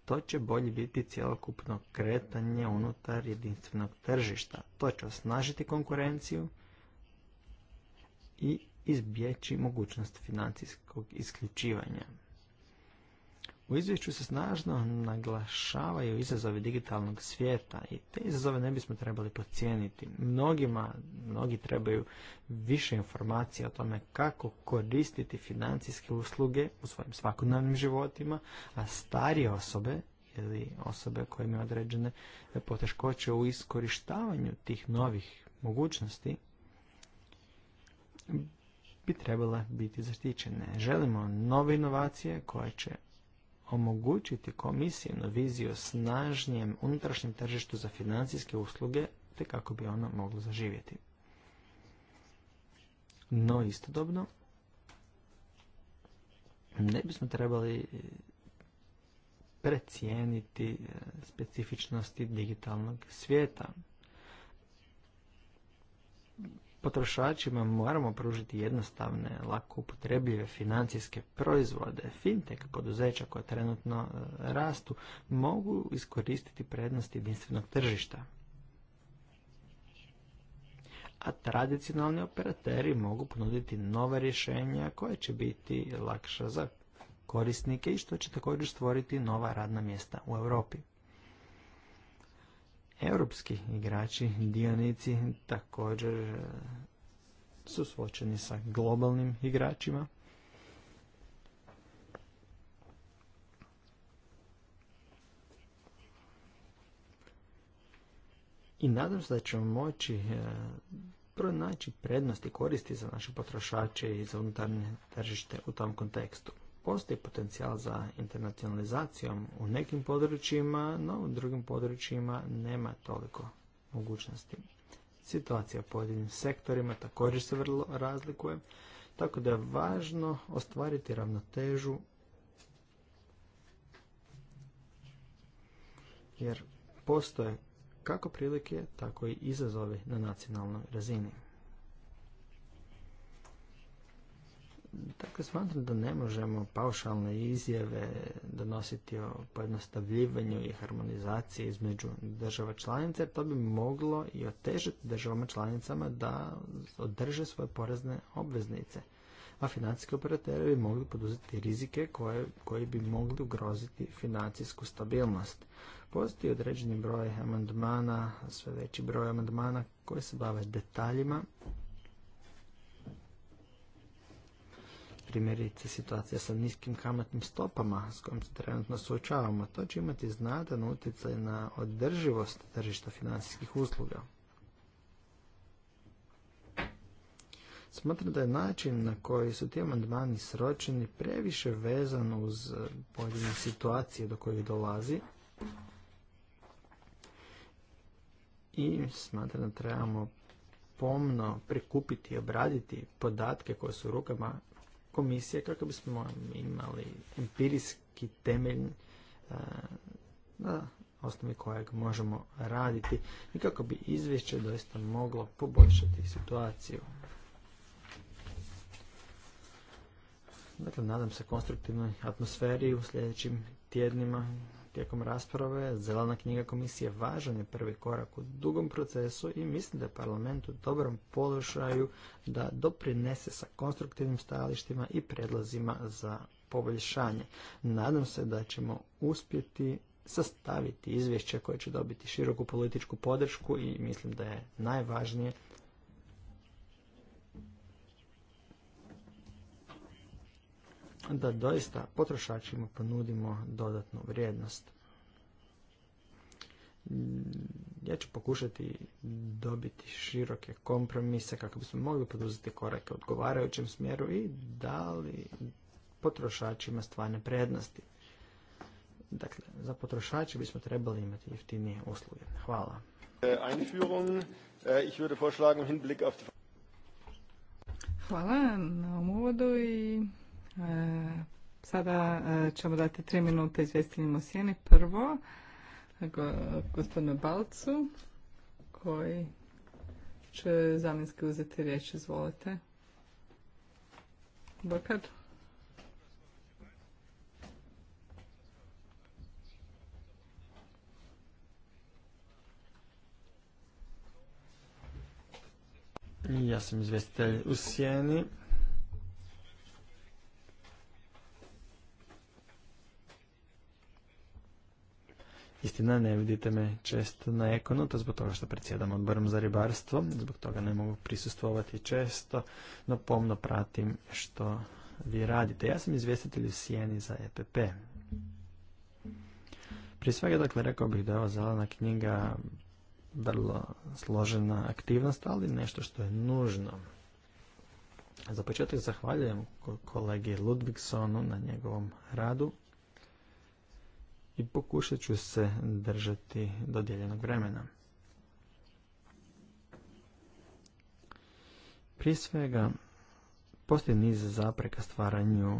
to će bolje biti cjelokupno kretanje unutar jedinstvenog tržišta. To će osnažiti konkurenciju i izbjeći mogućnost financijskog isključivanja. U izvješću se snažno naglašavaju izazovi digitalnog svijeta i te izazove ne bismo trebali pocijeniti. Mnogima, mnogi trebaju više informacija o tome kako koristiti financijske usluge u svojim svakodnevnim životima, a starije osobe ili osobe koje imaju određene poteškoće u iskorištavanju tih novih mogućnosti bi trebala biti zaštićene. Želimo nove inovacije koje će omogućiti komisiji na viziju snažnijem unutrašnjem tržištu za financijske usluge te kako bi ono moglo zaživjeti. No istodobno, ne bismo trebali precijeniti eh, specifičnosti digitalnog svijeta potrošačima moramo pružiti jednostavne, lako upotrebljive financijske proizvode. Fintech poduzeća koja trenutno e, rastu mogu iskoristiti prednosti jedinstvenog tržišta. A tradicionalni operateri mogu ponuditi nove rješenja koje će biti lakša za korisnike i što će također stvoriti nova radna mjesta u Europi europski igrači, dionici također e, su suočeni sa globalnim igračima. I nadam se da ćemo moći e, pronaći prednosti koristi za naše potrošače i za unutarnje tržište u tom kontekstu postoji potencijal za internacionalizacijom u nekim područjima, no u drugim područjima nema toliko mogućnosti. Situacija u pojedinim sektorima također se vrlo razlikuje, tako da je važno ostvariti ravnotežu jer postoje kako prilike, tako i izazovi na nacionalnoj razini. Dakle, smatram da ne možemo paušalne izjave donositi o pojednostavljivanju i harmonizaciji između država članica, jer to bi moglo i otežiti državama članicama da održe svoje porezne obveznice. A financijski operateri bi mogli poduzeti rizike koje, koji bi mogli ugroziti financijsku stabilnost. Postoji određeni broj amandmana, sve veći broj amandmana koji se bave detaljima primjerice situacija sa niskim kamatnim stopama s kojom se trenutno suočavamo, to će imati znatan utjecaj na održivost tržišta financijskih usluga. Smatram da je način na koji su ti amandmani sročeni previše vezan uz eh, pojedine situacije do kojih dolazi i smatram da trebamo pomno prikupiti i obraditi podatke koje su u rukama komisije kako bismo imali empirijski temelj e, na osnovi kojeg možemo raditi i kako bi izvješće doista moglo poboljšati situaciju. Dakle, nadam se konstruktivnoj atmosferi u sljedećim tjednima tijekom rasprave, zelena knjiga komisije važan je prvi korak u dugom procesu i mislim da je parlament u dobrom položaju da doprinese sa konstruktivnim stajalištima i predlazima za poboljšanje. Nadam se da ćemo uspjeti sastaviti izvješće koje će dobiti široku političku podršku i mislim da je najvažnije da doista potrošačima ponudimo dodatnu vrijednost. Ja ću pokušati dobiti široke kompromise kako bismo mogli poduzeti korake u odgovarajućem smjeru i dali potrošačima stvarne prednosti. Dakle, za potrošače bismo trebali imati jeftinije usluge. Hvala. Eh, eh, Hvala na ovom uvodu i E, sada e, ćemo dati tri minute izvjestiteljima u sjeni. Prvo, gospodinu Balcu, koji će zamjenski uzeti riječ. Izvolite. Bokar. Ja sam izvjestitelj u sjeni. Istina, ne vidite me često na ekonu, to zbog toga što predsjedam odborom za ribarstvo, zbog toga ne mogu prisustvovati često, no pomno pratim što vi radite. Ja sam izvjestitelj u Sijeni za EPP. Prije svega, dakle, rekao bih da je ova zelena knjiga vrlo složena aktivnost, ali nešto što je nužno. Za početak zahvaljujem kolegi Ludvigsonu na njegovom radu i pokušat ću se držati dodijeljenog vremena. Prije svega, postoji niz zapreka stvaranju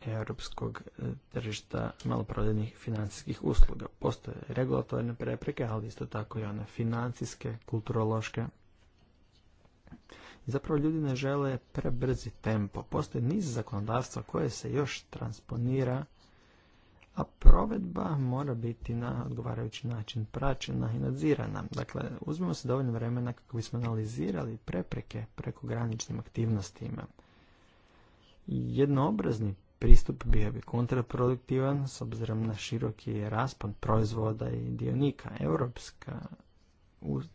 europskog eh, tržišta maloprodajnih financijskih usluga. Postoje regulatorne prepreke, ali isto tako i one financijske, kulturološke. Zapravo ljudi ne žele prebrzi tempo. Postoje niz zakonodavstva koje se još transponira a provedba mora biti na odgovarajući način praćena i nadzirana. Dakle, uzmemo se dovoljno vremena kako bismo analizirali prepreke prekograničnim aktivnostima. Jednoobrazni pristup bio bi kontraproduktivan s obzirom na široki raspon proizvoda i dionika. Europska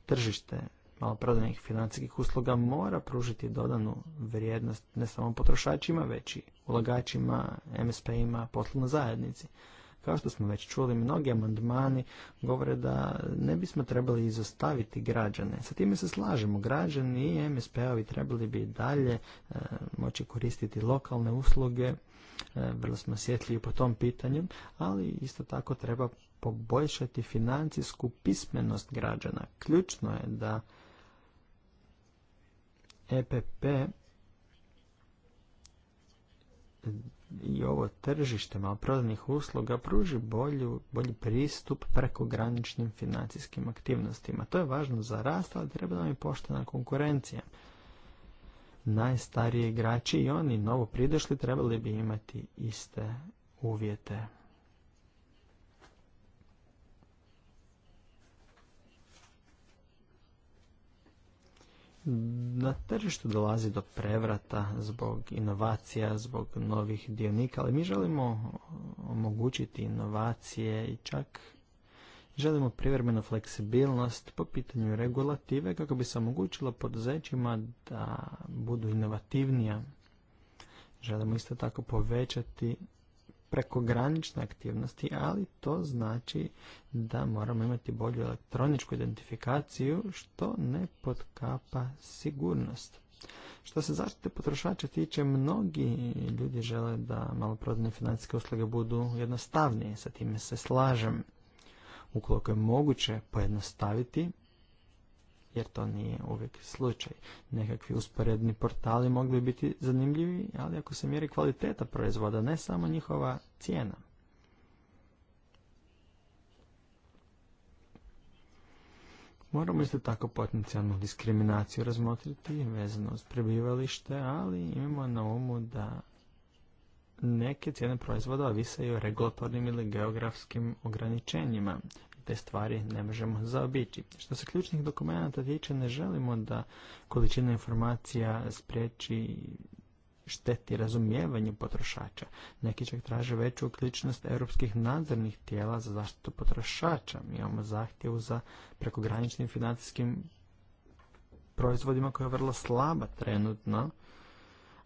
tržište maloprodajnih financijskih usluga mora pružiti dodanu vrijednost ne samo potrošačima, već i ulagačima, MSP-ima, poslovno zajednici. Kao što smo već čuli, mnogi amandmani govore da ne bismo trebali izostaviti građane. Sa time se slažemo, građani i MSP-ovi trebali bi dalje e, moći koristiti lokalne usluge, e, vrlo smo sjetljivi po tom pitanju, ali isto tako treba poboljšati financijsku pismenost građana. Ključno je da EPP i ovo tržište maloprodajnih usluga pruži bolji pristup prekograničnim financijskim aktivnostima. To je važno za rast, ali treba nam i poštena konkurencija. Najstariji igrači i oni novo pridošli trebali bi imati iste uvjete. na tržištu dolazi do prevrata zbog inovacija, zbog novih dionika, ali mi želimo omogućiti inovacije i čak želimo privremenu fleksibilnost po pitanju regulative kako bi se omogućilo poduzećima da budu inovativnija. Želimo isto tako povećati prekogranične aktivnosti, ali to znači da moramo imati bolju elektroničku identifikaciju što ne potkapa sigurnost. Što se zaštite potrošača tiče, mnogi ljudi žele da maloprodne financijske usluge budu jednostavnije, sa time se slažem. Ukoliko je moguće pojednostaviti jer to nije uvijek slučaj. Nekakvi usporedni portali mogli biti zanimljivi, ali ako se mjeri kvaliteta proizvoda, ne samo njihova cijena. Moramo isto tako potencijalnu diskriminaciju razmotriti vezano uz prebivalište, ali imamo na umu da neke cijene proizvoda visaju regulatornim ili geografskim ograničenjima te stvari ne možemo zaobići. Što se ključnih dokumenta tiče, ne želimo da količina informacija spriječi šteti razumijevanju potrošača. Neki čak traže veću uključnost europskih nadzornih tijela za zaštitu potrošača. Mi imamo zahtjevu za prekograničnim financijskim proizvodima koja je vrlo slaba trenutno,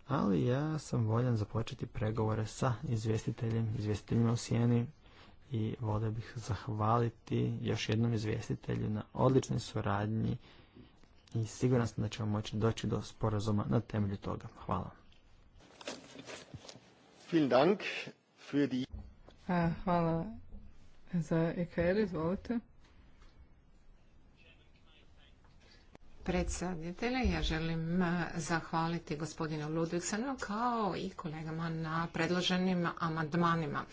ali ja sam voljan započeti pregovore sa izvjestiteljem, izvjestiteljima u Sijeni i volio bih zahvaliti još jednom izvjestitelju na odličnoj suradnji i siguran sam da ćemo moći doći do sporazuma na temelju toga. Hvala. Hvala za EKR, izvolite. predsjedatelje. Ja želim zahvaliti gospodinu Ludvigsenu kao i kolegama na predloženim amandmanima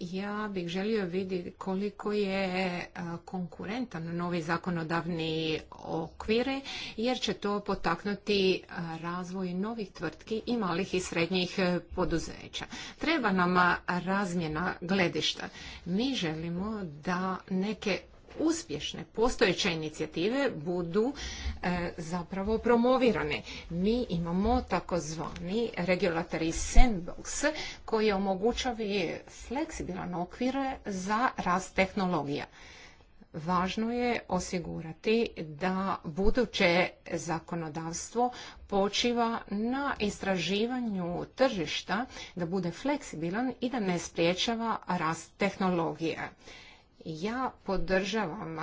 ja bih želio vidjeti koliko je e, konkurentan novi zakonodavni okvire, jer će to potaknuti e, razvoj novih tvrtki i malih i srednjih e, poduzeća. Treba nam razmjena gledišta. Mi želimo da neke uspješne postojeće inicijative budu e, zapravo promovirane. Mi imamo takozvani regulatory sandbox koji omogućava fleksibilan okvir za rast tehnologija. Važno je osigurati da buduće zakonodavstvo počiva na istraživanju tržišta, da bude fleksibilan i da ne spriječava rast tehnologije. Ja podržavam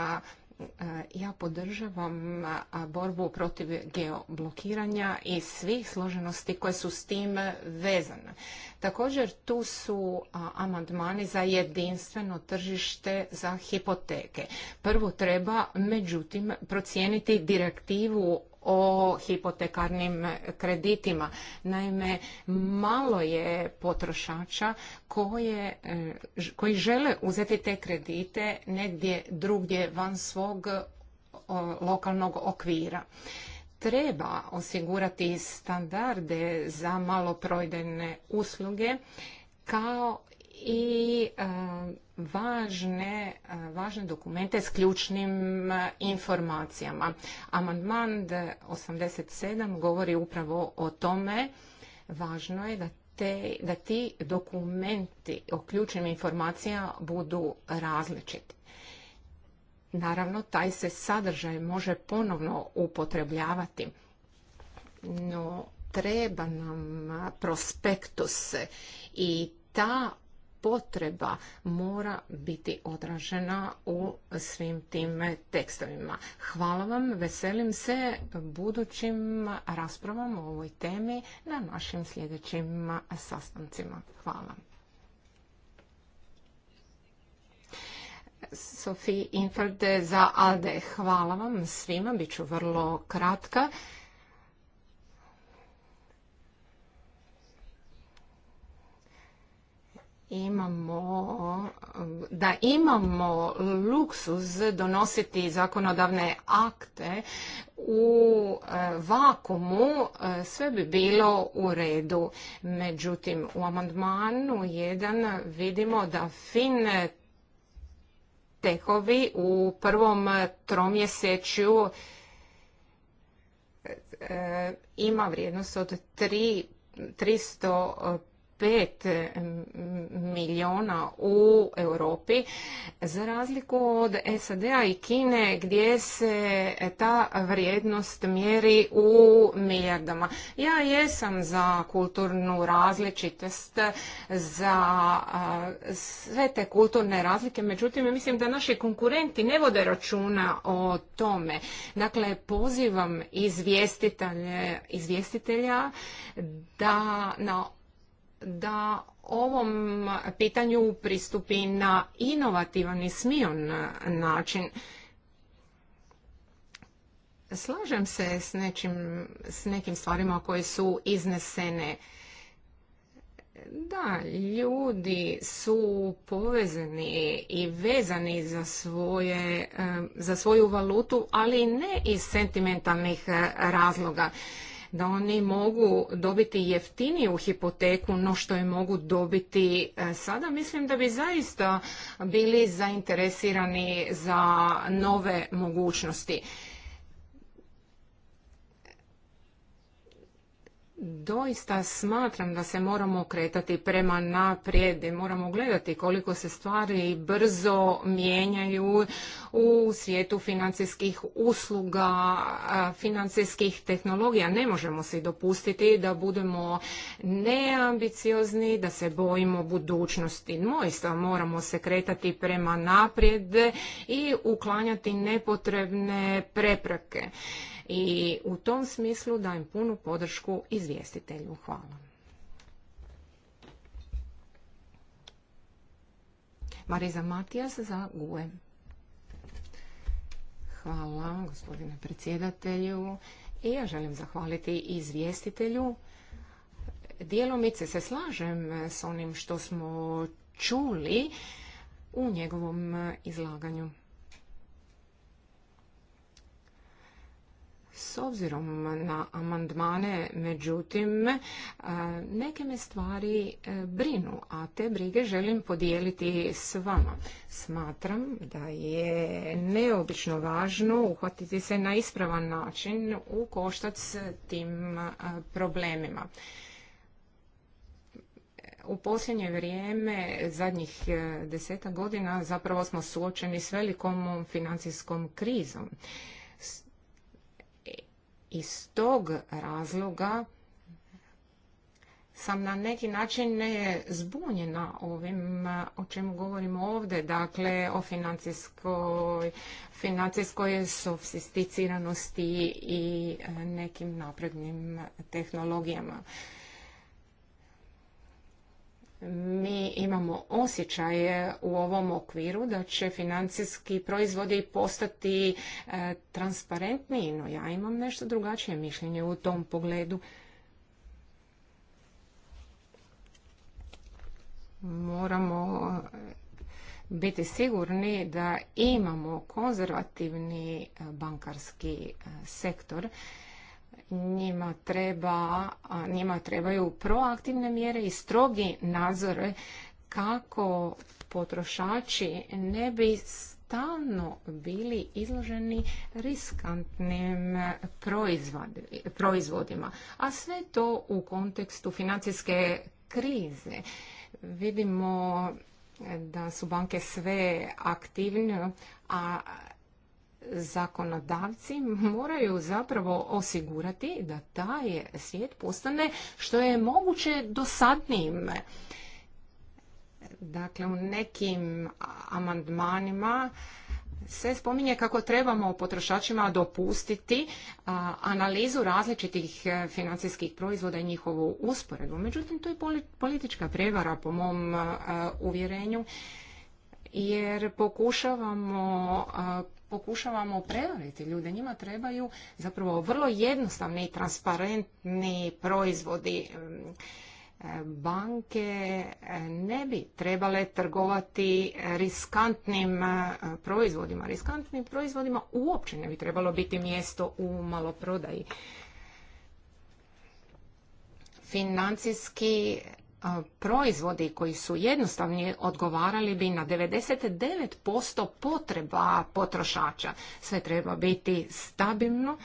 ja podržavam borbu protiv geoblokiranja i svih složenosti koje su s tim vezane. Također tu su amandmani za jedinstveno tržište za hipoteke. Prvo treba međutim procijeniti direktivu o hipotekarnim kreditima. Naime, malo je potrošača koje, e, koji žele uzeti te kredite negdje drugdje van svog lokalnog okvira treba osigurati standarde za maloprojdene usluge kao i važne, dokumente s ključnim informacijama. Amandman 87 govori upravo o tome. Važno je da da ti dokumenti o ključnim informacijama budu različiti. Naravno, taj se sadržaj može ponovno upotrebljavati, no treba nam prospektus i ta potreba mora biti odražena u svim tim tekstovima. Hvala vam, veselim se budućim raspravama o ovoj temi na našim sljedećim sastancima. Hvala. Sophie Infelde za ALDE. Hvala vam svima, bit ću vrlo kratka. imamo, da imamo luksuz donositi zakonodavne akte u e, vakumu, e, sve bi bilo u redu. Međutim, u amandmanu 1 vidimo da fin tehovi u prvom tromjesečju e, ima vrijednost od 3 5 milijuna u Europi, za razliku od SAD-a i Kine gdje se ta vrijednost mjeri u milijardama. Ja jesam za kulturnu različitost, za sve te kulturne razlike, međutim mislim da naši konkurenti ne vode računa o tome. Dakle, pozivam izvjestitelja da na da ovom pitanju pristupi na inovativan i smion način. Slažem se s, nečim, s nekim stvarima koje su iznesene. Da, ljudi su povezani i vezani za, svoje, za svoju valutu, ali ne iz sentimentalnih razloga da oni mogu dobiti jeftiniju hipoteku no što je mogu dobiti e, sada, mislim da bi zaista bili zainteresirani za nove mogućnosti. doista smatram da se moramo kretati prema naprijed i moramo gledati koliko se stvari brzo mijenjaju u svijetu financijskih usluga, financijskih tehnologija. Ne možemo se dopustiti da budemo neambiciozni, da se bojimo budućnosti. Moista moramo se kretati prema naprijed i uklanjati nepotrebne prepreke i u tom smislu dajem punu podršku izvjestitelju. Hvala. Mariza Matijas za GUE. Hvala gospodine predsjedatelju i ja želim zahvaliti izvjestitelju. Dijelomice se slažem s onim što smo čuli u njegovom izlaganju. S obzirom na amandmane, međutim, neke me stvari e, brinu, a te brige želim podijeliti s vama. Smatram da je neobično važno uhvatiti se na ispravan način u koštac tim problemima u posljednje vrijeme, zadnjih e, deseta godina, zapravo smo suočeni s velikom financijskom krizom iz tog razloga sam na neki način ne zbunjena ovim o čemu govorimo ovdje, dakle o financijskoj, financijskoj sofisticiranosti i e, nekim naprednim tehnologijama mi imamo osjećaje u ovom okviru da će financijski proizvodi postati e, transparentniji, no ja imam nešto drugačije mišljenje u tom pogledu. Moramo e, biti sigurni da imamo konzervativni e, bankarski sektor njima, treba, njima trebaju proaktivne mjere i strogi nadzore kako potrošači ne bi stalno bili izloženi riskantnim proizvodima. A sve to u kontekstu financijske krize. Vidimo da su banke sve aktivne, a zakonodavci moraju zapravo osigurati da taj svijet postane što je moguće dosadnijim. Dakle, u nekim amandmanima se spominje kako trebamo potrošačima dopustiti analizu različitih financijskih proizvoda i njihovu usporedbu. Međutim, to je politička prevara po mom uvjerenju jer pokušavamo pokušavamo prevariti ljude. Njima trebaju zapravo vrlo jednostavni i transparentni proizvodi. Banke ne bi trebale trgovati riskantnim proizvodima. Riskantnim proizvodima uopće ne bi trebalo biti mjesto u maloprodaji financijski proizvodi koji su jednostavni odgovarali bi na 99% potreba potrošača. Sve treba biti stabilno.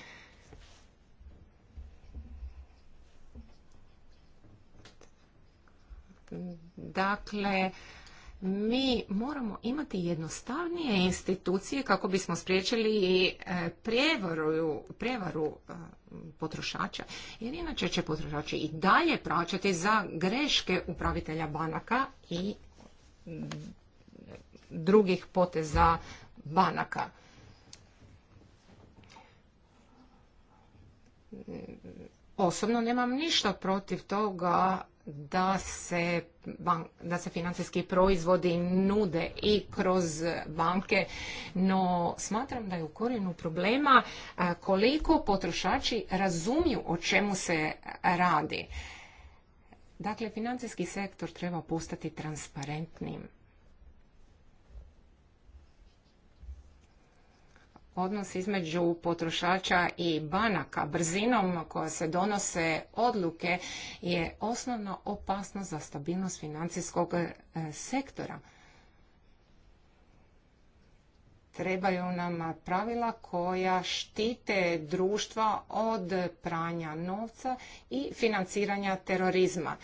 Dakle, mi moramo imati jednostavnije institucije kako bismo spriječili e, prijevaru, prijevaru e, potrošača. Jer inače će potrošači i dalje plaćati za greške upravitelja banaka i mm, drugih poteza banaka. Osobno nemam ništa protiv toga da se, da se financijski proizvodi nude i kroz banke, no smatram da je u korijenu problema koliko potrošači razumiju o čemu se radi. Dakle, financijski sektor treba postati transparentnim. odnos između potrošača i banaka brzinom koja se donose odluke je osnovna opasnost za stabilnost financijskog e, sektora. Trebaju nam pravila koja štite društva od pranja novca i financiranja terorizma.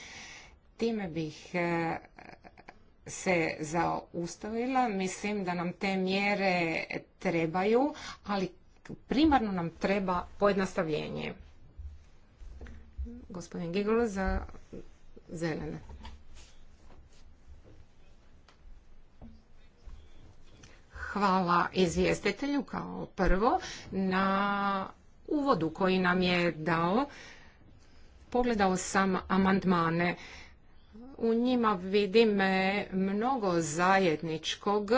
Time bih e, se zaustavila. Mislim da nam te mjere trebaju, ali primarno nam treba pojednostavljenje. Gospodin Gigolo za zelene. Hvala izvjestitelju kao prvo na uvodu koji nam je dao. Pogledao sam amandmane u njima vidim e, mnogo zajedničkog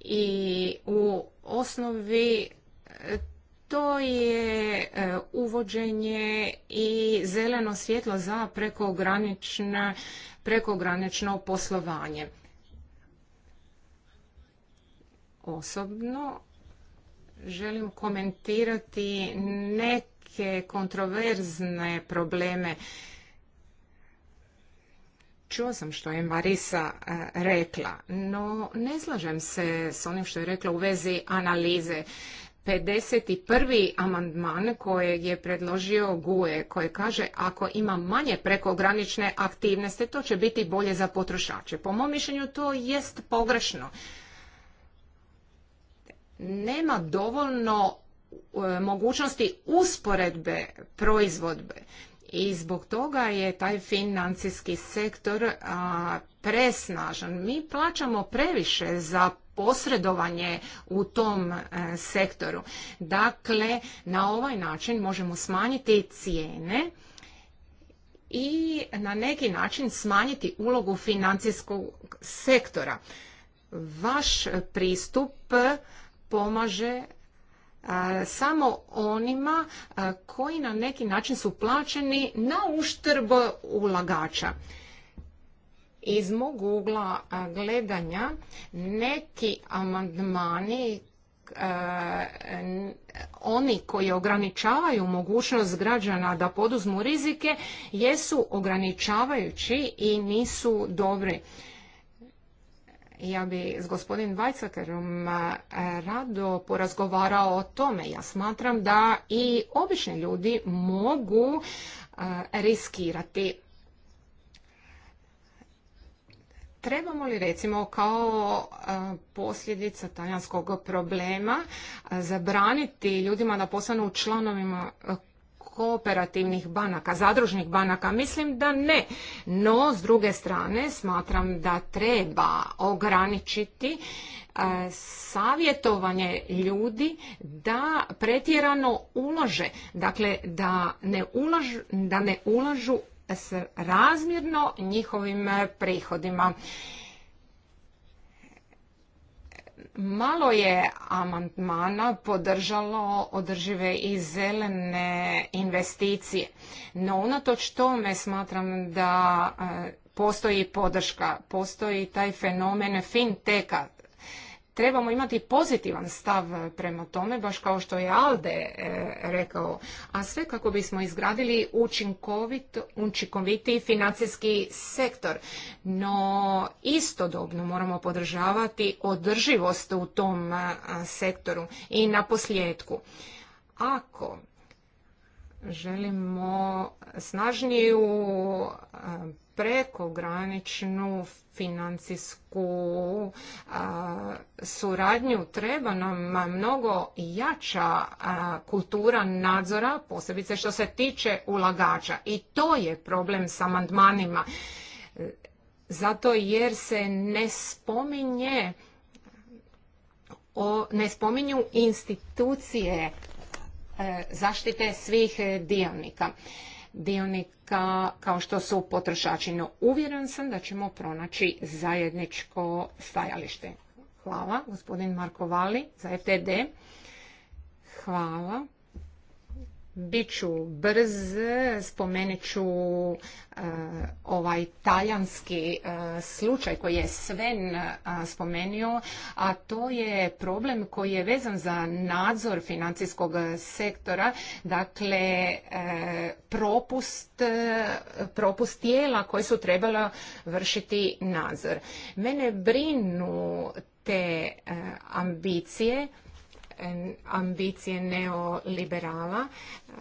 i u osnovi e, to je e, uvođenje i zeleno svjetlo za prekogranično poslovanje. Osobno želim komentirati neke kontroverzne probleme Čuo sam što je Marisa e, rekla, no ne slažem se s onim što je rekla u vezi analize. 51. amandman kojeg je predložio GUE, koje kaže ako ima manje prekogranične aktivnosti, to će biti bolje za potrošače. Po mom mišljenju to jest pogrešno. Nema dovoljno e, mogućnosti usporedbe proizvodbe i zbog toga je taj financijski sektor presnažan. Mi plaćamo previše za posredovanje u tom e, sektoru. Dakle, na ovaj način možemo smanjiti cijene i na neki način smanjiti ulogu financijskog sektora. Vaš pristup pomaže samo onima koji na neki način su plaćeni na uštrb ulagača. Iz mog ugla gledanja neki amandmani oni koji ograničavaju mogućnost građana da poduzmu rizike jesu ograničavajući i nisu dobri. Ja bi s gospodin Weizsäckerom eh, rado porazgovarao o tome. Ja smatram da i obični ljudi mogu eh, riskirati Trebamo li recimo kao eh, posljedica talijanskog problema zabraniti ljudima da postanu članovima kooperativnih banaka, zadružnih banaka? Mislim da ne. No, s druge strane, smatram da treba ograničiti e, savjetovanje ljudi da pretjerano ulože. Dakle, da ne ulažu, da ne ulažu s razmjerno njihovim prihodima. Malo je amandmana podržalo održive i zelene investicije, no unatoč tome smatram da e, postoji podrška, postoji taj fenomen finteka, trebamo imati pozitivan stav prema tome, baš kao što je Alde e, rekao, a sve kako bismo izgradili učinkovit, učinkoviti financijski sektor. No istodobno moramo podržavati održivost u tom e, sektoru i na posljedku. Ako želimo snažniju e, prekograničnu financijsku suradnju treba nam mnogo jača kultura nadzora, posebice što se tiče ulagača. I to je problem sa amandmanima. Zato jer se ne spominje o, ne spominju institucije e, zaštite svih dionika dionika kao što su potrošači. No uvjeren sam da ćemo pronaći zajedničko stajalište. Hvala, gospodin Marko Vali za FTD. Hvala. Bit ću brz, spomenut ću e, ovaj talijanski e, slučaj koji je Sven e, spomenio, spomenuo, a to je problem koji je vezan za nadzor financijskog sektora, dakle propust, propust tijela koje su trebala vršiti nadzor. Mene brinu te ambicije ambicije neoliberala e,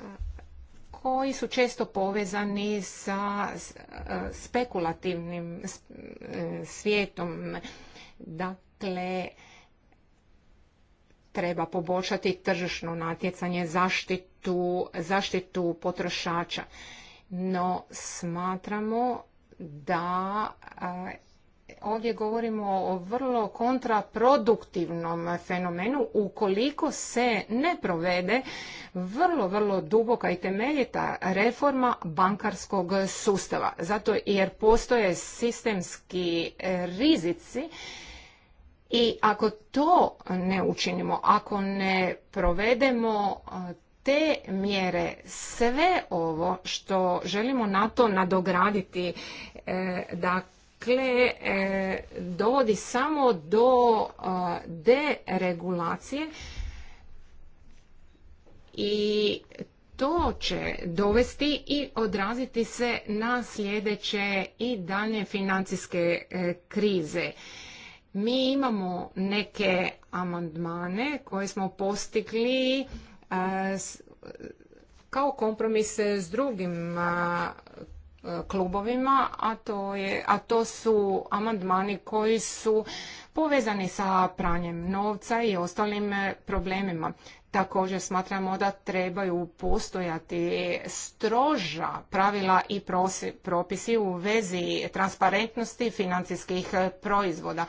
koji su često povezani sa e, spekulativnim e, svijetom. Dakle, treba poboljšati tržišno natjecanje, zaštitu, zaštitu potrošača. No, smatramo da ovdje govorimo o vrlo kontraproduktivnom fenomenu ukoliko se ne provede vrlo, vrlo duboka i temeljita reforma bankarskog sustava. Zato jer postoje sistemski e, rizici i ako to ne učinimo, ako ne provedemo e, te mjere sve ovo što želimo na to nadograditi dakle dakle e, dovodi samo do deregulacije i to će dovesti i odraziti se na sljedeće i dalje financijske e, krize. Mi imamo neke amandmane koje smo postigli kao kompromis s drugim E, klubovima, a to, je, a to su amandmani koji su povezani sa pranjem novca i ostalim e, problemima. Također smatramo da trebaju postojati stroža pravila i propisi u vezi transparentnosti financijskih e, proizvoda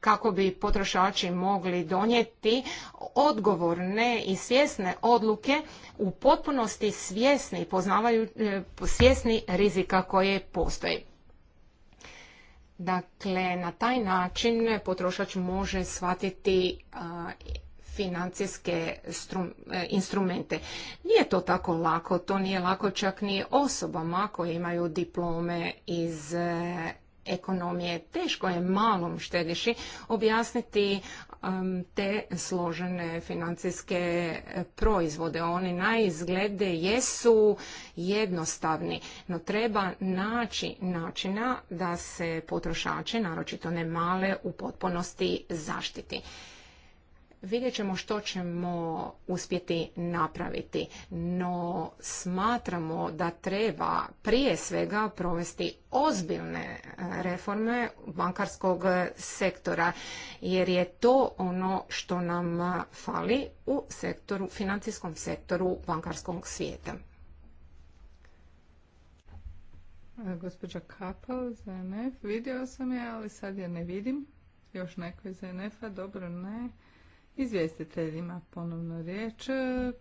kako bi potrošači mogli donijeti odgovorne i svjesne odluke u potpunosti svjesni, poznavaju, e, svjesni rizika koje postoje. Dakle, na taj način potrošač može shvatiti financijske e, instrumente. Nije to tako lako, to nije lako čak ni osobama koje imaju diplome iz e, ekonomije. Teško je malom štediši objasniti te složene financijske proizvode. Oni na izglede jesu jednostavni, no treba naći načina da se potrošače, naročito ne male, u potpunosti zaštiti vidjet ćemo što ćemo uspjeti napraviti, no smatramo da treba prije svega provesti ozbiljne e, reforme bankarskog sektora, jer je to ono što nam fali u sektoru, financijskom sektoru bankarskog svijeta. E, gospođa Kapal za vidio sam je, ali sad je ne vidim. Još neko iz znf a dobro ne. Izvjestiteljima ponovno riječ. E,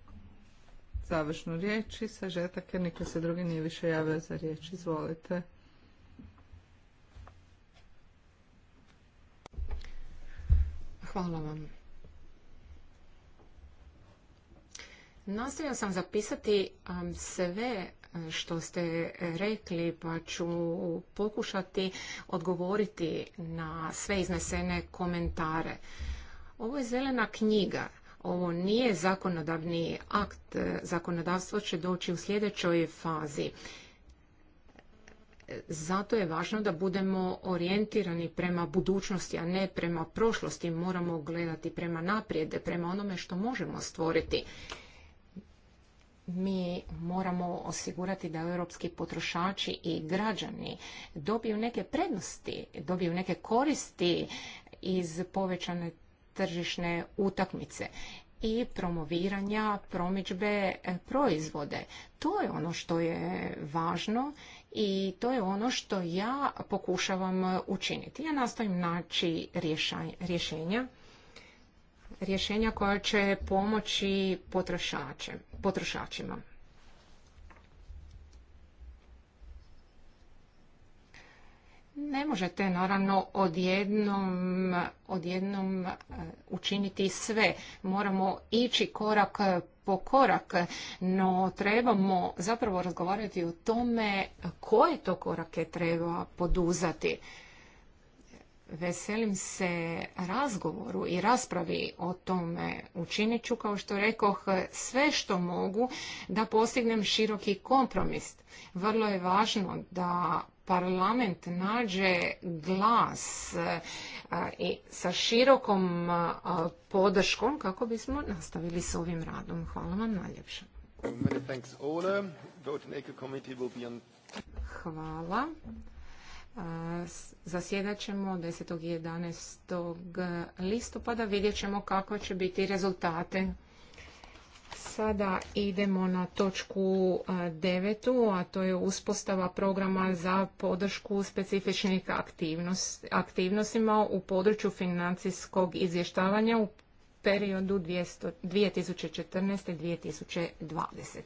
završnu riječ i sažetak jer niko se drugi nije više javio za riječ. Izvolite. Hvala vam. Nastavio sam zapisati um, sve e, što ste rekli, pa ću pokušati odgovoriti na sve iznesene komentare. Ovo je zelena knjiga, ovo nije zakonodavni akt, zakonodavstvo će doći u sljedećoj fazi. Zato je važno da budemo orijentirani prema budućnosti, a ne prema prošlosti. Moramo gledati prema naprijed, prema onome što možemo stvoriti. Mi moramo osigurati da europski potrošači i građani dobiju neke prednosti, dobiju neke koristi iz povećane tržišne utakmice i promoviranja promidžbe e, proizvode. To je ono što je važno i to je ono što ja pokušavam e, učiniti. Ja nastojim naći rješenja rješenja koja će pomoći potrošačima. ne možete naravno odjednom, odjednom e, učiniti sve. Moramo ići korak po korak, no trebamo zapravo razgovarati o tome koje to korake treba poduzati. Veselim se razgovoru i raspravi o tome. Učinit ću, kao što rekoh, sve što mogu da postignem široki kompromis. Vrlo je važno da parlament nađe glas i sa širokom podrškom kako bismo nastavili s ovim radom. Hvala vam najljepše. Hvala. Zasjedat ćemo 10. i 11. listopada. Vidjet ćemo kako će biti rezultate sada idemo na točku e, devetu, a to je uspostava programa za podršku specifičnih aktivnostima u području financijskog izvještavanja u periodu 2014. 2020.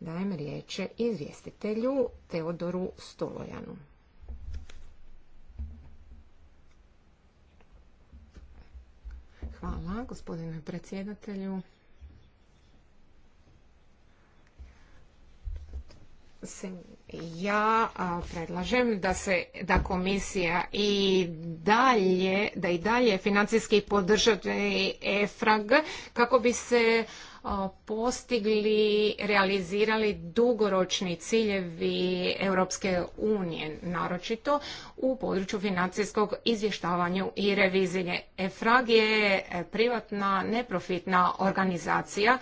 Dajem riječ izvjestitelju Teodoru Stolojanu. Hvala gospodine predsjedatelju. ja predlažem da se da komisija i dalje da i dalje financijski podržati EFRAG kako bi se postigli, realizirali dugoročni ciljevi Europske unije, naročito u području financijskog izvještavanja i revizije. EFRAG je privatna, neprofitna organizacija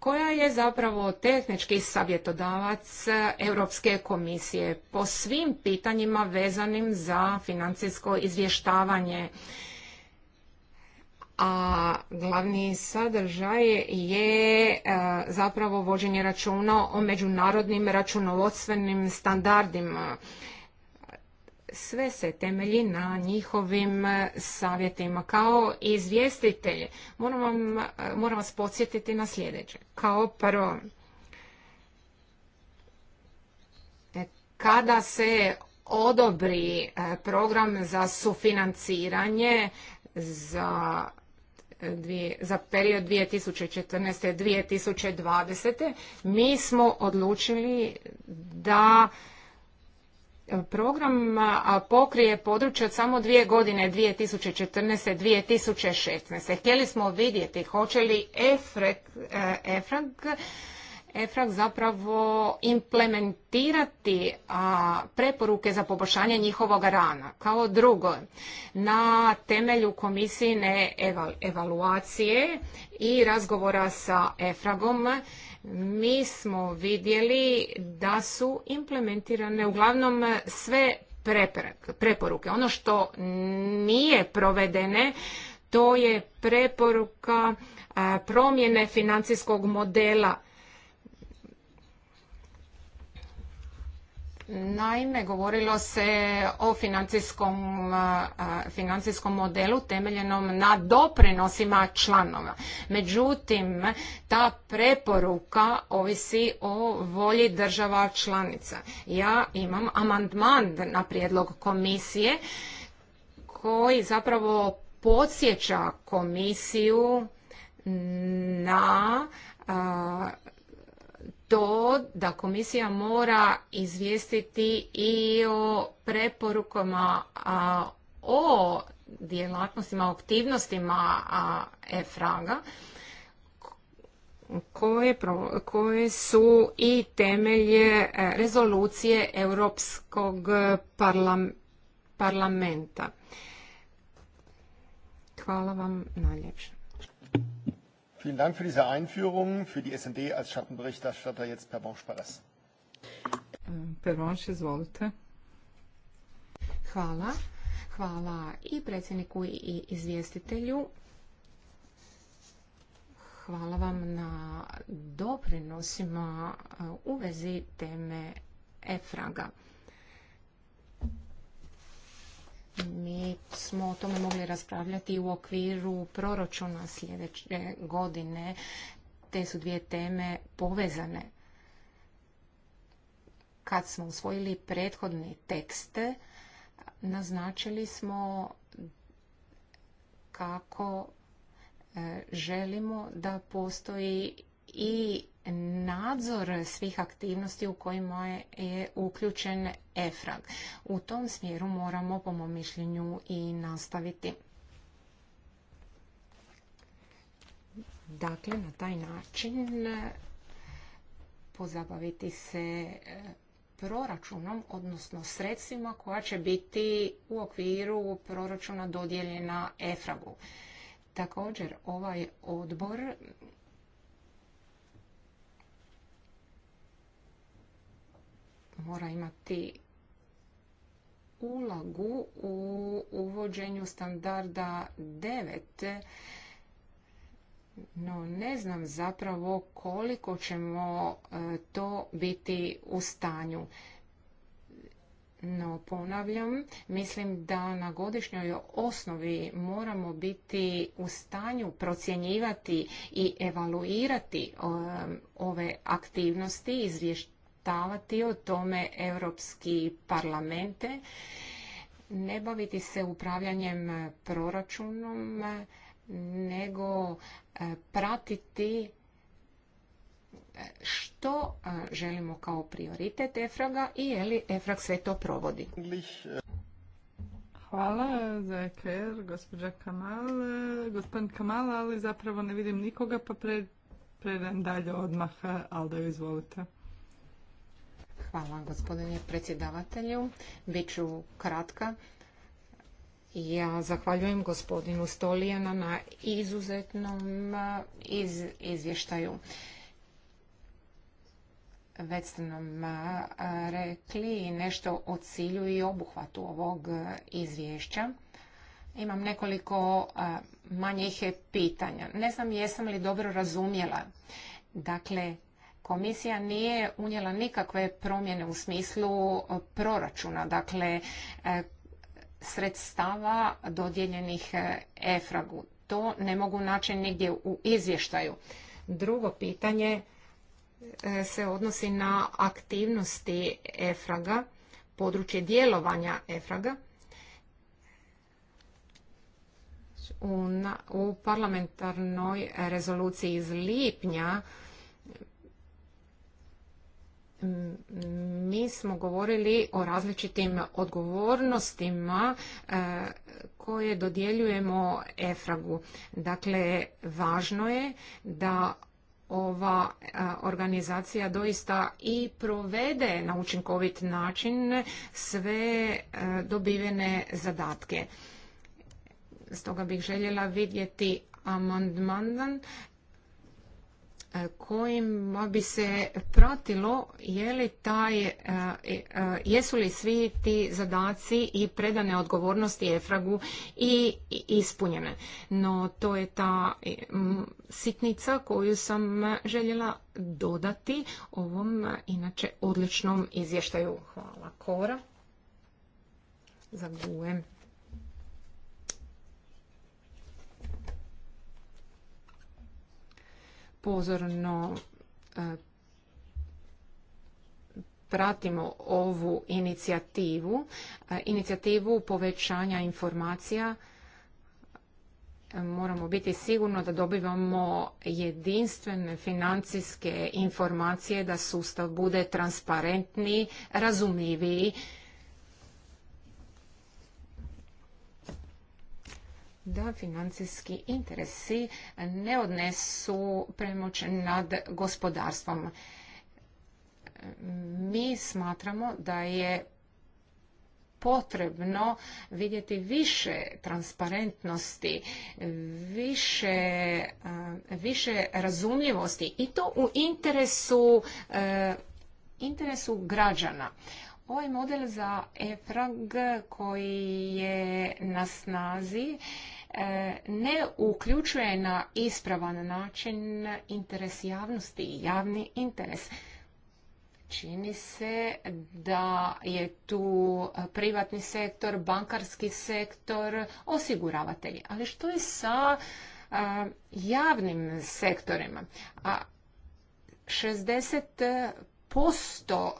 koja je zapravo tehnički savjetodavac Europske komisije po svim pitanjima vezanim za financijsko izvještavanje a glavni sadržaj je e, zapravo vođenje računa o međunarodnim računovodstvenim standardima sve se temelji na njihovim e, savjetima. Kao izvjestitelj moram, vam, e, moram vas podsjetiti na sljedeće. Kao prvo, e, kada se odobri program za sufinanciranje za za period 2014. 2020. mi smo odlučili da program pokrije područje od samo dvije godine 2014. 2016. Htjeli smo vidjeti hoće li eh, EFRAG, EFRAG, zapravo implementirati preporuke za poboljšanje njihovog rana. Kao drugo, na temelju komisijne evaluacije i razgovora sa EFRAGom mi smo vidjeli da su implementirane uglavnom sve preporuke. Ono što nije provedene to je preporuka promjene financijskog modela Naime, govorilo se o financijskom, modelu temeljenom na doprinosima članova. Međutim, ta preporuka ovisi o volji država članica. Ja imam amandman na prijedlog komisije koji zapravo podsjeća komisiju na to da komisija mora izvijestiti i o preporukama o djelatnostima, aktivnostima EFRAGA koje, su i temelje e, rezolucije Europskog parlamenta. Hvala vam najljepše. Vielen Dank für diese Einführung. Für die SND als Schattenberichterstatter jetzt Pervenche Per Bonsch, izvolite. Hvala. Hvala i predsjedniku i izvjestitelju. Hvala vam na doprinosima eh, u vezi teme EFRAGA. mi smo o tome mogli raspravljati u okviru proračuna sljedeće godine. Te su dvije teme povezane. Kad smo usvojili prethodni tekste, naznačili smo kako e, želimo da postoji i nadzor svih aktivnosti u kojima je uključen EFRAG. U tom smjeru moramo, po mom mišljenju, i nastaviti. Dakle, na taj način e, pozabaviti se e, proračunom, odnosno sredstvima koja će biti u okviru proračuna dodijeljena EFRAG-u. Također, ovaj odbor mora imati ulogu u uvođenju standarda 9 no ne znam zapravo koliko ćemo e, to biti u stanju. No ponavljam, mislim da na godišnjoj osnovi moramo biti u stanju procjenjivati i evaluirati e, ove aktivnosti, izvješća izvještavati o tome europski parlamente, ne baviti se upravljanjem proračunom, nego e, pratiti e, što e, želimo kao prioritet EFRAGA i je li EFRAG sve to provodi. Hvala za EKR, gospođa gospodin Kamal, ali zapravo ne vidim nikoga, pa pre, predam dalje odmah, Aldo, izvolite. Hvala gospodine predsjedavatelju. Biću kratka. Ja zahvaljujem gospodinu Stolijana na izuzetnom izvještaju. Već ste nam rekli nešto o cilju i obuhvatu ovog izvješća. Imam nekoliko manjih pitanja. Ne znam jesam li dobro razumjela. Dakle, komisija nije unijela nikakve promjene u smislu proračuna, dakle e, sredstava dodijeljenih e, EFRAG-u. To ne mogu naći nigdje u izvještaju. Drugo pitanje e, se odnosi na aktivnosti EFRAG-a, područje djelovanja EFRAG-a. U parlamentarnoj rezoluciji iz lipnja Mm, mi smo govorili o različitim odgovornostima e, koje dodjeljujemo EFRAG-u. Dakle, važno je da ova e, organizacija doista i provede na učinkovit način sve e, dobivene zadatke. Stoga bih željela vidjeti amandman E, kojima bi se pratilo je li taj, e, e, jesu li svi ti zadaci i predane odgovornosti efrag i ispunjene. No to je ta sitnica koju sam željela dodati ovom inače odličnom izvještaju. Hvala Kora. za Zagujem. pozorno e, pratimo ovu inicijativu, e, inicijativu povećanja informacija. Moramo biti sigurno da dobivamo jedinstvene financijske informacije, da sustav bude transparentniji, razumljiviji da financijski interesi ne odnesu premoć nad gospodarstvom. Mi smatramo da je potrebno vidjeti više transparentnosti, više, više razumljivosti i to u interesu, e, interesu građana. Ovaj model za EFRAG koji je na snazi E, ne uključuje na ispravan način interes javnosti i javni interes. Čini se da je tu privatni sektor, bankarski sektor, osiguravatelji. Ali što je sa e, javnim sektorima? A 60 posto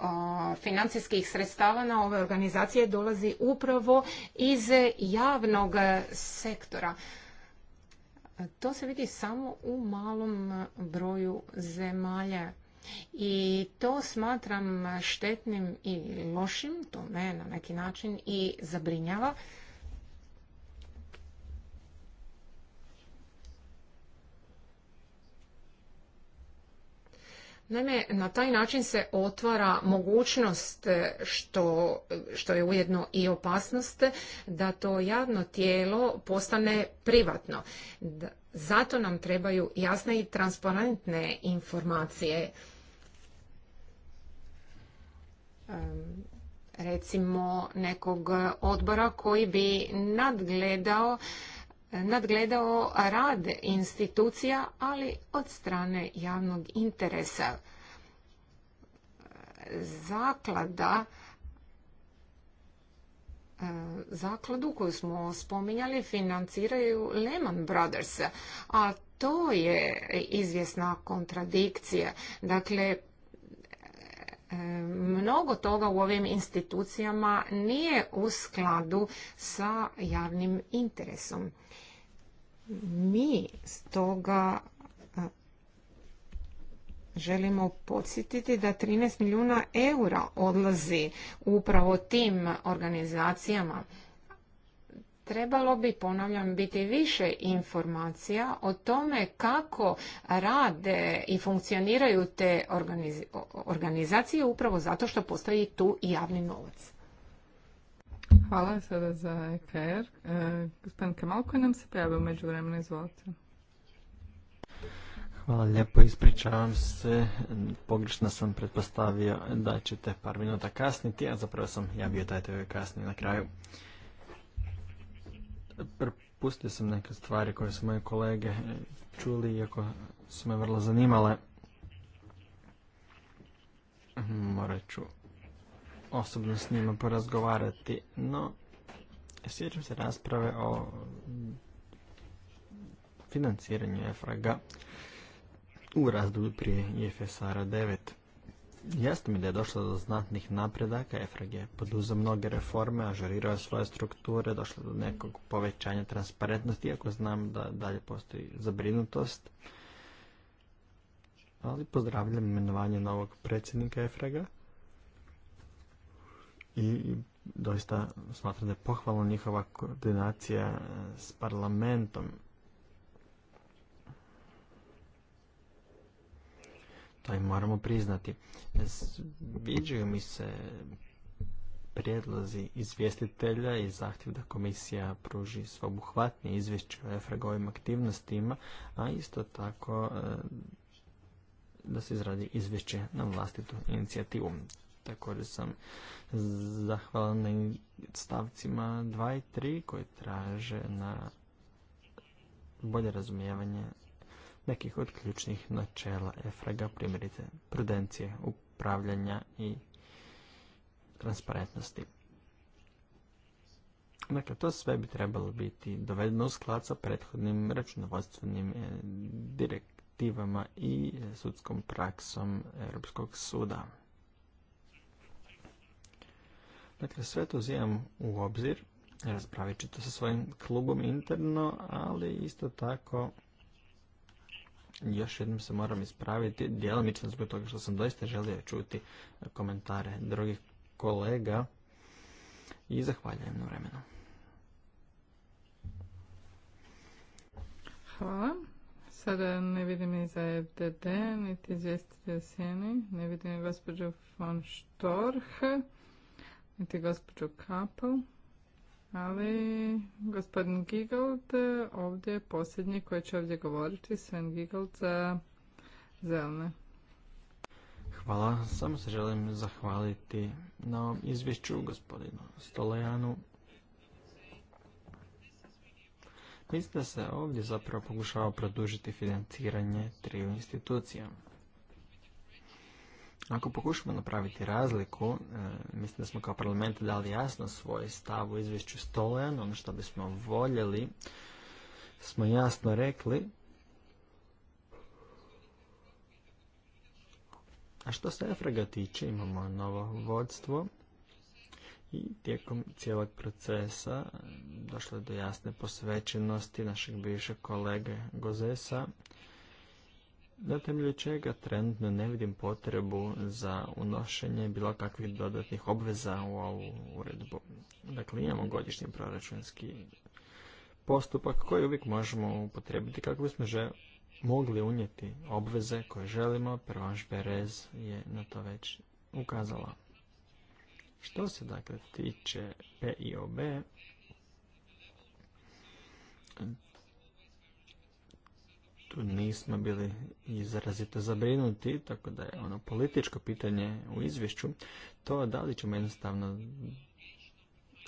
financijskih sredstava na ove organizacije dolazi upravo iz javnog e, sektora. E, to se vidi samo u malom broju zemalja. I to smatram štetnim i lošim, to me na neki način i zabrinjava. Naime, na taj način se otvara mogućnost e, što, što je ujedno i opasnost da to javno tijelo postane privatno. Zato nam trebaju jasne i transparentne informacije. recimo nekog odbora koji bi nadgledao nadgledao rad institucija, ali od strane javnog interesa. Zaklada e, zakladu koju smo spominjali financiraju Lehman Brothers, a to je izvjesna kontradikcija. Dakle, mnogo toga u ovim institucijama nije u skladu sa javnim interesom. Mi stoga e, želimo podsjetiti da 13 milijuna eura odlazi upravo tim organizacijama trebalo bi, ponavljam, biti više informacija o tome kako rade i funkcioniraju te organizacije upravo zato što postoji tu i javni novac. Hvala sada za EKR. E, gospodin Kemal, koji nam se prijavio među vremena, izvolite. Hvala lijepo, ispričavam se, pogrešno sam pretpostavio da ćete par minuta kasniti, a zapravo sam ja bio taj tebe kasni na kraju. Prepustio sam neke stvari koje su moje kolege eh, čuli, iako su me vrlo zanimale. Morat ću osobno s njima porazgovarati, no sjećam se rasprave o financiranju EFRAG-a u razdoblju prije IFSR-a 9. Jasno mi da je došlo do znatnih napredaka, EFRAG je poduzeo mnoge reforme, ažurirao svoje strukture, došlo do nekog povećanja transparentnosti, iako znam da dalje postoji zabrinutost. Ali pozdravljam imenovanje novog predsjednika efrag i doista smatram da je pohvalna njihova koordinacija s parlamentom to moramo priznati. Viđaju mi se prijedlozi izvjestitelja i zahtjev da komisija pruži svobuhvatnije izvješće o efragovim aktivnostima, a isto tako e, da se izradi izvješće na vlastitu inicijativu. Također sam zahvalan na stavcima 2 i 3 koji traže na bolje razumijevanje nekih od ključnih načela EFRAGA, primjerice prudencije, upravljanja i transparentnosti. Dakle, to sve bi trebalo biti dovedeno u sklad sa prethodnim računovodstvenim e, direktivama i sudskom praksom Europskog suda. Dakle, sve to uzimam u obzir, raspravit ću to sa svojim klubom interno, ali isto tako još jednom se moram ispraviti, djelomično zbog toga što sam doista želio čuti komentare drugih kolega i zahvaljujem na vremenu. Hvala. Sada ne vidim ni za FDD, niti izvjestitelj Sjeni, ne vidim gospođu von Storch, niti gospođu Kapel. Ali gospodin Gigold eh, ovdje je posljednji koji će ovdje govoriti, Sven Gigold za zelene. Hvala, samo se želim zahvaliti na ovom izvješću gospodinu Stolejanu. Mislim da se ovdje zapravo pokušava produžiti financiranje triju institucija. Ako pokušamo napraviti razliku, e, mislim da smo kao parlament dali jasno svoj stav u izvješću Stolojan, ono što bismo voljeli, smo jasno rekli, A što se Efraga tiče, imamo novo vodstvo i tijekom cijelog procesa e, došlo je do jasne posvećenosti našeg bivšeg kolege Gozesa na temelju čega trenutno ne vidim potrebu za unošenje bilo kakvih dodatnih obveza u ovu uredbu. Dakle, imamo godišnji proračunski postupak koji uvijek možemo upotrebiti kako bismo mogli unijeti obveze koje želimo. Prvanš Berez je na to već ukazala. Što se dakle tiče PIOB, tu nismo bili izrazito zabrinuti, tako da je ono političko pitanje u izvješću to da li ćemo jednostavno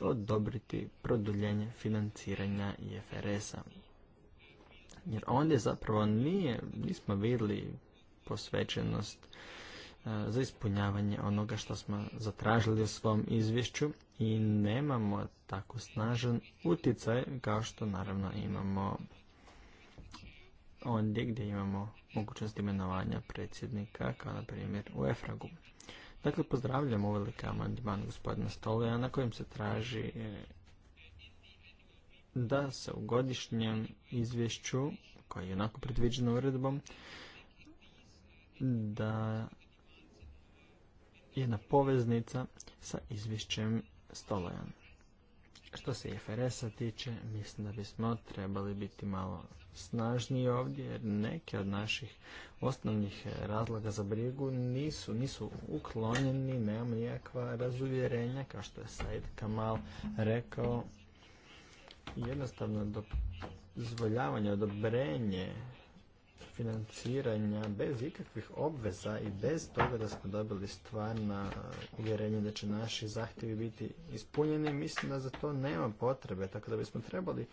odobriti produljenje financiranja IFRS-a. Jer ondje zapravo nije, nismo vidjeli posvećenost e, za ispunjavanje onoga što smo zatražili u svom izvješću i nemamo tako snažan uticaj kao što naravno imamo ondje gdje imamo mogućnost imenovanja predsjednika, kao na primjer u Efragu. Dakle, pozdravljam uvelike ovaj amandman gospodina Stolja na kojem se traži e, da se u godišnjem izvješću, koji je onako predviđeno uredbom, da jedna poveznica sa izvješćem Stolajan. Što se IFRS-a tiče, mislim da bismo trebali biti malo snažniji ovdje, jer neke od naših osnovnih razloga za brigu nisu, nisu uklonjeni, nemamo nijakva razuvjerenja, kao što je Said Kamal rekao, jednostavno dozvoljavanje, odobrenje financiranja bez ikakvih obveza i bez toga da smo dobili stvarna uh, uvjerenje da će naši zahtjevi biti ispunjeni, mislim da za to nema potrebe, tako da bismo trebali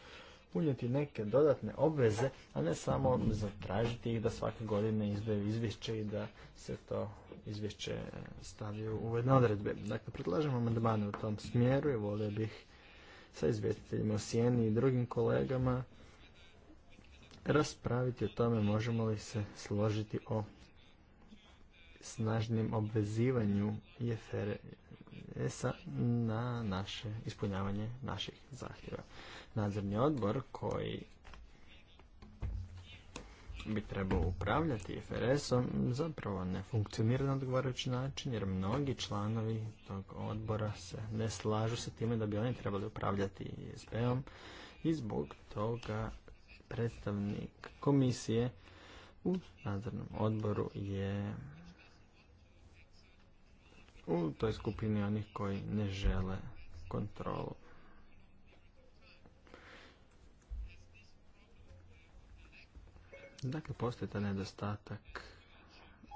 punjati neke dodatne obveze, a ne samo zatražiti ih da svake godine izdaju izvješće i da se to izvješće stavi u uvedne odredbe. Dakle, predlažem amandmane u tom smjeru i volio bih sa izvjestiteljima u Sijeni i drugim kolegama raspraviti o tome možemo li se složiti o snažnim obvezivanju IFRS-a na naše ispunjavanje naših zahtjeva. Nadzorni odbor koji bi trebao upravljati IFRS-om zapravo ne funkcionira na odgovarajući način jer mnogi članovi tog odbora se ne slažu sa time da bi oni trebali upravljati isb om i zbog toga predstavnik komisije u nadzornom odboru je u toj skupini onih koji ne žele kontrolu. Dakle, postoji ta nedostatak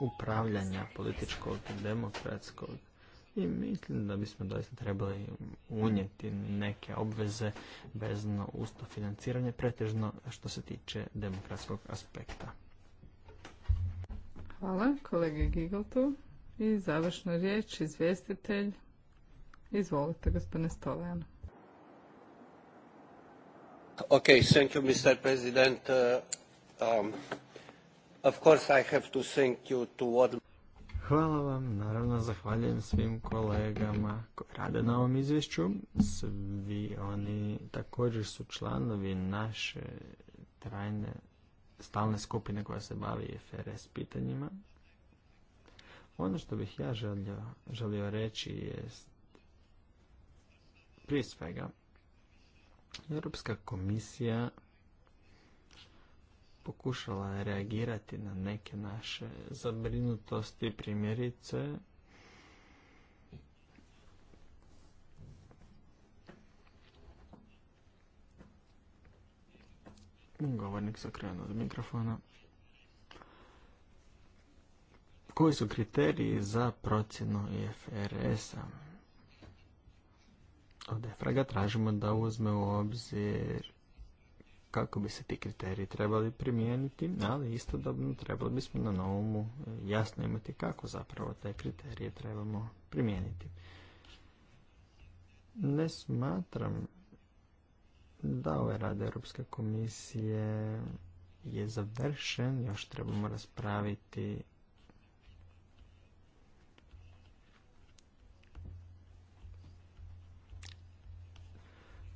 upravljanja političkog i demokratskog i mislim da bismo doista trebali unijeti neke obveze vezano uz to financiranje, pretežno što se tiče demokratskog aspekta. Hvala kolege Gigotu i završna riječ izvjestitelj. Izvolite gospodine Stolajan. Ok, thank you, Mr. President. Uh, um, of course, I have to thank you to Hvala vam, naravno zahvaljujem svim kolegama koji rade na ovom izvješću. Svi oni također su članovi naše trajne stalne skupine koja se bavi FRS pitanjima. Ono što bih ja želio, želio reći jest prije svega Europska komisija pokušala reagirati na neke naše zabrinutosti, primjerice. Govornik se krenuo od mikrofona. Koji su kriteriji za procjenu IFRS-a? Od EFRAGA tražimo da uzme u obzir kako bi se ti kriteriji trebali primijeniti, ali istodobno trebali bismo na novomu e, jasno imati kako zapravo te kriterije trebamo primijeniti. Ne smatram da ovaj rad Europske komisije je završen, još trebamo raspraviti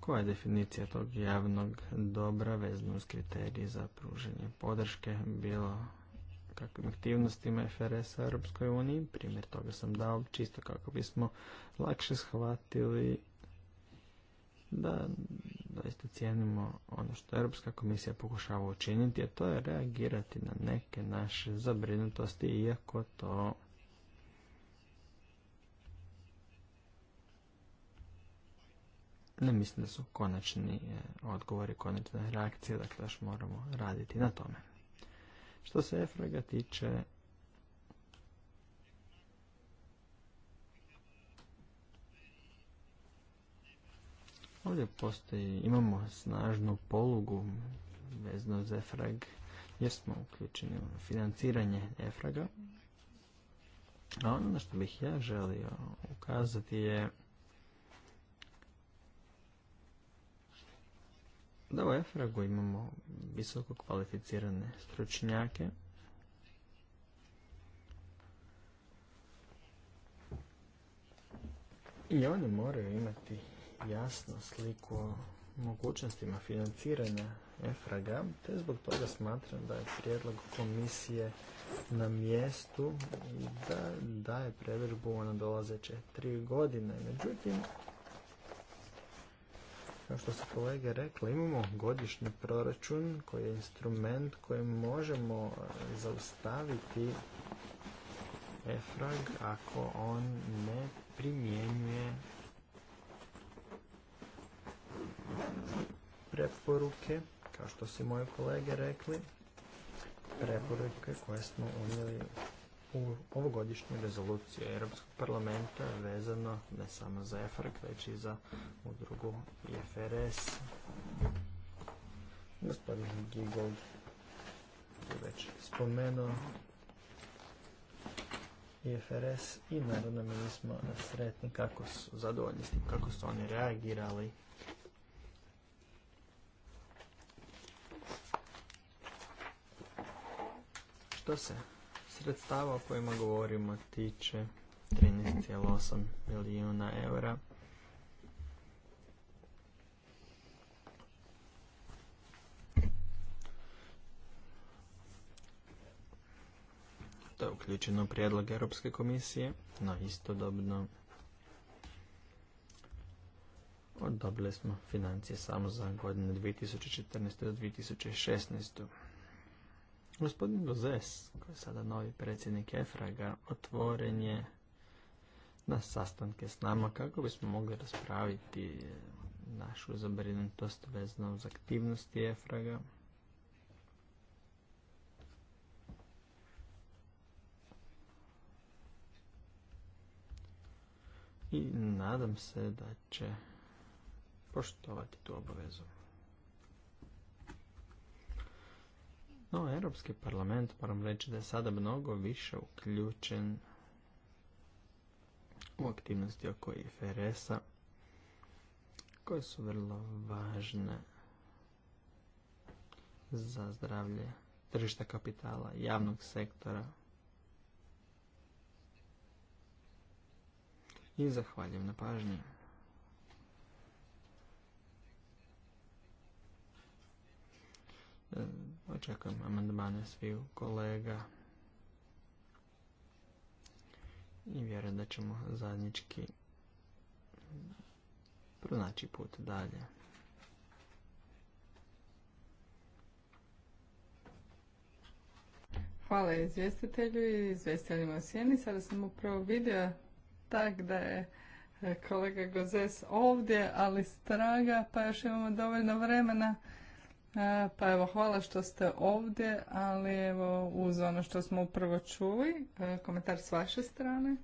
koja je definicija tog javnog dobra vezano uz kriterije za pruženje podrške bilo kakvim aktivnostima FRS-a Europskoj uniji. Primjer toga sam dao čisto kako bismo lakše shvatili da doista cijenimo ono što Europska komisija pokušava učiniti, a to je reagirati na neke naše zabrinutosti, iako to ne mislim da su konačni e, odgovori, konačne reakcije, dakle još moramo raditi na tome. Što se Efraga tiče, ovdje postoji, imamo snažnu polugu vezno za Efrag, jer smo uključeni u financiranje Efraga. A ono na što bih ja želio ukazati je da u efrag imamo visoko kvalificirane stručnjake i oni moraju imati jasnu sliku o mogućnostima financiranja efrag te zbog toga smatram da je prijedlog komisije na mjestu da daje predržbu na dolazeće tri godine. Međutim, kao što su kolege rekli, imamo godišnji proračun koji je instrument koji možemo zaustaviti EFRAG ako on ne primjenjuje preporuke, kao što su moje kolege rekli, preporuke koje smo unijeli u ovogodišnju rezoluciju Europskog parlamenta vezano ne samo za EFRK, već i za udrugu IFRS. Gospodin Gigold je već spomenuo IFRS i naravno mi nismo sretni kako su zadovoljni s tim, kako su oni reagirali što se sredstava o kojima govorimo tiče 13,8 milijuna eura. To je uključeno prijedlog Europske komisije, no istodobno odobili smo financije samo za godine 2014. do 2016. Gospodin Gozes, koji je sada novi predsjednik Efraga, otvoren je na sastanke s nama kako bismo mogli raspraviti e, našu zabrinutost vezano uz aktivnosti Efraga. I nadam se da će poštovati tu obavezu. No, Europski parlament, moram reći da je sada mnogo više uključen u aktivnosti oko IFRS-a, koje su vrlo važne za zdravlje tržišta kapitala, javnog sektora. I zahvaljujem na pažnji. E, Očekujem amandmane sviju kolega. I vjerujem da ćemo zajednički pronaći put dalje. Hvala izvjestitelju i izvjestiteljima u sjeni. Sada sam upravo vidio tak da je e, kolega Gozes ovdje, ali straga, pa još imamo dovoljno vremena E, pa evo, hvala što ste ovdje, ali evo, uz ono što smo upravo čuli, e, komentar s vaše strane.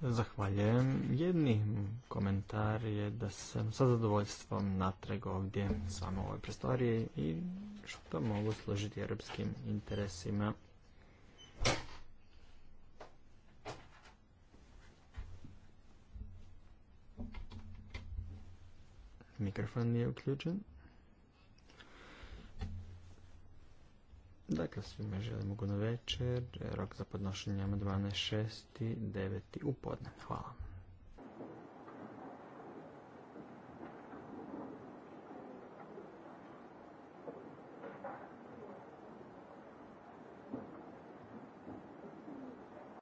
Zahvaljujem. Jedni komentar je da sam sa zadovoljstvom natrag ovdje samo u ovoj prestoriji i što mogu služiti europskim interesima Mikrofon nije uključen. Dakle, svima želimo na večer. Rok za podnošenje amandmana je 6. u podne. Hvala.